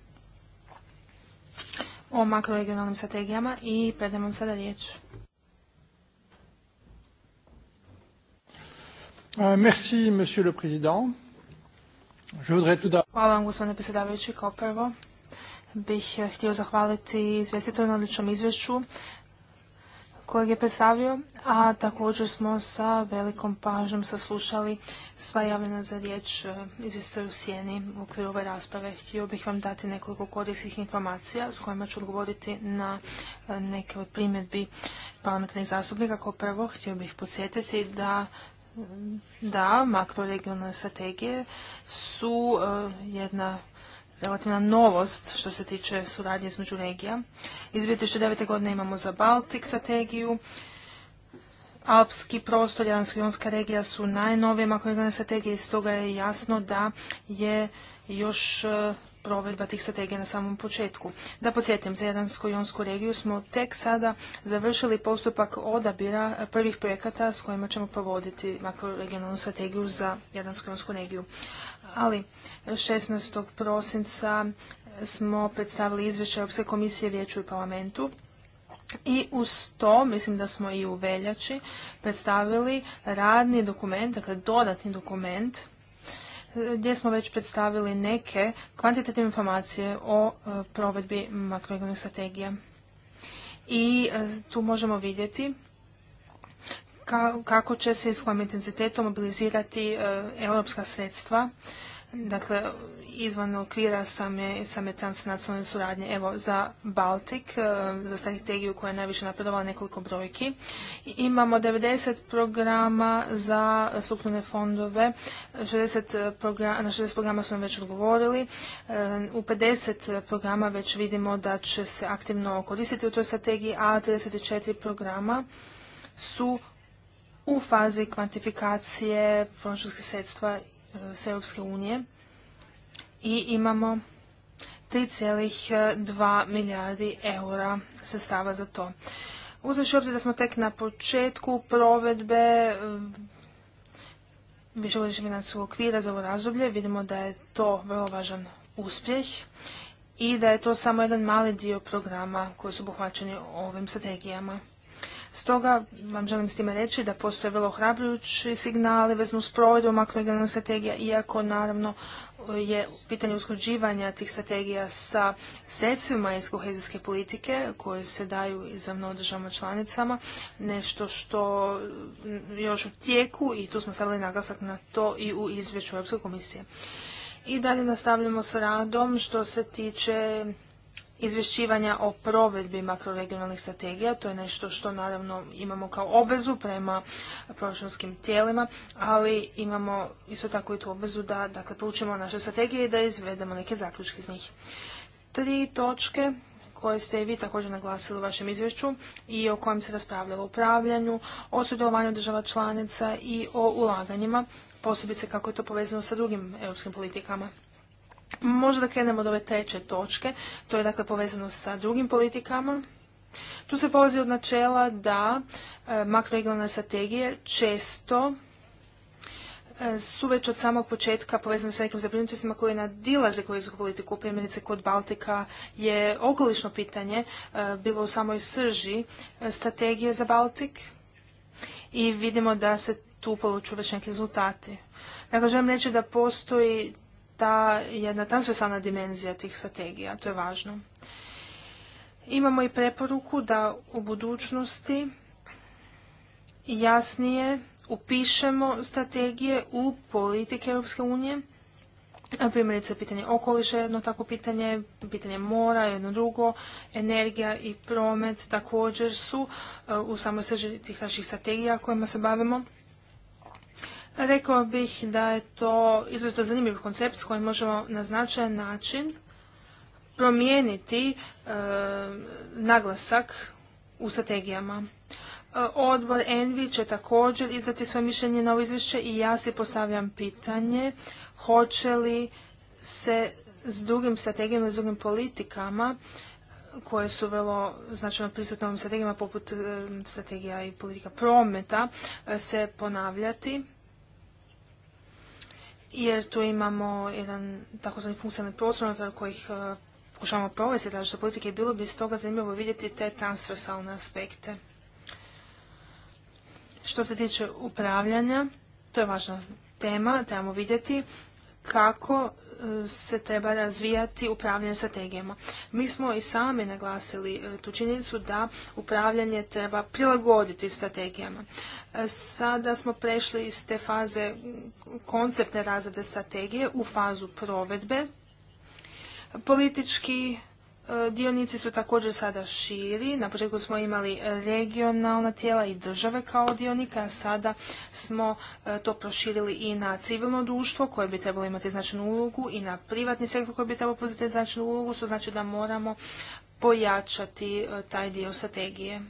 Speaker 2: o makroregionalnim strategijama i predajem vam sada riječ. Euh, merci, monsieur le président. Hvala vam, gospodine predsjedavajući. Kao prvo bih htio zahvaliti izvjestitelju na odličnom izvješću kojeg je predstavio, a također smo sa velikom pažnjom saslušali sva javljena za riječ e, izvjestaju u sjeni u okviru ove rasprave. Htio bih vam dati nekoliko korisnih informacija s kojima ću odgovoriti na e, neke od primjedbi parlamentarnih zastupnika. Kao prvo, htio bih podsjetiti da da, makroregionalne strategije su e, jedna relativna novost što se tiče suradnje između regija. Iz 2009. godine imamo za Baltik strategiju, Alpski prostor, i jonska regija su najnovije makroregionalne strategije i stoga je jasno da je još e, provedba tih strategija na samom početku. Da podsjetim, za Jadansko-Jonsku regiju smo tek sada završili postupak odabira prvih projekata s kojima ćemo provoditi makroregionalnu strategiju za Jadansko-Jonsku regiju ali 16. prosinca smo predstavili izvješće Europske komisije Vijeću i parlamentu i uz to, mislim da smo i u veljači, predstavili radni dokument, dakle dodatni dokument, e, gdje smo već predstavili neke kvantitativne informacije o e, provedbi makroekonomskih strategija. I e, tu možemo vidjeti kako će se s kojim intenzitetom mobilizirati e, europska sredstva, dakle izvan okvira sam same transnacionalne suradnje. Evo, za Baltik, e, za strategiju koja je najviše napredovala nekoliko brojki, imamo 90 programa za strukturne fondove, e, na 60 programa su nam već odgovorili, u 50 programa već vidimo da će se aktivno koristiti u toj strategiji, a 34 programa su u fazi kvantifikacije proračunskih sredstva e, s Europske unije i imamo 3,2 milijardi eura sredstava za to. Uzmeći obzir da smo tek na početku provedbe mm, višegodišnjeg financijskog okvira za ovo razdoblje, vidimo da je to vrlo važan uspjeh i da je to samo jedan mali dio programa koji su obuhvaćeni ovim strategijama. Stoga vam želim s time reći da postoje vrlo hrabrujući signali vezno s provedbom makroregionalne strategija, iako naravno e, je pitanje usklađivanja tih strategija sa sredstvima iz kohezijske politike koje se daju izravno državama članicama, nešto što mm, još u tijeku i tu smo stavili naglasak na to i u izvješću Europske komisije. I dalje nastavljamo s radom što se tiče izvješćivanja o provedbi makroregionalnih strategija. To je nešto što naravno imamo kao obvezu prema proračunskim tijelima, ali imamo isto tako i tu obvezu da dakle, proučimo naše strategije i da izvedemo neke zaključke iz njih. Tri točke koje ste i vi također naglasili u vašem izvješću i o kojem se raspravljalo o upravljanju, o sudjelovanju država članica i o ulaganjima, posebice kako je to povezano sa drugim europskim politikama. Možda da krenemo od ove treće točke, to je dakle povezano sa drugim politikama. Tu se polazi od načela da e, makroregionalne strategije često e, su već od samog početka povezane sa nekim zabrinutostima koje nadilaze korisku politiku. Primjerice kod Baltika je okolično pitanje e, bilo u samoj srži strategije za Baltik i vidimo da se tu polučuju već neki rezultati. Dakle, želim reći da postoji ta jedna transversalna dimenzija tih strategija. To je važno. Imamo i preporuku da u budućnosti jasnije upišemo strategije u politike Europske unije. Primjerice, pitanje okoliša jedno tako pitanje, pitanje mora jedno drugo, energija i promet također su e, u samoj srži tih naših strategija kojima se bavimo. Rekao bih da je to izuzetno zanimljiv koncept s kojim možemo na značajan način promijeniti e, naglasak u strategijama. E, odbor Envi će također izdati svoje mišljenje na ovo izvješće i ja si postavljam pitanje hoće li se s drugim strategijama i s drugim politikama e, koje su vrlo značajno prisutne ovim strategijama poput strategija i politika prometa se ponavljati jer tu imamo jedan takozvani funkcionalni prostor kojih e, pokušavamo provesti različite politike i bilo bi toga zanimljivo vidjeti te transversalne aspekte. Što se tiče upravljanja, to je važna tema, trebamo vidjeti kako e, se treba razvijati upravljanje strategijama. Mi smo i sami naglasili e, tu činjenicu da upravljanje treba prilagoditi strategijama. E, sada smo prešli iz te faze konceptne razrade strategije u fazu provedbe. Politički E, dionici su također sada širi. Na početku smo imali regionalna tijela i države kao dionika, a sada smo e, to proširili i na civilno društvo koje bi trebalo imati značajnu ulogu i na privatni sektor koji bi trebao imati značajnu ulogu, što znači da moramo pojačati e, taj dio strategije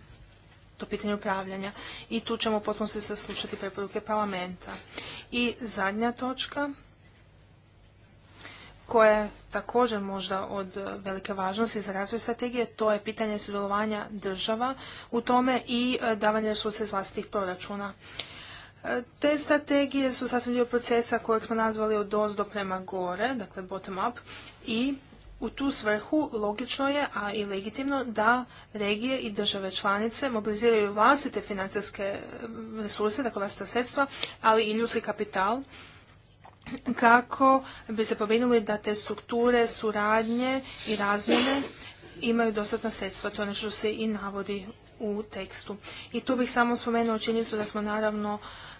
Speaker 2: to pitanju upravljanja. I tu ćemo potpuno se saslušati preporuke parlamenta. I zadnja točka koje također možda od e, velike važnosti za razvoj strategije, to je pitanje sudjelovanja država u tome i e, davanje resursa iz vlastitih proračuna. E, te strategije su sasvim dio procesa kojeg smo nazvali od dozdo prema gore, dakle bottom up, i u tu svrhu logično je, a i legitimno, da regije i države članice mobiliziraju vlastite financijske resurse, dakle vlastita sredstva, ali i ljudski kapital, kako bi se pobrinuli da te strukture, suradnje i razmjene imaju dostatna sredstva. To je ono što se i navodi u tekstu. I tu bih samo spomenuo činjenicu da smo naravno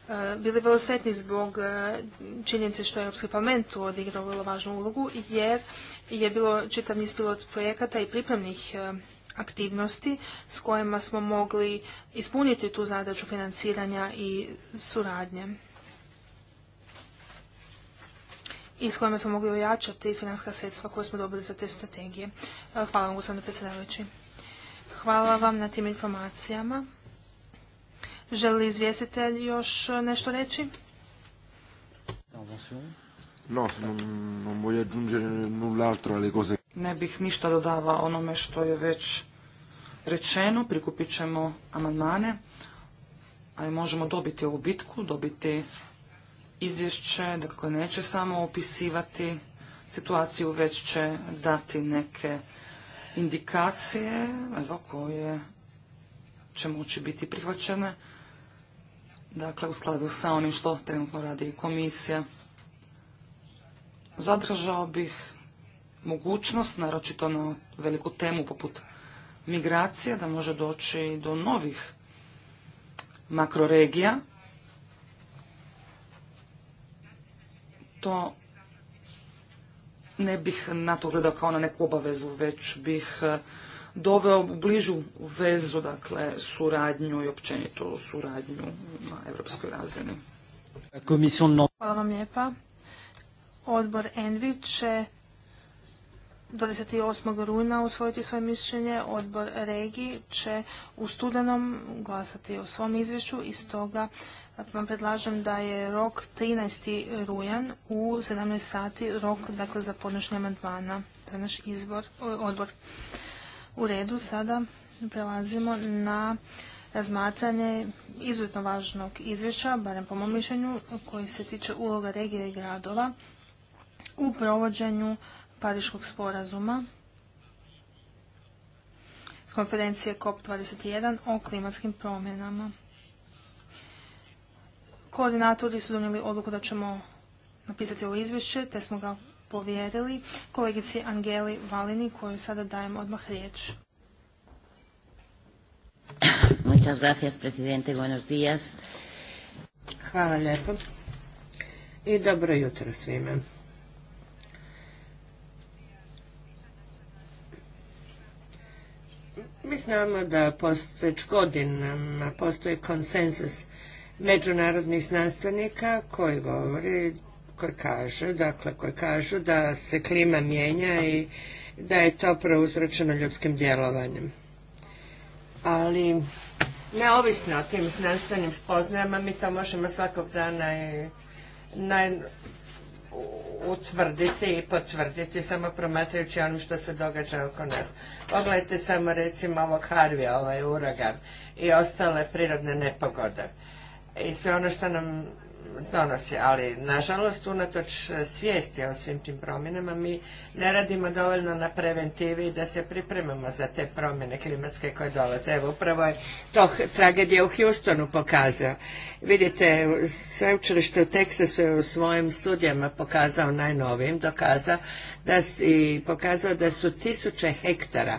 Speaker 2: e, bili vrlo sretni zbog e, činjenice što je Europski parlament tu odigrao vrlo važnu ulogu, jer je bilo čitav niz pilot projekata i pripremnih e, aktivnosti s kojima smo mogli ispuniti tu zadaću financiranja i suradnje. i s kojima smo mogli ojačati finanska sredstva koje smo dobili za te strategije. E, hvala vam, gospodine predsjedavajući. Hvala vam na tim informacijama. Želi li izvjestitelj još nešto reći?
Speaker 3: Ne bih ništa dodava onome što je već rečeno. Prikupit ćemo amandmane, ali možemo dobiti ovu bitku, dobiti izvješće, dakle koje neće samo opisivati situaciju, već će dati neke indikacije evo, koje će moći biti prihvaćene, dakle u skladu sa onim što trenutno radi komisija. Zadržao bih mogućnost, naročito na veliku temu poput migracije, da može doći do novih makroregija, to ne bih na to gledao kao na neku obavezu, već bih e, doveo u bližu vezu, dakle, suradnju i općenito suradnju na evropskoj razini.
Speaker 2: Hvala vam lijepa. Odbor Envi će 28. rujna usvojiti svoje mišljenje. Odbor Regi će u studenom glasati o svom izvješću i stoga Dakle, vam predlažem da je rok 13. rujan u 17 sati rok dakle, za podnošenje amandmana za naš izbor, odbor. U redu sada prelazimo na razmatranje izuzetno važnog izvješća, barem po mom mišljenju, koji se tiče uloga regije i gradova u provođenju Pariškog sporazuma s konferencije COP21 o klimatskim promjenama. Koordinatori su donijeli odluku da ćemo napisati ovo izvješće, te smo ga povjerili kolegici Angeli Valini, koju sada dajem odmah riječ.
Speaker 4: Muchas gracias, presidente. Buenos días. Hvala lijepo. I dobro jutro svima. Mi znamo da postoji već godinama postoji konsenzus međunarodnih znanstvenika koji govori, koji kaže, dakle, koji kažu da se klima mijenja i da je to prouzročeno ljudskim djelovanjem. Ali, neovisno o tim znanstvenim spoznajama, mi to možemo svakog dana i utvrditi i potvrditi samo promatrajući onim što se događa oko nas. Pogledajte samo recimo ovog Harvija, ovaj uragan i ostale prirodne nepogode i sve ono što nam donosi, ali nažalost unatoč svijesti o svim tim promjenama mi ne radimo dovoljno na preventivi da se pripremamo za te promjene klimatske koje dolaze. Evo upravo je to tragedija u Houstonu pokazao. Vidite, sveučilište u Teksasu je u svojim studijama pokazao najnovijim, dokazao da, pokazao da su tisuće hektara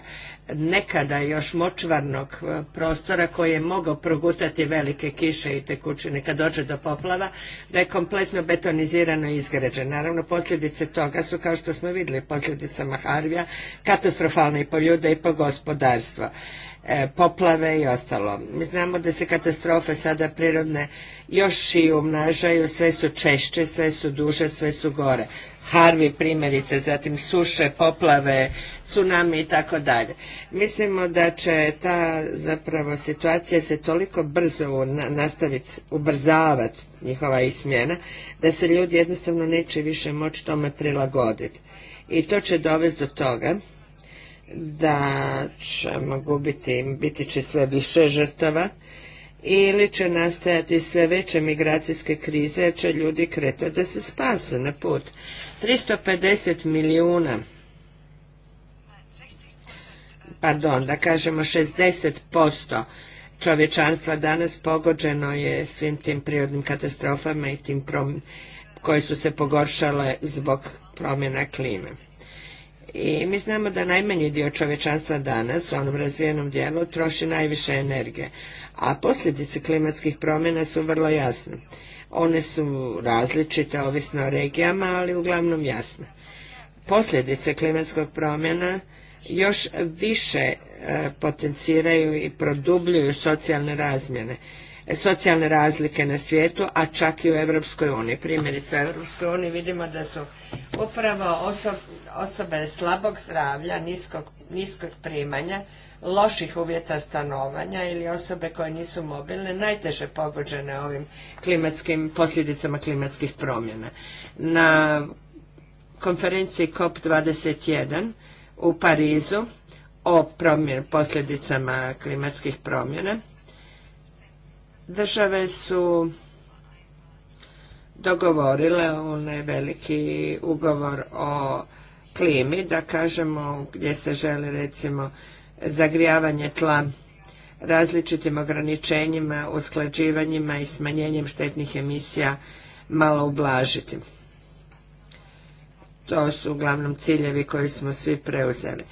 Speaker 4: nekada još močvarnog e, prostora koji je mogao progutati velike kiše i tekućine kad dođe do poplava, da je kompletno betonizirano i izgrađen. Naravno, posljedice toga su, kao što smo vidjeli, posljedicama Harvija, katastrofalne i po ljude i po gospodarstvo. E, poplave i ostalo. Mi znamo da se katastrofe sada prirodne još i umnažaju, sve su češće, sve su duže, sve su gore. Harvi primjerice, zatim suše, poplave, tsunami i tako dalje. Mislimo da će ta zapravo situacija se toliko brzo nastaviti, ubrzavati njihova ismjena, da se ljudi jednostavno neće više moći tome prilagoditi. I to će dovesti do toga da ćemo gubiti, biti će sve više žrtava ili će nastajati sve veće migracijske krize jer će ljudi kretati da se spasu na put. 350 milijuna pardon, da kažemo 60% čovječanstva danas pogođeno je svim tim prirodnim katastrofama i tim koje su se pogoršale zbog promjena klime. I mi znamo da najmanji dio čovječanstva danas u onom razvijenom dijelu troši najviše energije, a posljedice klimatskih promjena su vrlo jasne. One su različite ovisno o regijama, ali uglavnom jasne. Posljedice klimatskog promjena još više e, potenciraju i produbljuju socijalne razmjene e, socijalne razlike na svijetu, a čak i u Europskoj uniji. Primjerice u Europskoj uniji vidimo da su upravo osob, osobe slabog zdravlja, niskog, primanja, loših uvjeta stanovanja ili osobe koje nisu mobilne najteže pogođene ovim klimatskim posljedicama klimatskih promjena. Na konferenciji COP21 u Parizu o posljedicama klimatskih promjena države su dogovorile onaj veliki ugovor o klimi, da kažemo gdje se želi recimo zagrijavanje tla različitim ograničenjima, usklađivanjima i smanjenjem štetnih emisija malo ublažiti. To su uglavnom ciljevi koji smo svi preuzeli.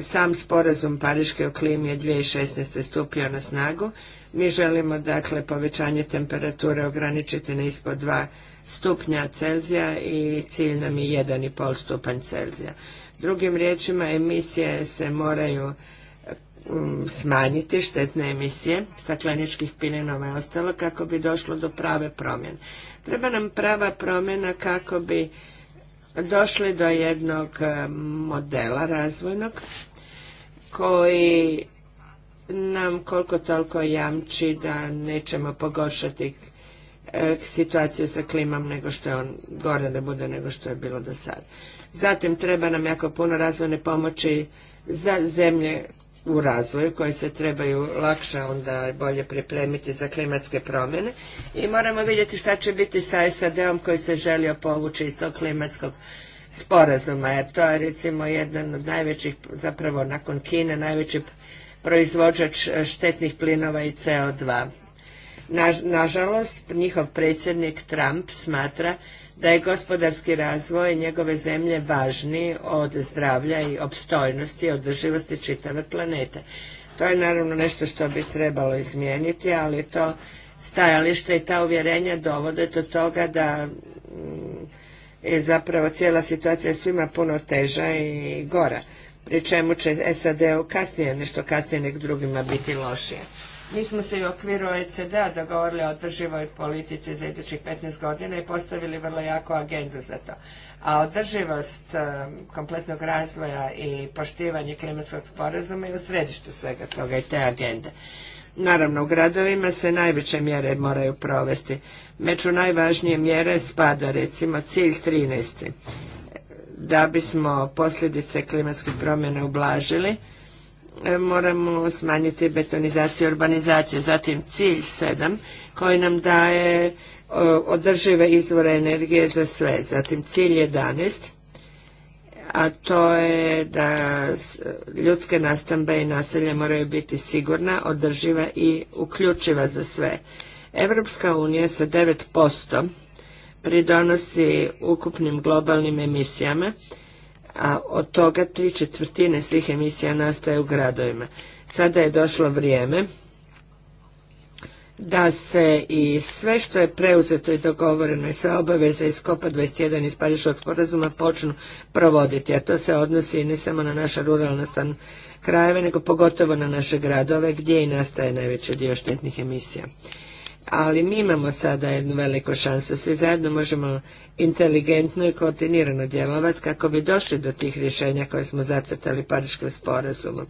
Speaker 4: Sam sporazum Pariške o klimi je 2016. stupio na snagu. Mi želimo dakle povećanje temperature ograničiti na ispod 2 stupnja Celzija i cilj nam je 1,5 stupanj Celzija. Drugim riječima, emisije se moraju um, smanjiti, štetne emisije stakleničkih pilinova i ostalo, kako bi došlo do prave promjene. Treba nam prava promjena kako bi došli do jednog um, modela razvojnog koji nam koliko toliko jamči da nećemo pogoršati E, situacije sa klimom nego što je on gore da bude nego što je bilo do sada. Zatim treba nam jako puno razvojne pomoći za zemlje u razvoju koje se trebaju lakše onda bolje pripremiti za klimatske promjene i moramo vidjeti šta će biti sa SAD-om koji se želio povući iz tog klimatskog sporazuma jer to je recimo jedan od najvećih zapravo nakon Kine najveći proizvođač štetnih plinova i CO2 nažalost, njihov predsjednik Trump smatra da je gospodarski razvoj njegove zemlje važniji od zdravlja i opstojnosti i održivosti čitave planete. To je naravno nešto što bi trebalo izmijeniti, ali to stajalište i ta uvjerenja dovode do toga da mm, je zapravo cijela situacija svima puno teža i gora, pri čemu će SAD-u kasnije, nešto kasnije nek drugima biti lošije. Mi smo se i u okviru OECD-a dogovorili o održivoj politici za idućih 15 godina i postavili vrlo jako agendu za to. A održivost e, kompletnog razvoja i poštivanje klimatskog sporazuma je u središtu svega toga i te agende. Naravno, u gradovima se najveće mjere moraju provesti. Među najvažnije mjere spada recimo cilj 13. Da bismo posljedice klimatskih promjena ublažili, E, moramo smanjiti betonizaciju i urbanizaciju. Zatim cilj 7 koji nam daje e, održive izvore energije za sve. Zatim cilj 11 a to je da ljudske nastambe i naselje moraju biti sigurna, održiva i uključiva za sve. Evropska unija sa 9% pridonosi ukupnim globalnim emisijama a od toga tri četvrtine svih emisija nastaje u gradovima. Sada je došlo vrijeme da se i sve što je preuzeto i dogovoreno i sve obaveze iz Kopa 21 iz Pariškog sporazuma počnu provoditi, a to se odnosi ne samo na naša ruralna stan krajeve, nego pogotovo na naše gradove gdje i nastaje najveći dio štetnih emisija ali mi imamo sada jednu veliku šansu. Svi zajedno možemo inteligentno i koordinirano djelovati kako bi došli do tih rješenja koje smo zatvrtali Pariškim sporazumom.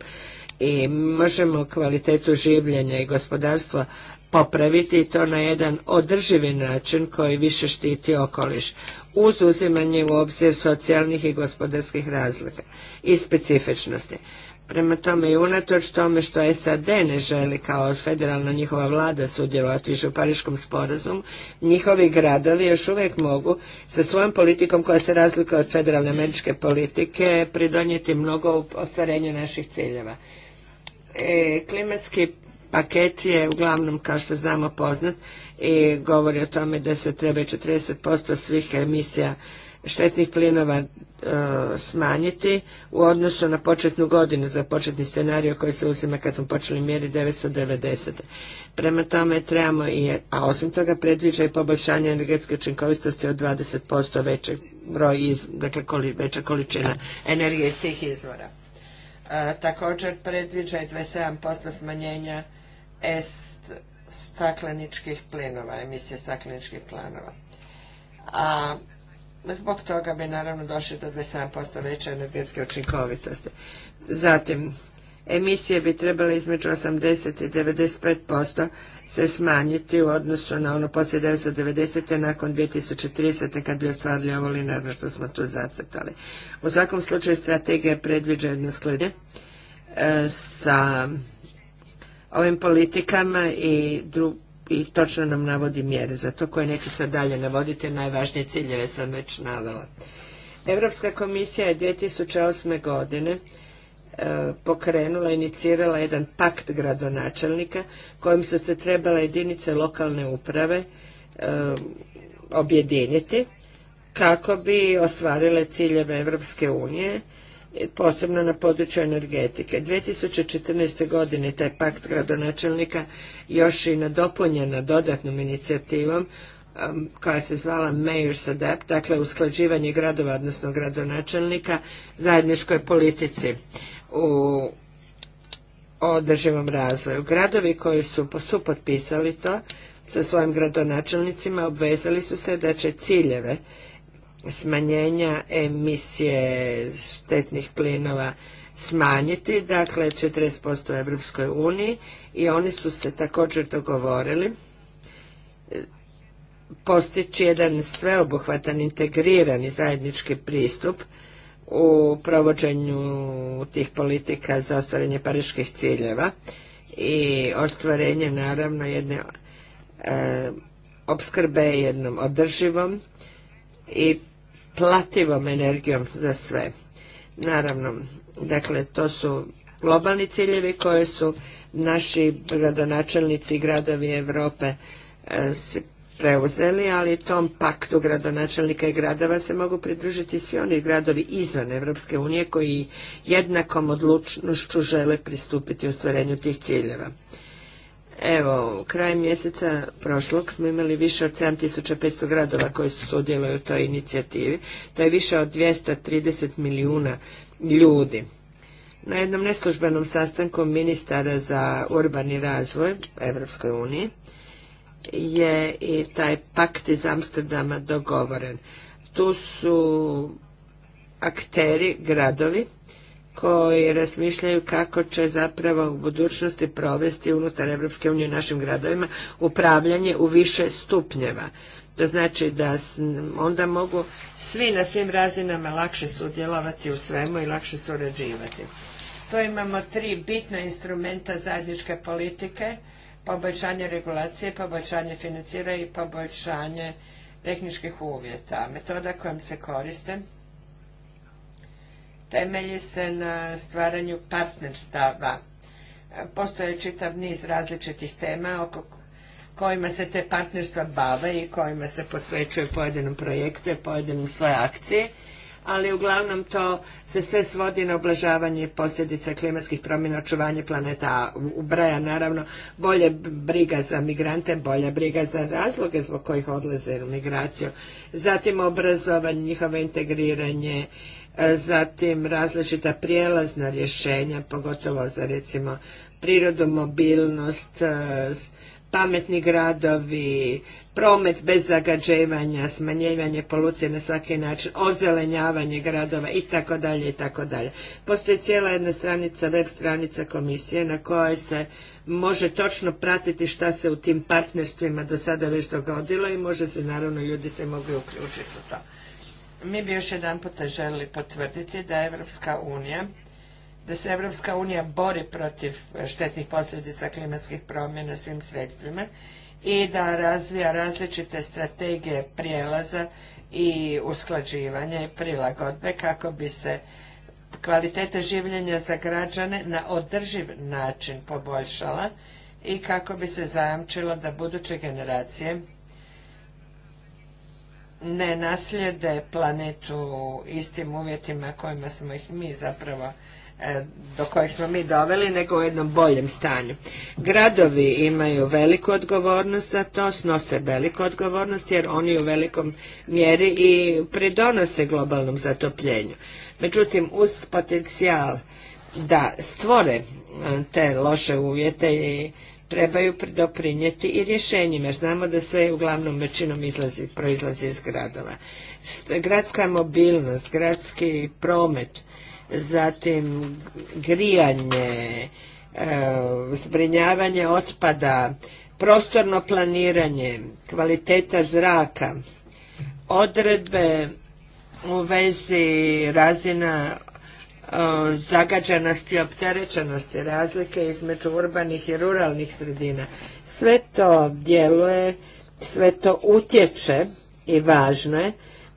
Speaker 4: I možemo kvalitetu življenja i gospodarstva popraviti i to na jedan održivi način koji više štiti okoliš uz uzimanje u obzir socijalnih i gospodarskih razlika i specifičnosti. Prema tome i unatoč tome što SAD ne želi kao federalna njihova vlada sudjelovati više u Pariškom sporazumu, njihovi gradovi još uvijek mogu sa svojom politikom koja se razlika od federalne američke politike pridonijeti mnogo u ostvarenju naših ciljeva. E, klimatski paket je uglavnom kao što znamo poznat i govori o tome da se treba 40% svih emisija štetnih plinova E, smanjiti u odnosu na početnu godinu za početni scenarij koji se uzima kad smo počeli mjeri 990. Prema tome trebamo i, a osim toga predviđa i poboljšanje energetske učinkovitosti od 20% veće broj, dakle veća količina energije iz tih izvora. E, također predviđa i 27% smanjenja est stakleničkih plinova, emisije stakleničkih planova. A Zbog toga bi naravno došli do 27% veće energetske učinkovitosti. Zatim, emisije bi trebale između 80 i 95% se smanjiti u odnosu na ono poslije 1990. nakon 2030. kad bi ostvarili ovo linarno što smo tu zacrtali. U svakom slučaju strategija predviđa jedno slede e, sa ovim politikama i drugim i točno nam navodi mjere za to koje neću sad dalje navoditi, najvažnije ciljeve sam već navela. Europska komisija je 2008. godine e, pokrenula, inicirala jedan pakt gradonačelnika kojim su se trebale jedinice lokalne uprave e, objediniti kako bi ostvarile ciljeve Europske unije posebno na području energetike. 2014. godine taj pakt gradonačelnika još i nadopunjena dodatnom inicijativom um, koja se zvala Mayor's Adapt, dakle usklađivanje gradova, odnosno gradonačelnika, zajedničkoj politici u održivom razvoju. Gradovi koji su, su potpisali to sa svojim gradonačelnicima obvezali su se da će ciljeve smanjenja emisije štetnih plinova smanjiti, dakle 40% u Europskoj uniji i oni su se također dogovorili e, postići jedan sveobuhvatan, integrirani zajednički pristup u provođenju tih politika za ostvarenje pariških ciljeva i ostvarenje naravno jedne e, opskrbe jednom održivom i plativom energijom za sve. Naravno, dakle, to su globalni ciljevi koje su naši gradonačelnici i gradovi Europe e, se preuzeli, ali tom paktu gradonačelnika i gradova se mogu pridružiti svi oni gradovi izvan Evropske unije koji jednakom odlučnošću žele pristupiti u tih ciljeva. Evo, krajem mjeseca prošlog smo imali više od 7500 gradova koji su sudjeluju u toj inicijativi. To je više od 230 milijuna ljudi. Na jednom neslužbenom sastanku ministara za urbani razvoj Evropskoj uniji je i taj pakt iz Amsterdama dogovoren. Tu su akteri, gradovi, koji razmišljaju kako će zapravo u budućnosti provesti unutar Evropske unije u našim gradovima upravljanje u više stupnjeva. To znači da onda mogu svi na svim razinama lakše sudjelovati u svemu i lakše surađivati. To imamo tri bitna instrumenta zajedničke politike, poboljšanje regulacije, poboljšanje financira i poboljšanje tehničkih uvjeta. Metoda kojom se koriste temelji se na stvaranju partnerstava. Postoje čitav niz različitih tema oko kojima se te partnerstva bave i kojima se posvećuje pojedinom projektu i pojedinom svoje akcije, ali uglavnom to se sve svodi na oblažavanje posljedica klimatskih promjena, očuvanje planeta, ubraja naravno bolje briga za migrante, bolja briga za razloge zbog kojih odlaze u migraciju, zatim obrazovanje, njihovo integriranje, E, zatim različita prijelazna rješenja, pogotovo za recimo prirodu, mobilnost, e, pametni gradovi, promet bez zagađevanja, smanjivanje polucije na svaki način, ozelenjavanje gradova i tako dalje i tako Postoji cijela jedna stranica, web stranica komisije na kojoj se može točno pratiti šta se u tim partnerstvima do sada već dogodilo i može se naravno ljudi se mogu uključiti u to. Mi bi još jedan puta želili potvrditi da europska unija da se Evropska unija bori protiv štetnih posljedica klimatskih promjena svim sredstvima i da razvija različite strategije prijelaza i usklađivanja i prilagodbe kako bi se kvaliteta življenja za građane na održiv način poboljšala i kako bi se zajamčilo da buduće generacije ne naslijede planetu istim uvjetima kojima smo ih mi zapravo e, do kojih smo mi doveli, nego u jednom boljem stanju. Gradovi imaju veliku odgovornost za to, snose veliku odgovornost jer oni u velikom mjeri i pridonose globalnom zatopljenju. Međutim, uz potencijal da stvore e, te loše uvjete i trebaju doprinijeti i rješenjima. Znamo da sve uglavnom većinom izlazi, proizlazi iz gradova. Gradska mobilnost, gradski promet, zatim grijanje, e, zbrinjavanje otpada, prostorno planiranje, kvaliteta zraka, odredbe u vezi razina zagađenosti, opterećenosti, razlike između urbanih i ruralnih sredina. Sve to djeluje, sve to utječe i važno je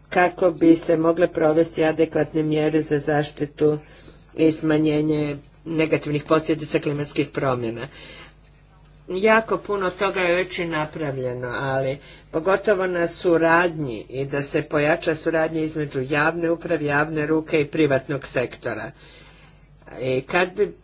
Speaker 4: kako bi se mogle provesti adekvatne mjere za zaštitu i smanjenje negativnih posljedica klimatskih promjena jako puno toga je već i napravljeno, ali pogotovo na suradnji i da se pojača suradnja između javne uprave, javne ruke i privatnog sektora. I kad bi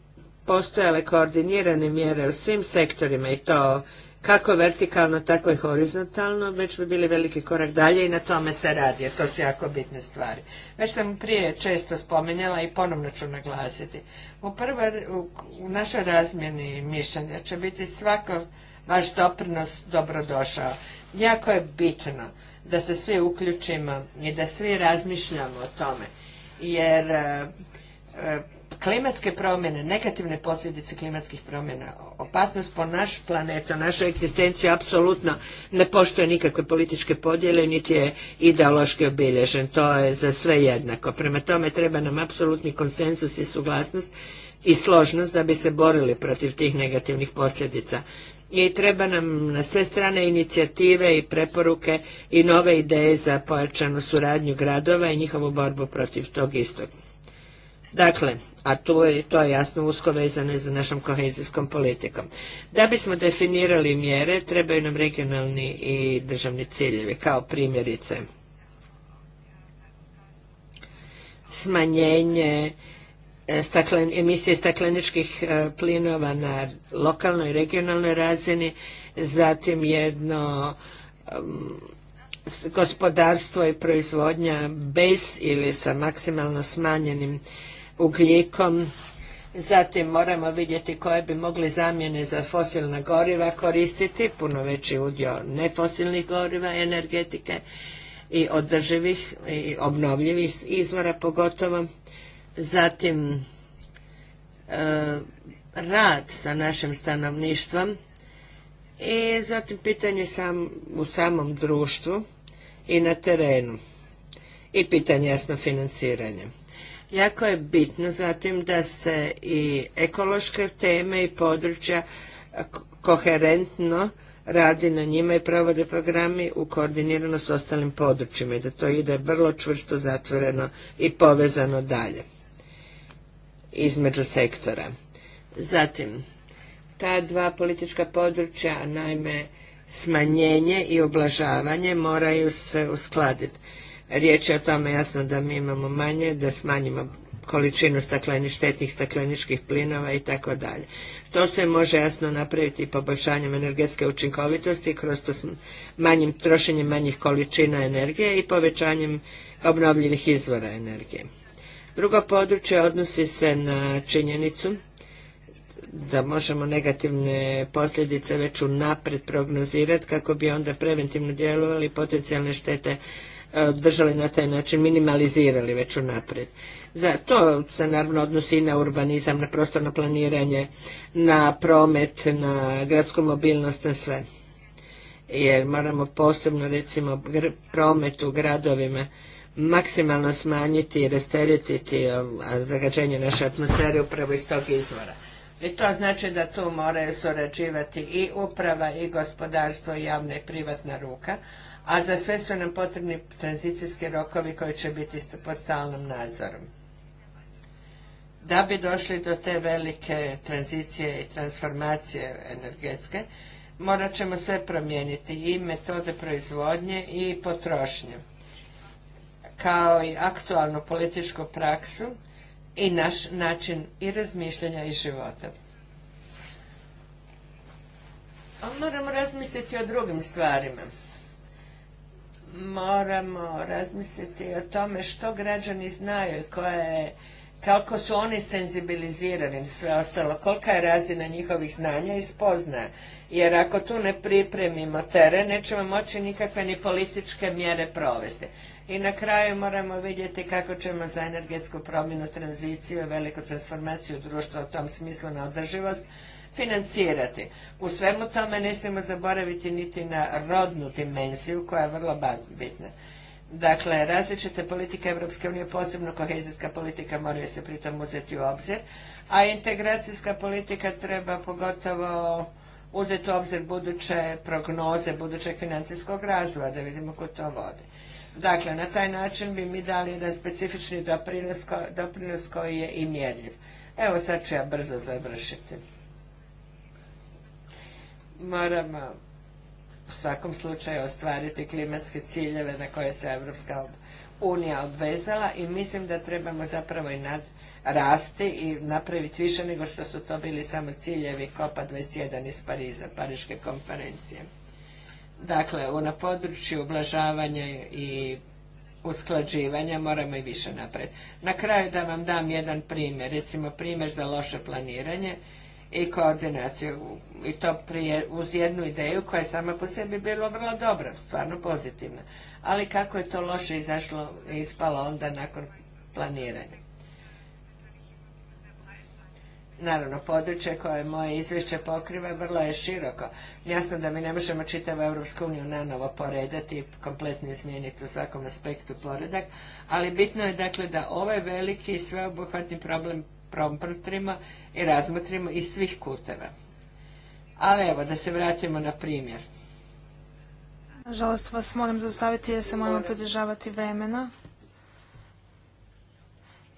Speaker 4: postojale koordinirane mjere u svim sektorima i to kako vertikalno, tako i horizontalno, već bi bili veliki korak dalje i na tome se radi, jer to su jako bitne stvari. Već sam prije često spominjala i ponovno ću naglasiti. U, prva, u, našoj razmjeni mišljenja će biti svako vaš doprinos dobrodošao. Jako je bitno da se svi uključimo i da svi razmišljamo o tome, jer eh, eh, klimatske promjene, negativne posljedice klimatskih promjena, opasnost po naš planet, našu egzistenciju apsolutno ne poštuje nikakve političke podjele, niti je ideološki obilježen. To je za sve jednako. Prema tome treba nam apsolutni konsenzus i suglasnost i složnost da bi se borili protiv tih negativnih posljedica. I treba nam na sve strane inicijative i preporuke i nove ideje za pojačanu suradnju gradova i njihovu borbu protiv tog istog. Dakle, a tu je, to je jasno usko vezano i za našom kohezijskom politikom. Da bismo definirali mjere, trebaju nam regionalni i državni ciljevi, kao primjerice smanjenje e, emisije stakleničkih e, plinova na lokalnoj i regionalnoj razini, zatim jedno gospodarstvo i proizvodnja bez ili sa maksimalno smanjenim ugljikom, zatim moramo vidjeti koje bi mogli zamjene za fosilna goriva koristiti, puno veći udio nefosilnih goriva, energetike i održivih i obnovljivih izvora pogotovo. Zatim e, rad sa našim stanovništvom i zatim pitanje sam, u samom društvu i na terenu i pitanje jasno financiranja. Jako je bitno zatim da se i ekološke teme i područja koherentno radi na njima i provode programi u koordinirano s ostalim područjima i da to ide vrlo čvrsto zatvoreno i povezano dalje između sektora. Zatim, ta dva politička područja, naime smanjenje i oblažavanje moraju se uskladiti. Riječ je o tome jasno da mi imamo manje, da smanjimo količinu štetnih stakleničkih plinova i tako dalje. To se može jasno napraviti poboljšanjem energetske učinkovitosti kroz to trošenjem manjih količina energije i povećanjem obnovljivih izvora energije. Drugo područje odnosi se na činjenicu da možemo negativne posljedice već unaprijed prognozirati kako bi onda preventivno djelovali potencijalne štete E, držali na taj način minimalizirali već unaprijed. Za to se naravno odnosi i na urbanizam, na prostorno planiranje, na promet, na gradsku mobilnost, na sve. Jer moramo posebno recimo promet u gradovima maksimalno smanjiti i rasteretiti zagađenje naše atmosfere upravo iz tog izvora. I to znači da tu moraju surađivati i uprava i gospodarstvo i javna i privatna ruka, a za sve su nam potrebni tranzicijski rokovi koji će biti pod stalnom nadzorom. Da bi došli do te velike tranzicije i transformacije energetske, morat ćemo sve promijeniti i metode proizvodnje i potrošnje, kao i aktualnu političku praksu i naš način i razmišljanja i života. Ali moramo razmisliti o drugim stvarima moramo razmisliti o tome što građani znaju i koje je kako su oni senzibilizirani sve ostalo, kolika je razina njihovih znanja i spoznaja. Jer ako tu ne pripremimo teren, nećemo moći nikakve ni političke mjere provesti. I na kraju moramo vidjeti kako ćemo za energetsku promjenu, tranziciju, veliku transformaciju društva u tom smislu na održivost financirati. U svemu tome ne smijemo zaboraviti niti na rodnu dimenziju koja je vrlo bitna. Dakle, različite politike Europske unije, posebno kohezijska politika, moraju se pritom uzeti u obzir, a integracijska politika treba pogotovo uzeti u obzir buduće prognoze, budućeg financijskog razvoja, da vidimo ko to vodi. Dakle, na taj način bi mi dali jedan specifični doprinos, doprinos koji je i mjerljiv. Evo sad ću ja brzo završiti moramo u svakom slučaju ostvariti klimatske ciljeve na koje se Evropska unija obvezala i mislim da trebamo zapravo i nad rasti i napraviti više nego što su to bili samo ciljevi COPA 21 iz Pariza, Pariške konferencije. Dakle, na području ublažavanja i usklađivanja moramo i više napraviti. Na kraju da vam dam jedan primjer, recimo primjer za loše planiranje i koordinaciju i to prije, uz jednu ideju koja je sama po sebi bila vrlo dobra, stvarno pozitivna. Ali kako je to loše izašlo i ispalo onda nakon planiranja. Naravno, područje koje moje izvješće pokriva vrlo je široko. Jasno da mi ne možemo čitavu Europsku uniju nanovo poredati kompletno izmijeniti u svakom aspektu poredak, ali bitno je dakle da ovaj veliki sveobuhvatni problem promotrimo i razmotrimo iz svih kuteva. Ali evo, da se vratimo na primjer.
Speaker 2: Nažalost vas moram zaustaviti jer se moramo pridržavati vremena.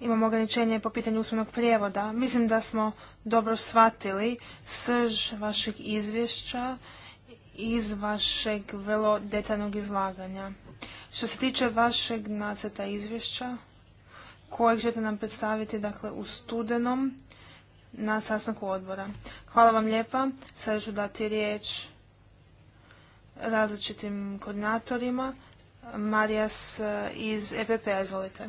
Speaker 2: Imamo ograničenje po pitanju usmenog prijevoda. Mislim da smo dobro shvatili srž vašeg izvješća iz vašeg vrlo detaljnog izlaganja. Što se tiče vašeg nacrta izvješća, kojeg ćete nam predstaviti dakle, u studenom, na sastanku odbora. Hvala vam lijepa. Sada ću dati riječ različitim koordinatorima. Marijas eh, iz EPP-a, izvolite.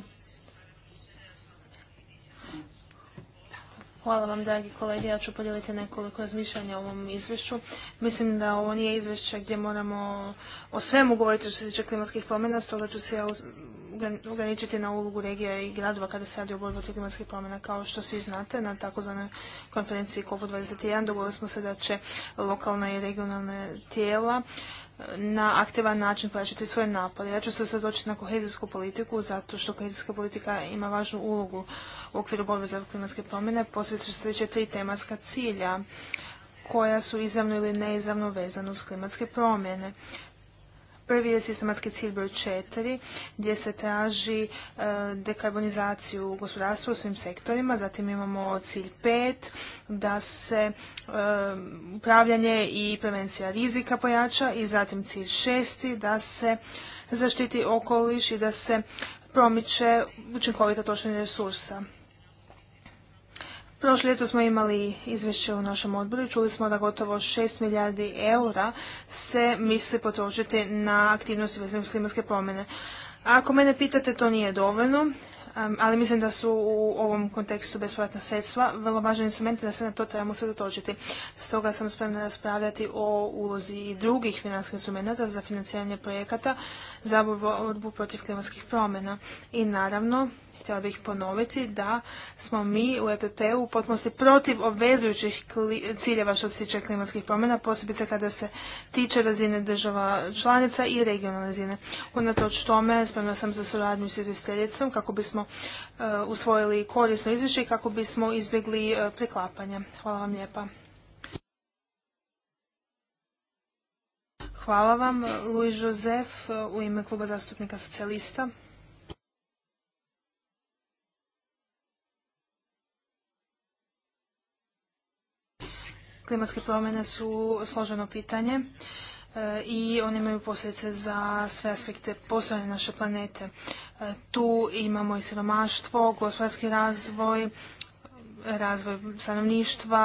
Speaker 2: Hvala vam, dragi kolege. Ja ću podijeliti nekoliko razmišljanja o ovom izvješću. Mislim da ovo nije izvješće gdje moramo o svemu govoriti što se tiče klimatskih promjena, stoga ću se ja ograničiti na ulogu regija i gradova kada se radi o borbi protiv klimatskih promjena. Kao što svi znate, na takozvanoj konferenciji COP21 dogovorili smo se da će lokalna i regionalna tijela eh, na aktivan način pojačati svoje napade. Ja ću se doći na kohezijsku politiku, zato što kohezijska politika ima važnu ulogu u okviru borbe za klimatske promjene. Posvetit se sljedeće tri tematska cilja koja su izravno ili neizravno vezana uz klimatske promjene. Prvi je sistematski cilj broj četiri gdje se traži e, dekarbonizaciju gospodarstva u svim sektorima. Zatim imamo cilj pet da se e, upravljanje i prevencija rizika pojača i zatim cilj šesti da se zaštiti okoliš i da se promiče učinkovito trošenje resursa. Prošle ljeto smo imali izvješće u našem odboru i čuli smo da gotovo 6 milijardi eura se misli potrošiti na aktivnosti vezane uz klimatske promjene. Ako mene pitate, to nije dovoljno, um, ali mislim da su u ovom kontekstu bespovratna sredstva vrlo važni instrumenti da se na to trebamo usredotočiti. Stoga sam spremna raspravljati o ulozi i drugih financijskih instrumenta za financiranje projekata za borbu protiv klimatskih promjena. I naravno, htjela bih ponoviti da smo mi u EPP-u u potpunosti protiv obvezujućih ciljeva što se tiče klimatskih promjena, posebice kada se tiče razine država članica i regionalne razine. Unatoč tome spremna sam za suradnju s izvjestiteljicom kako bismo uh, usvojili korisno izvješće i kako bismo izbjegli uh, preklapanja. Hvala vam lijepa. Hvala vam. Luis Josef uh, u ime Kluba zastupnika socijalista. Klimatske promjene su složeno pitanje e, i one imaju posljedice za sve aspekte postojanja naše planete. E, tu imamo i siromaštvo, gospodarski razvoj, razvoj stanovništva,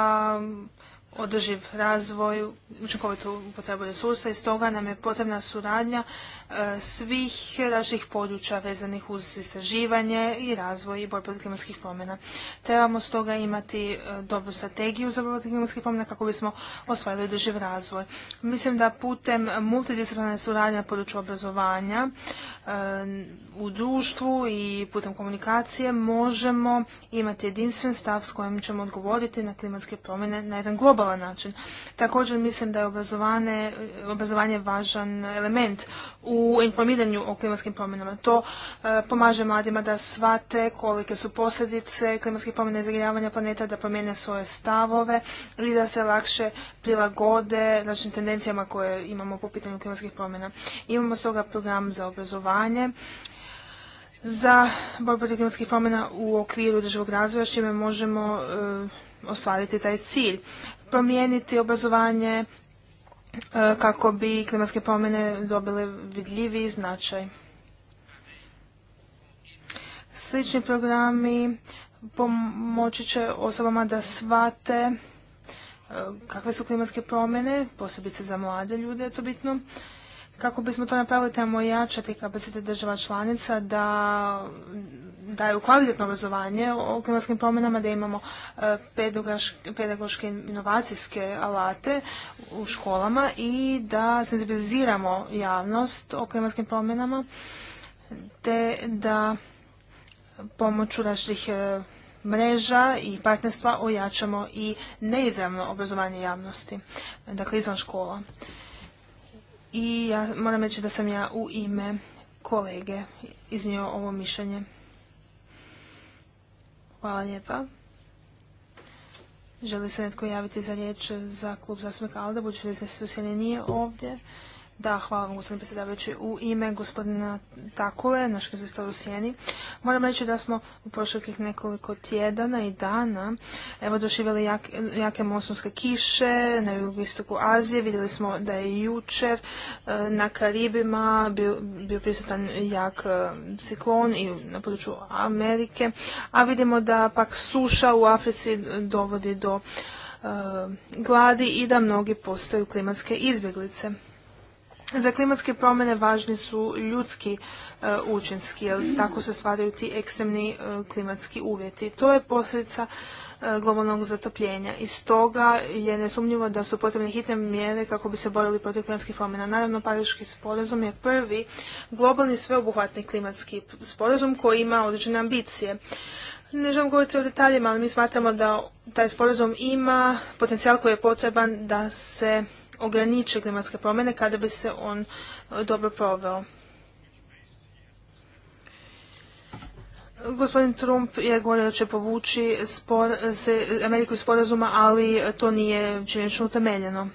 Speaker 2: održiv razvoj, učinkovitu upotrebu resursa i stoga nam je potrebna suradnja e, svih naših područja vezanih uz istraživanje i razvoj i borbe protiv klimatskih promjena. Trebamo stoga imati e, dobru strategiju za borbu protiv klimatskih promjena kako bismo osvajali održiv razvoj. Mislim da putem multidisciplinarne suradnje na području obrazovanja e, u društvu i putem komunikacije možemo imati jedinstven stav s kojim ćemo odgovoriti na klimatske promjene na jedan globalni način. Također mislim da je obrazovanje, obrazovanje važan element u informiranju o klimatskim promjenama. To e, pomaže mladima da shvate kolike su posljedice klimatskih promjena i zagrijavanja planeta, da promijene svoje stavove i da se lakše prilagode znači, tendencijama koje imamo po pitanju klimatskih promjena. Imamo stoga program za obrazovanje za borbu protiv klimatskih promjena u okviru državog razvoja, s čime možemo e, ostvariti taj cilj. Promijeniti obrazovanje e, kako bi klimatske promjene dobile vidljiviji značaj. Slični programi pomoći će osobama da shvate e, kakve su klimatske promjene, posebice za mlade ljude je to bitno. Kako bismo to napravili, trebamo jačati kapacitet država članica da daju kvalitetno obrazovanje o klimatskim promjenama, da imamo e, pedagoške inovacijske alate u školama i da senzibiliziramo javnost o klimatskim promjenama, te da pomoću naših e, mreža i partnerstva ojačamo i neizravno obrazovanje javnosti, dakle izvan škola. I ja moram reći da sam ja u ime kolege iznio ovo mišljenje. Hvala lijepa. Želi se netko javiti za riječ za klub zastupnika Alda, budući da se nije ovdje. Da, hvala vam gospodine predsjedavajući. U ime gospodina Takule, našeg izvjestava u Sjeni, moram reći da smo u prošlih nekoliko tjedana i dana evo doživjeli jake monsunske kiše na jugoistoku Azije. Vidjeli smo da je jučer e, na Karibima bio, bio prisutan jak e, ciklon i na području Amerike, a vidimo da pak suša u Africi dovodi do e, gladi i da mnogi postaju klimatske izbjeglice. Za klimatske promjene važni su ljudski e, učinski, jer tako se stvaraju ti ekstremni e, klimatski uvjeti. To je posljedica e, globalnog zatopljenja i stoga je nesumnjivo da su potrebne hitne mjere kako bi se borili protiv klimatskih promjena. Naravno, Pariški sporazum je prvi globalni sveobuhvatni klimatski sporazum koji ima određene ambicije. Ne želim govoriti o detaljima, ali mi smatramo da taj sporazum ima potencijal koji je potreban da se ograniče klimatske promjene kada bi se on e, dobro proveo. Gospodin Trump je govorio da će povući Ameriku iz sporazuma, ali to nije činjenično utemeljeno.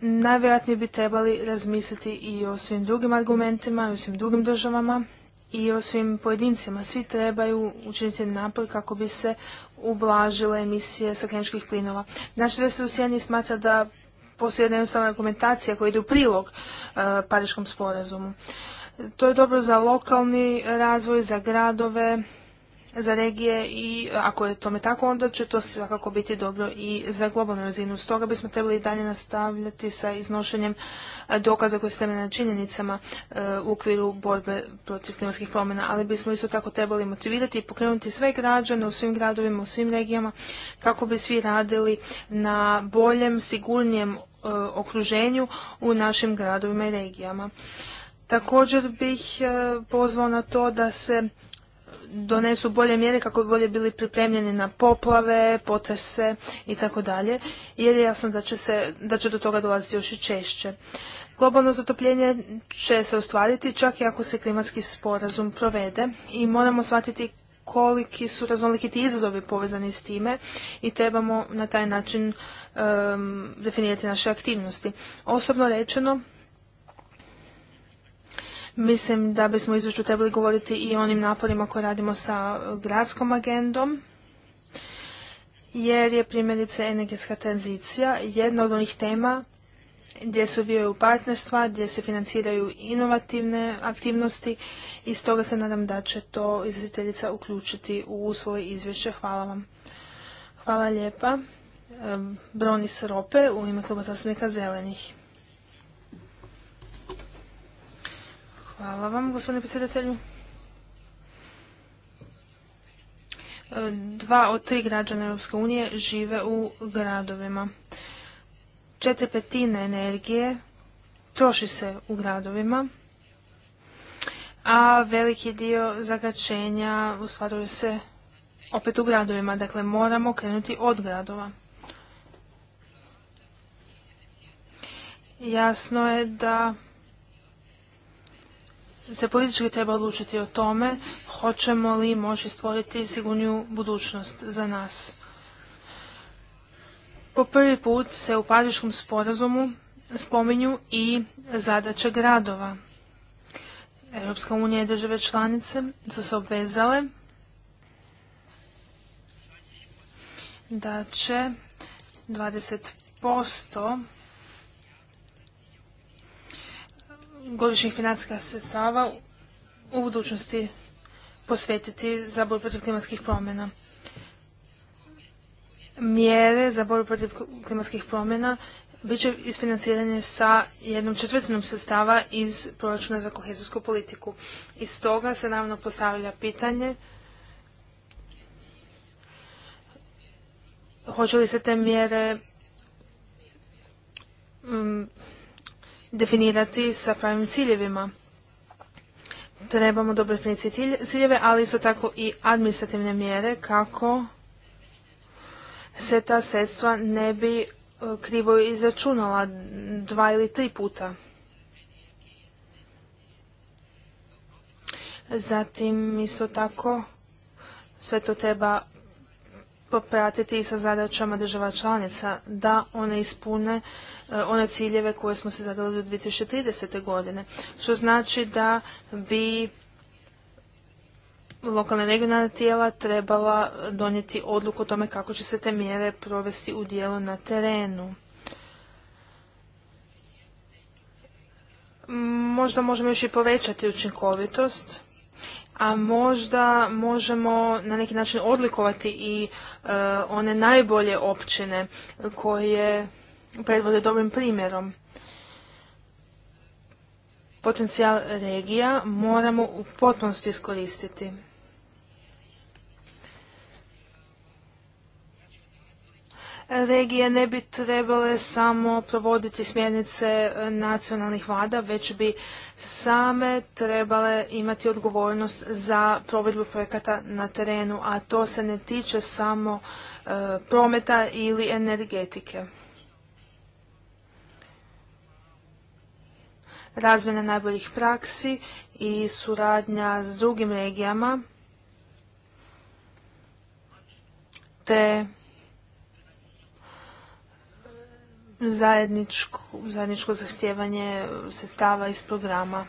Speaker 2: Najvjerojatnije bi trebali razmisliti i o svim drugim argumentima i o svim drugim državama i o svim pojedincima. Svi trebaju učiniti napor kako bi se ublažile emisije stakleničkih plinova. Naš resor u Sjeni smatra da postoji jedna jednostavna argumentacija koja ide u prilog e, Pariškom sporazumu. To je dobro za lokalni razvoj, za gradove, za regije i ako je tome tako onda će to svakako biti dobro i za globalnu razinu. Stoga bismo trebali dalje nastavljati sa iznošenjem dokaza koje se na činjenicama e, u okviru borbe protiv klimatskih promjena, ali bismo isto tako trebali motivirati i pokrenuti sve građane u svim gradovima, u svim regijama kako bi svi radili na boljem, sigurnijem e, okruženju u našim gradovima i regijama. Također bih e, pozvao na to da se donesu bolje mjere kako bi bolje bili pripremljeni na poplave, potese i tako dalje, jer je jasno da će, se, da će do toga dolaziti još i češće. Globalno zatopljenje će se ostvariti čak i ako se klimatski sporazum provede i moramo shvatiti koliki su raznoliki ti izazovi povezani s time i trebamo na taj način um, definirati naše aktivnosti. Osobno rečeno, Mislim da bismo izvješću trebali govoriti i o onim naporima koje radimo sa e, gradskom agendom, jer je primjerice energetska tranzicija jedna od onih tema gdje se uvijaju partnerstva, gdje se financiraju inovativne aktivnosti i stoga se nadam da će to izvjestiteljica uključiti u svoje izvješće. Hvala vam. Hvala lijepa. Bronis Rope u ime Kluba zastupnika Zelenih. Hvala vam, gospodine predsjedatelju. E, dva od tri građana Europske unije žive u gradovima. Četiri petine energije troši se u gradovima, a veliki dio zagačenja ostvaruje se opet u gradovima. Dakle, moramo krenuti od gradova. Jasno je da se politički treba odlučiti o tome hoćemo li moći stvoriti sigurniju budućnost za nas. Po prvi put se u Pariškom sporazumu spominju i zadaće gradova. Europska unija i države članice su se obvezale da će 20% godišnjih financijskih sredstava u budućnosti posvetiti za borbu protiv klimatskih promjena. Mjere za borbu protiv klimatskih promjena bit će isfinancirane sa jednom četvrtinom sredstava iz proračuna za kohezijsku politiku. I stoga se naravno postavlja pitanje hoće li se te mjere mm, definirati sa pravim ciljevima. Trebamo dobro definiti ciljeve, ali isto tako i administrativne mjere kako se ta sredstva ne bi e, krivo izračunala dva ili tri puta. Zatim isto tako sve to treba popratiti i sa zadaćama država članica da one ispune e, one ciljeve koje smo se zadali do 2030. godine. Što znači da bi lokalna regionalna tijela trebala donijeti odluku o tome kako će se te mjere provesti u dijelu na terenu. Možda možemo još i povećati učinkovitost a možda možemo na neki način odlikovati i e, one najbolje općine koje predvode dobrim primjerom. Potencijal regija moramo u potpunosti iskoristiti. regije ne bi trebale samo provoditi smjernice e, nacionalnih vlada, već bi same trebale imati odgovornost za provedbu projekata na terenu, a to se ne tiče samo e, prometa ili energetike. Razmjena najboljih praksi i suradnja s drugim regijama te zajedničko, zajedničko zahtjevanje sredstava iz programa.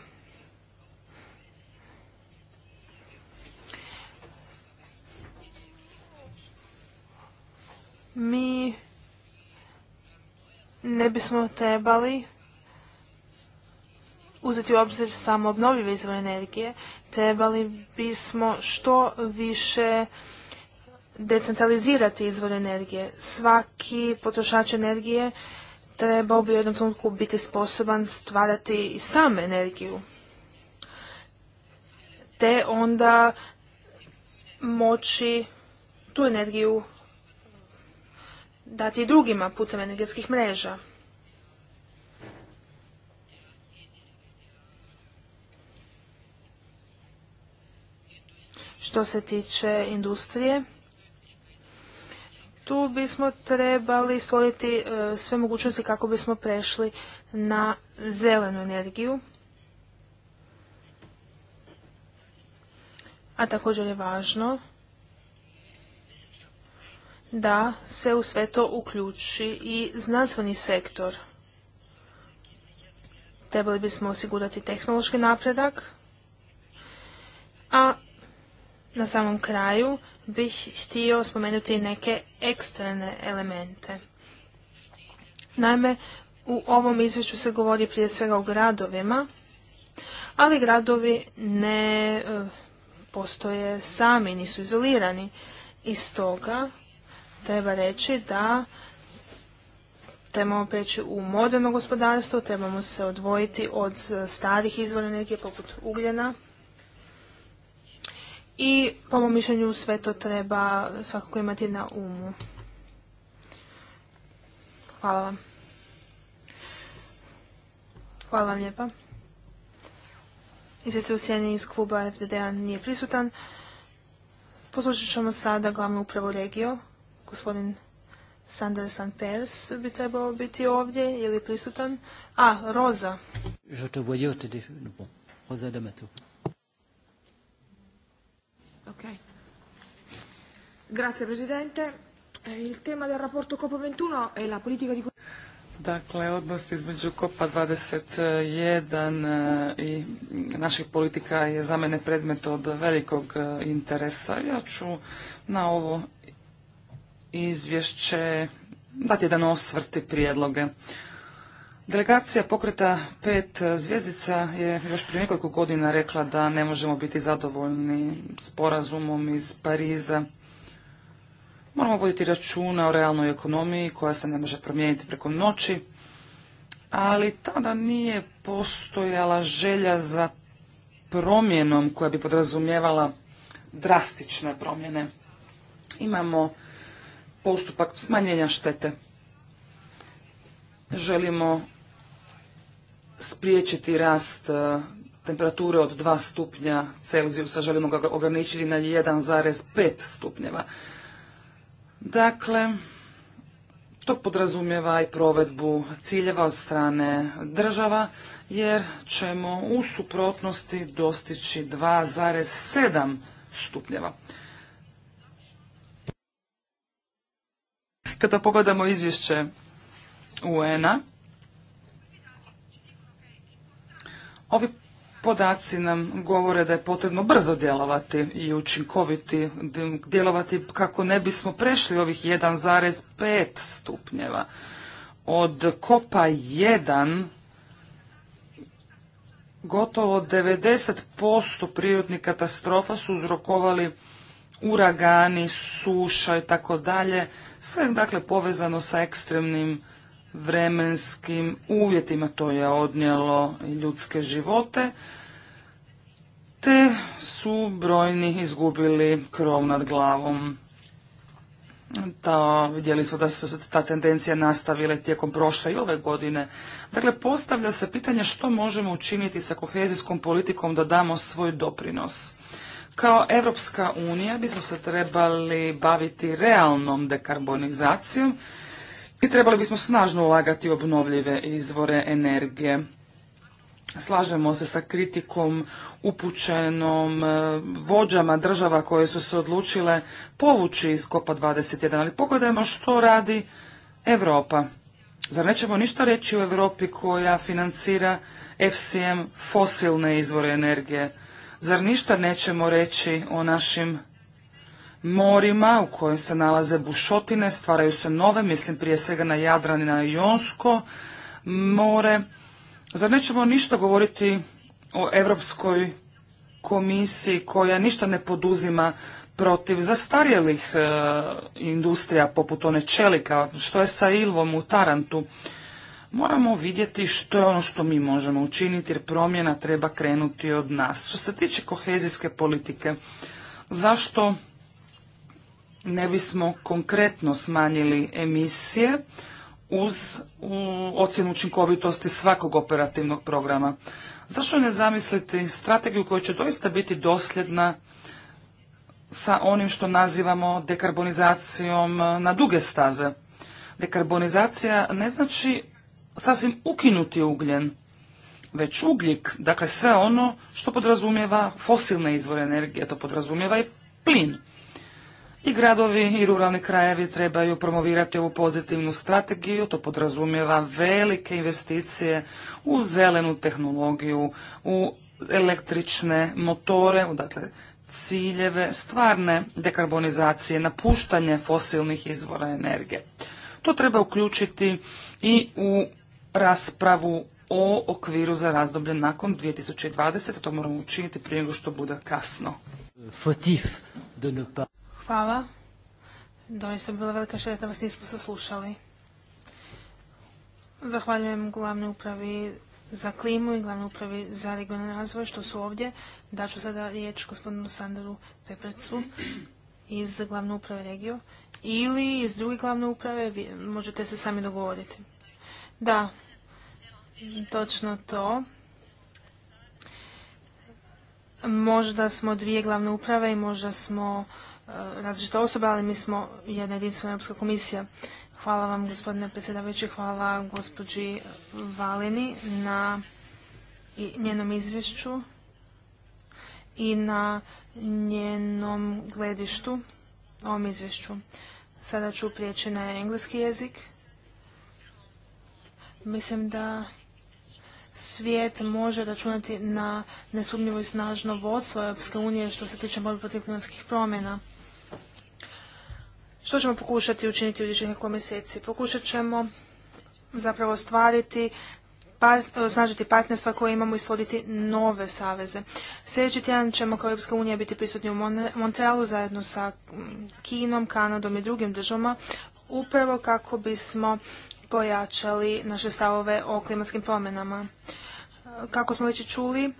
Speaker 2: Mi ne bismo trebali uzeti u obzir samo obnovljive izvore energije, trebali bismo što više decentralizirati izvore energije. Svaki potrošač energije trebao bi u jednom trenutku biti sposoban stvarati i sam energiju. Te onda moći tu energiju dati drugima putem energetskih mreža. Što se tiče industrije, tu bismo trebali stvoriti e, sve mogućnosti kako bismo prešli na zelenu energiju. A također je važno da se u sve to uključi i znanstveni sektor. Trebali bismo osigurati tehnološki napredak, a na samom kraju bih htio spomenuti neke eksterne elemente. Naime, u ovom izvješću se govori prije svega o gradovima, ali gradovi ne e, postoje sami, nisu izolirani. I stoga treba reći da trebamo preći u moderno gospodarstvo, trebamo se odvojiti od starih izvora energije poput ugljena i po mom mišljenju sve to treba svakako imati na umu. Hvala vam. Hvala vam lijepa. Izvjestitelj u sjeni iz kluba FDD-a nije prisutan. Poslušat ćemo sada glavnu upravu regio. Gospodin Sander San Pers bi trebao biti ovdje ili prisutan. A, Roza.
Speaker 1: Je te Roza
Speaker 2: Grazie Presidente. Eh, il tema del rapporto COP21 è la politica di...
Speaker 3: Dakle, odnos između COPA 21 eh, i naših politika je za mene predmet od velikog eh, interesa. Ja ću na ovo izvješće dati jedan osvrt prijedloge. Delegacija pokreta pet zvjezdica je još prije nekoliko godina rekla da ne možemo biti zadovoljni sporazumom iz Pariza. Moramo voditi računa o realnoj ekonomiji koja se ne može promijeniti preko noći, ali tada nije postojala želja za promjenom koja bi podrazumijevala drastične promjene. Imamo postupak smanjenja štete. Želimo spriječiti rast e, temperature od 2 stupnja Celzijusa, želimo ga ograničiti na 1,5 stupnjeva. Dakle, to podrazumijeva i provedbu ciljeva od strane država, jer ćemo u suprotnosti dostići 2,7 stupnjeva. Kada pogledamo izvješće UN-a, ovi Podaci nam govore da je potrebno brzo djelovati i učinkoviti djelovati kako ne bismo prešli ovih 1,5 stupnjeva. Od kopa 1 gotovo 90% prirodnih katastrofa su uzrokovali uragani, suša i tako dalje, sve dakle povezano sa ekstremnim vremenskim uvjetima. To je odnijelo ljudske živote, te su brojni izgubili krov nad glavom. vidjeli smo da se ta tendencija nastavila tijekom prošle i ove godine. Dakle, postavlja se pitanje što možemo učiniti sa kohezijskom politikom da damo svoj doprinos. Kao Evropska unija bismo se trebali baviti realnom dekarbonizacijom i trebali bismo snažno ulagati u obnovljive izvore energije. Slažemo se sa kritikom upućenom e, vođama država koje su se odlučile povući iz kopa 21, ali pogledajmo što radi Europa. Zar nećemo ništa reći u Europi koja financira FCM fosilne izvore energije? Zar ništa nećemo reći o našim morima u kojem se nalaze bušotine, stvaraju se nove, mislim prije svega na Jadran i na Jonsko more. Zar nećemo ništa govoriti o Europskoj komisiji koja ništa ne poduzima protiv zastarjelih e, industrija poput one čelika, što je sa Ilvom u Tarantu. Moramo vidjeti što je ono što mi možemo učiniti jer promjena treba krenuti od nas. Što se tiče kohezijske politike, zašto ne bismo konkretno smanjili emisije uz ocjenu učinkovitosti svakog operativnog programa. Zašto ne zamisliti strategiju koja će doista biti dosljedna sa onim što nazivamo dekarbonizacijom na duge staze? Dekarbonizacija ne znači sasvim ukinuti ugljen, već ugljik, dakle sve ono što podrazumijeva fosilne izvore energije, to podrazumijeva i plin. I gradovi i ruralni krajevi trebaju promovirati ovu pozitivnu strategiju, to podrazumijeva velike investicije u zelenu tehnologiju, u električne motore, u dakle ciljeve stvarne dekarbonizacije, napuštanje fosilnih izvora energije. To treba uključiti i u raspravu o okviru za razdoblje nakon 2020. To moramo učiniti prije nego što bude kasno.
Speaker 2: Hvala. Doista bi bila velika šteta da vas nismo saslušali. Zahvaljujem glavnoj upravi za klimu i glavnoj upravi za regionalni razvoj što su ovdje. Daću sada riječ gospodinu Sandoru Peprecu iz glavne uprave regio ili iz druge glavne uprave vi možete se sami dogovoriti. Da, točno to. Možda smo dvije glavne uprave i možda smo E, različite osobe, ali mi smo jedna jedinstvena Europska komisija. Hvala vam gospodine predsjedavajući, hvala gospođi Valini na njenom izvješću i na njenom gledištu ovom izvješću. Sada ću prijeći na engleski jezik. Mislim da svijet može računati na nesumnjivo i snažno vodstvo Europske unije što se tiče borbe protiv klimatskih promjena. Što ćemo pokušati učiniti u idućih nekoliko mjeseci? Pokušat ćemo zapravo stvariti, eh, osnažiti partnerstva koje imamo i stvoriti nove saveze. Sljedeći tjedan ćemo kao Europska unija biti prisutni u Montrealu zajedno sa mm, Kinom, Kanadom i drugim državama upravo kako bismo pojačali naše stavove o klimatskim promjenama. Eh, kako smo već i čuli,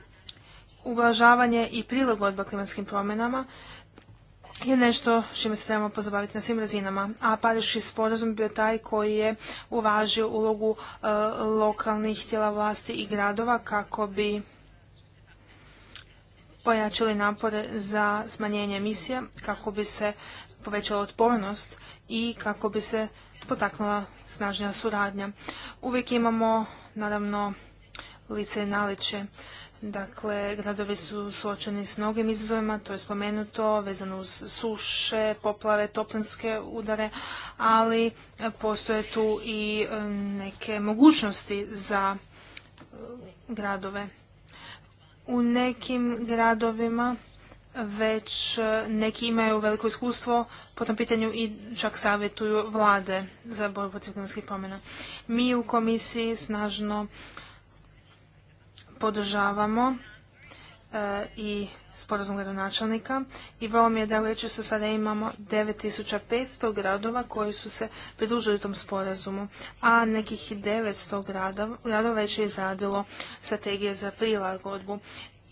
Speaker 2: uvažavanje i prilagodba klimatskim promjenama je nešto čime se trebamo pozabaviti na svim razinama. A Pariški sporazum bio taj koji je uvažio ulogu e, lokalnih tijela vlasti i gradova kako bi pojačili napore za smanjenje emisija, kako bi se povećala otpornost i kako bi se potaknula snažnija suradnja. Uvijek imamo, naravno, lice i naliče Dakle, gradovi su suočeni s mnogim izazovima, to je spomenuto, vezano uz suše, poplave, toplinske udare, ali postoje tu i e, neke mogućnosti za e, gradove. U nekim gradovima već e, neki imaju veliko iskustvo po tom pitanju i čak savjetuju vlade za borbu protiv klimatskih promjena. Mi u komisiji snažno podržavamo e, i sporazum gradonačelnika i vrlo mi je da reći su sada imamo 9500 gradova koji su se pridružili tom sporazumu, a nekih 900 gradova, gradova već je izradilo strategije za prilagodbu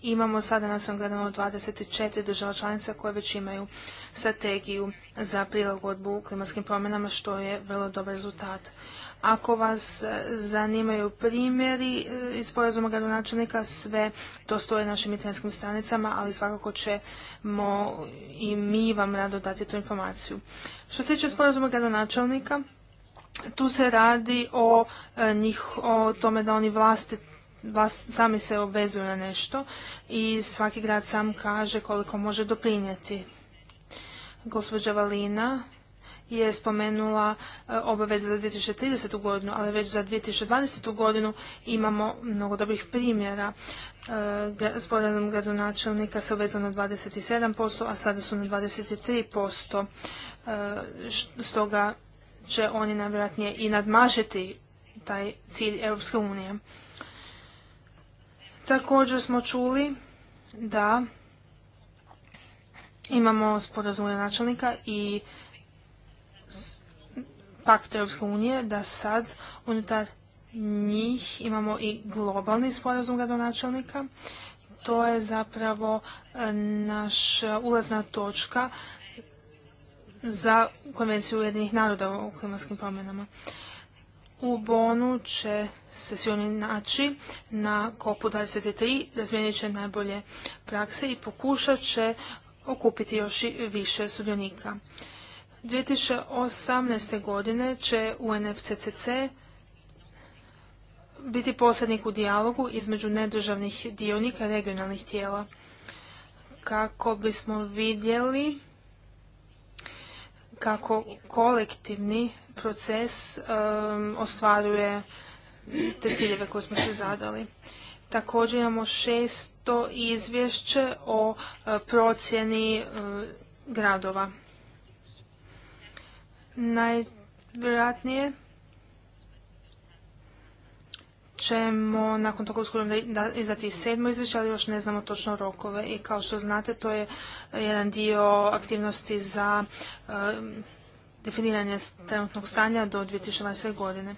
Speaker 2: imamo sada na svom gledano 24 država članica koje već imaju strategiju za prilagodbu klimatskim promjenama što je vrlo dobar rezultat. Ako vas e, zanimaju primjeri e, iz porazuma gradonačelnika, sve to stoje na našim internetskim stranicama, ali svakako ćemo i mi vam rado dati tu informaciju. Što se tiče sporazuma gradonačelnika, tu se radi o, e, njih, o tome da oni vlastit, vas, sami se obvezuju na nešto i svaki grad sam kaže koliko može doprinijeti. Gospođa Valina je spomenula e, obaveze za 2030. godinu, ali već za 2020. godinu imamo mnogo dobrih primjera. E, s poradom gradonačelnika se obvezao na 27%, a sada su na 23%. E, stoga će oni najvjerojatnije i nadmašiti taj cilj Europske unije. Također smo čuli da imamo sporazume načelnika i pakt Europske unije da sad unutar njih imamo i globalni sporazum gradonačelnika. To je zapravo e, naša ulazna točka za konvenciju Ujedinih naroda o klimatskim promjenama. U Bonu će se svi oni naći na kopu 23, razmijenit će najbolje prakse i pokušat će okupiti još i više sudionika. 2018. godine će UNFCCC biti posrednik u dijalogu između nedržavnih dionika regionalnih tijela kako bismo vidjeli kako kolektivni proces ostvaruje te ciljeve koje smo se zadali. Također imamo šesto izvješće o e, procjeni e, gradova. Najvjerojatnije ćemo nakon toga uskoro izdati sedmo izvješće, ali još ne znamo točno rokove. I kao što znate, to je e, jedan dio aktivnosti za definiranje trenutnog stanja do 2020. godine.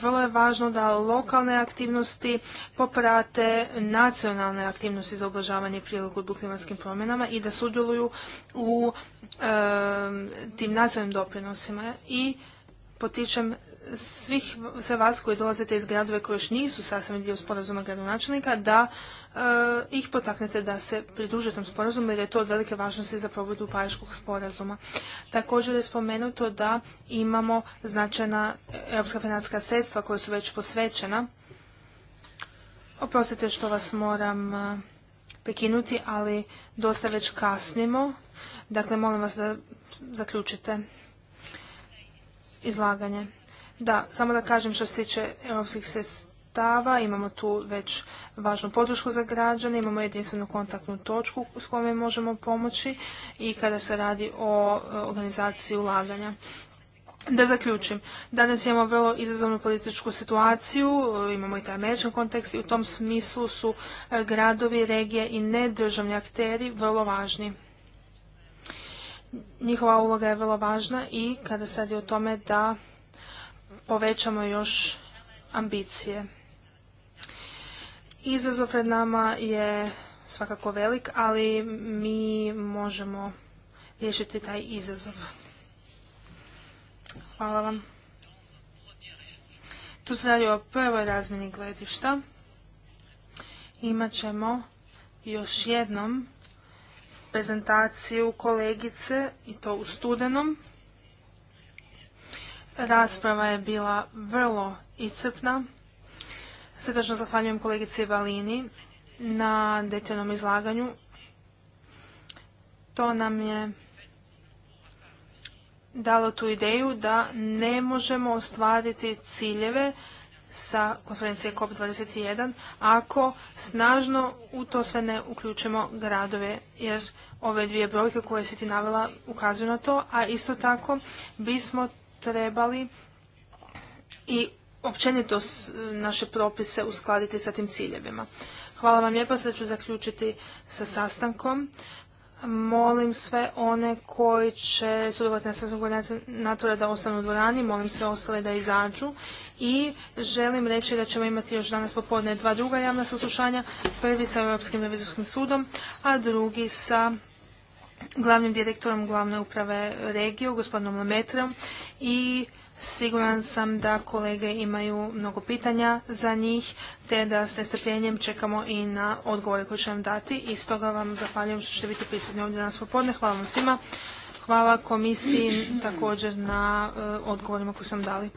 Speaker 2: Vrlo je važno da lokalne aktivnosti poprate nacionalne aktivnosti za oblažavanje prilagodbu klimatskim promjenama i da sudjeluju u tim nacionalnim doprinosima i potičem svih, sve vas koji dolazite iz gradove koji još nisu sastavni dio sporazuma gradonačelnika da eh, ih potaknete da se pridruže tom sporazumu jer je to od velike važnosti za provodu pariškog sporazuma. Također je spomenuto da imamo značajna europska financijska sredstva koja su već posvećena. Oprostite što vas moram eh, prekinuti, ali dosta već kasnimo. Dakle, molim vas da zaključite izlaganje. Da, samo da kažem što se tiče europskih sredstava, imamo tu već važnu podršku za građane, imamo jedinstvenu kontaktnu točku s kojom možemo pomoći i kada se radi o e, organizaciji ulaganja. Da zaključim, danas imamo vrlo izazovnu političku situaciju, e, imamo i taj američki kontekst i u tom smislu su e, gradovi, regije i nedržavni akteri vrlo važni njihova uloga je vrlo važna i kada se radi o tome da povećamo još ambicije. Izazov pred nama je svakako velik, ali mi možemo riješiti taj izazov. Hvala vam. Tu se radi o prvoj razmjeni gledišta. Imaćemo još jednom prezentaciju kolegice i to u studenom. Rasprava je bila vrlo iscrpna. Srdačno zahvaljujem kolegici Valini na detaljnom izlaganju. To nam je dalo tu ideju da ne možemo ostvariti ciljeve sa konferencije COP21 ako snažno u to sve ne uključimo gradove, jer ove dvije brojke koje si ti navela ukazuju na to, a isto tako bismo trebali i općenito naše propise uskladiti sa tim ciljevima. Hvala vam lijepa, sada ću zaključiti sa sastankom. Molim sve one koji će sudovati na sastanku natura da ostanu u dvorani, molim sve ostale da izađu i želim reći da ćemo imati još danas popodne dva druga javna saslušanja, prvi sa Europskim revizorskim sudom, a drugi sa glavnim direktorom glavne uprave regije, gospodinom Lemetrom i Siguran sam da kolege imaju mnogo pitanja za njih, te da s nestrpljenjem čekamo i na odgovore koje ću dati. I stoga vam zahvaljujem što ćete biti prisutni ovdje danas popodne. Hvala vam svima. Hvala komisiji također na e, odgovorima koje sam dali.